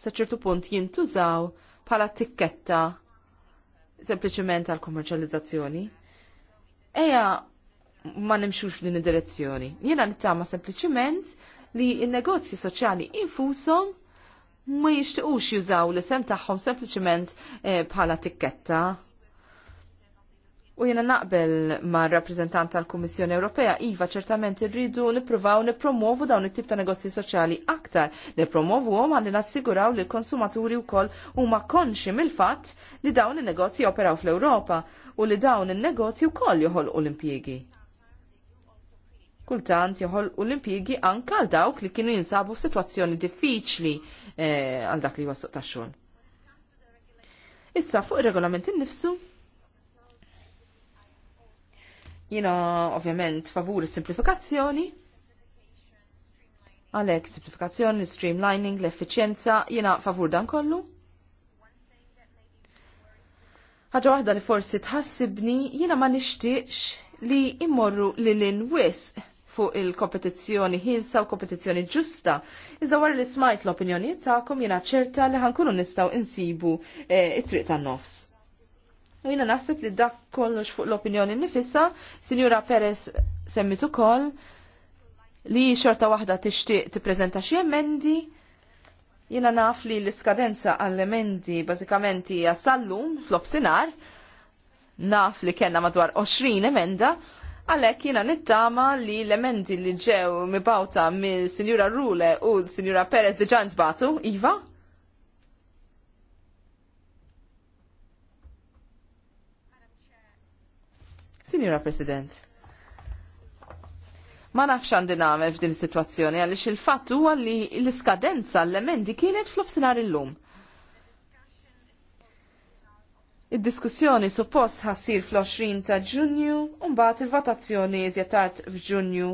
Speaker 4: Sa ċertu punt jintużaw bħala tikketta sempliċement għal kommerċjalizzazzjoni. Eja ma nimxux f'din id-direzzjoni. Jiena nittama sempliċement li n-negozji soċjali infushom ma jishtiqux jużaw l-isem tagħhom sempliċement eh, bħala tikketta U jena naqbel ma' rappresentant tal-Kummissjoni Ewropea, Iva ċertament irridu nippruvaw nippromovu dawn it-tip ta' negozji soċjali aktar, nippromovu għom għalli nassiguraw li l-konsumaturi u koll u ma' konxi mill-fat li dawn in negozji operaw fl-Europa u li dawn in negozji u koll joħol u l impjiegi Kultant joħol u l impjiegi anka għal dawk li kienu jinsabu f'sitwazzjoni diffiċli eh, għal dak li wassuq ta' xogħol. Issa fuq ir-regolament nnifsu? Jina ovvjament favur simplifikazzjoni. Għalek, simplifikazzjoni, streamlining, l efficienza jina favur dan kollu. ħaġa waħda li forsi tħassibni jiena ma nishtiqx li immorru li l-inwis fuq il-kompetizzjoni ħilsa u kompetizzjoni ġusta. Iżda wara li smajt l-opinjoni tagħkom jina ċerta li ħankunu nistgħu insibu eh, it-triq tan-nofs. U jina naħseb li dak kollox fuq l-opinjoni nifissa, Sinjura Perez semmitu koll li xorta waħda tixtieq tippreżenta xi emendi. Jina naf li l-iskadenza għall-emendi bażikament hija sallum fl-opsinar, naf li kellna madwar 20 emenda, għalek jina nittama li l-emendi li ġew mibawta mill sinjura Rule u l-Sinjura Perez diġan tbatu, Iva, Signora President. Ma nafx għandi nagħmel f'din is-sitwazzjoni għaliex il-fatt huwa li l-iskadenza l-emendi kienet fl il illum. Id-diskussjoni suppost ħassir fl-20 ta' Ġunju u mbagħad il-votazzjoni iżjed tard f'Ġunju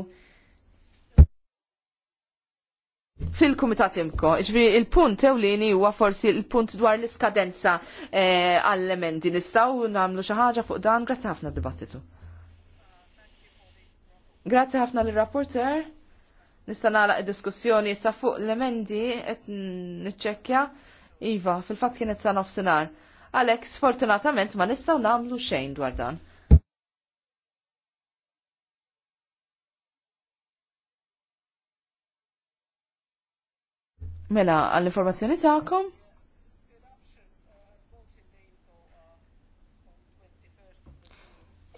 Speaker 4: Fil-Kumitat Imko, ġviri il-punt ewlieni huwa forsi il-punt dwar l-iskadenza eh, għall emendi Nistaw namlu xi ħaġa fuq dan, grazzi ħafna dibattitu. Grazzi ħafna l-rapporter. Nista' nagħlaq id-diskussjoni sa' fuq l-emendi qed niċċekkja. Iva, fil-fatt kienet sa nofsinhar. Alex, fortunatament ma nistgħu nagħmlu xejn dwar dan. Mela, għall-informazzjoni ta'kom?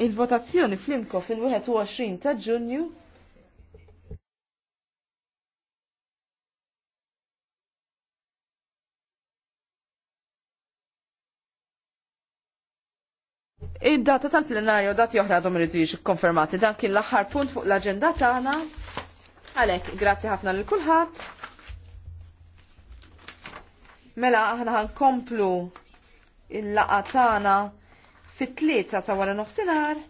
Speaker 4: Il-votazzjoni fl-imko fil-21 ta' ġunju Id-data tal-plenarju dati oħra għadhom irid jiġu konfermati dan kien l-aħħar punt fuq l-aġenda tagħna. Għalhekk, grazzi ħafna lil kulħadd. Mela aħna komplu il-laqa tagħna fit-tlieta ta' wara nofsinar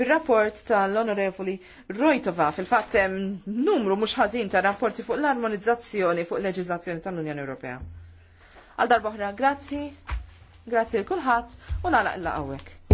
Speaker 4: bir-rapport tal-Onorevoli Rojtova fil-fatt hemm numru mhux ħażin ta' rapporti fuq l-armonizzazzjoni fuq leġiżlazzjoni tal-Unjoni Ewropea. Għal darba oħra, grazzi, grazzi l kulħadd u nagħlaq il-laqawek.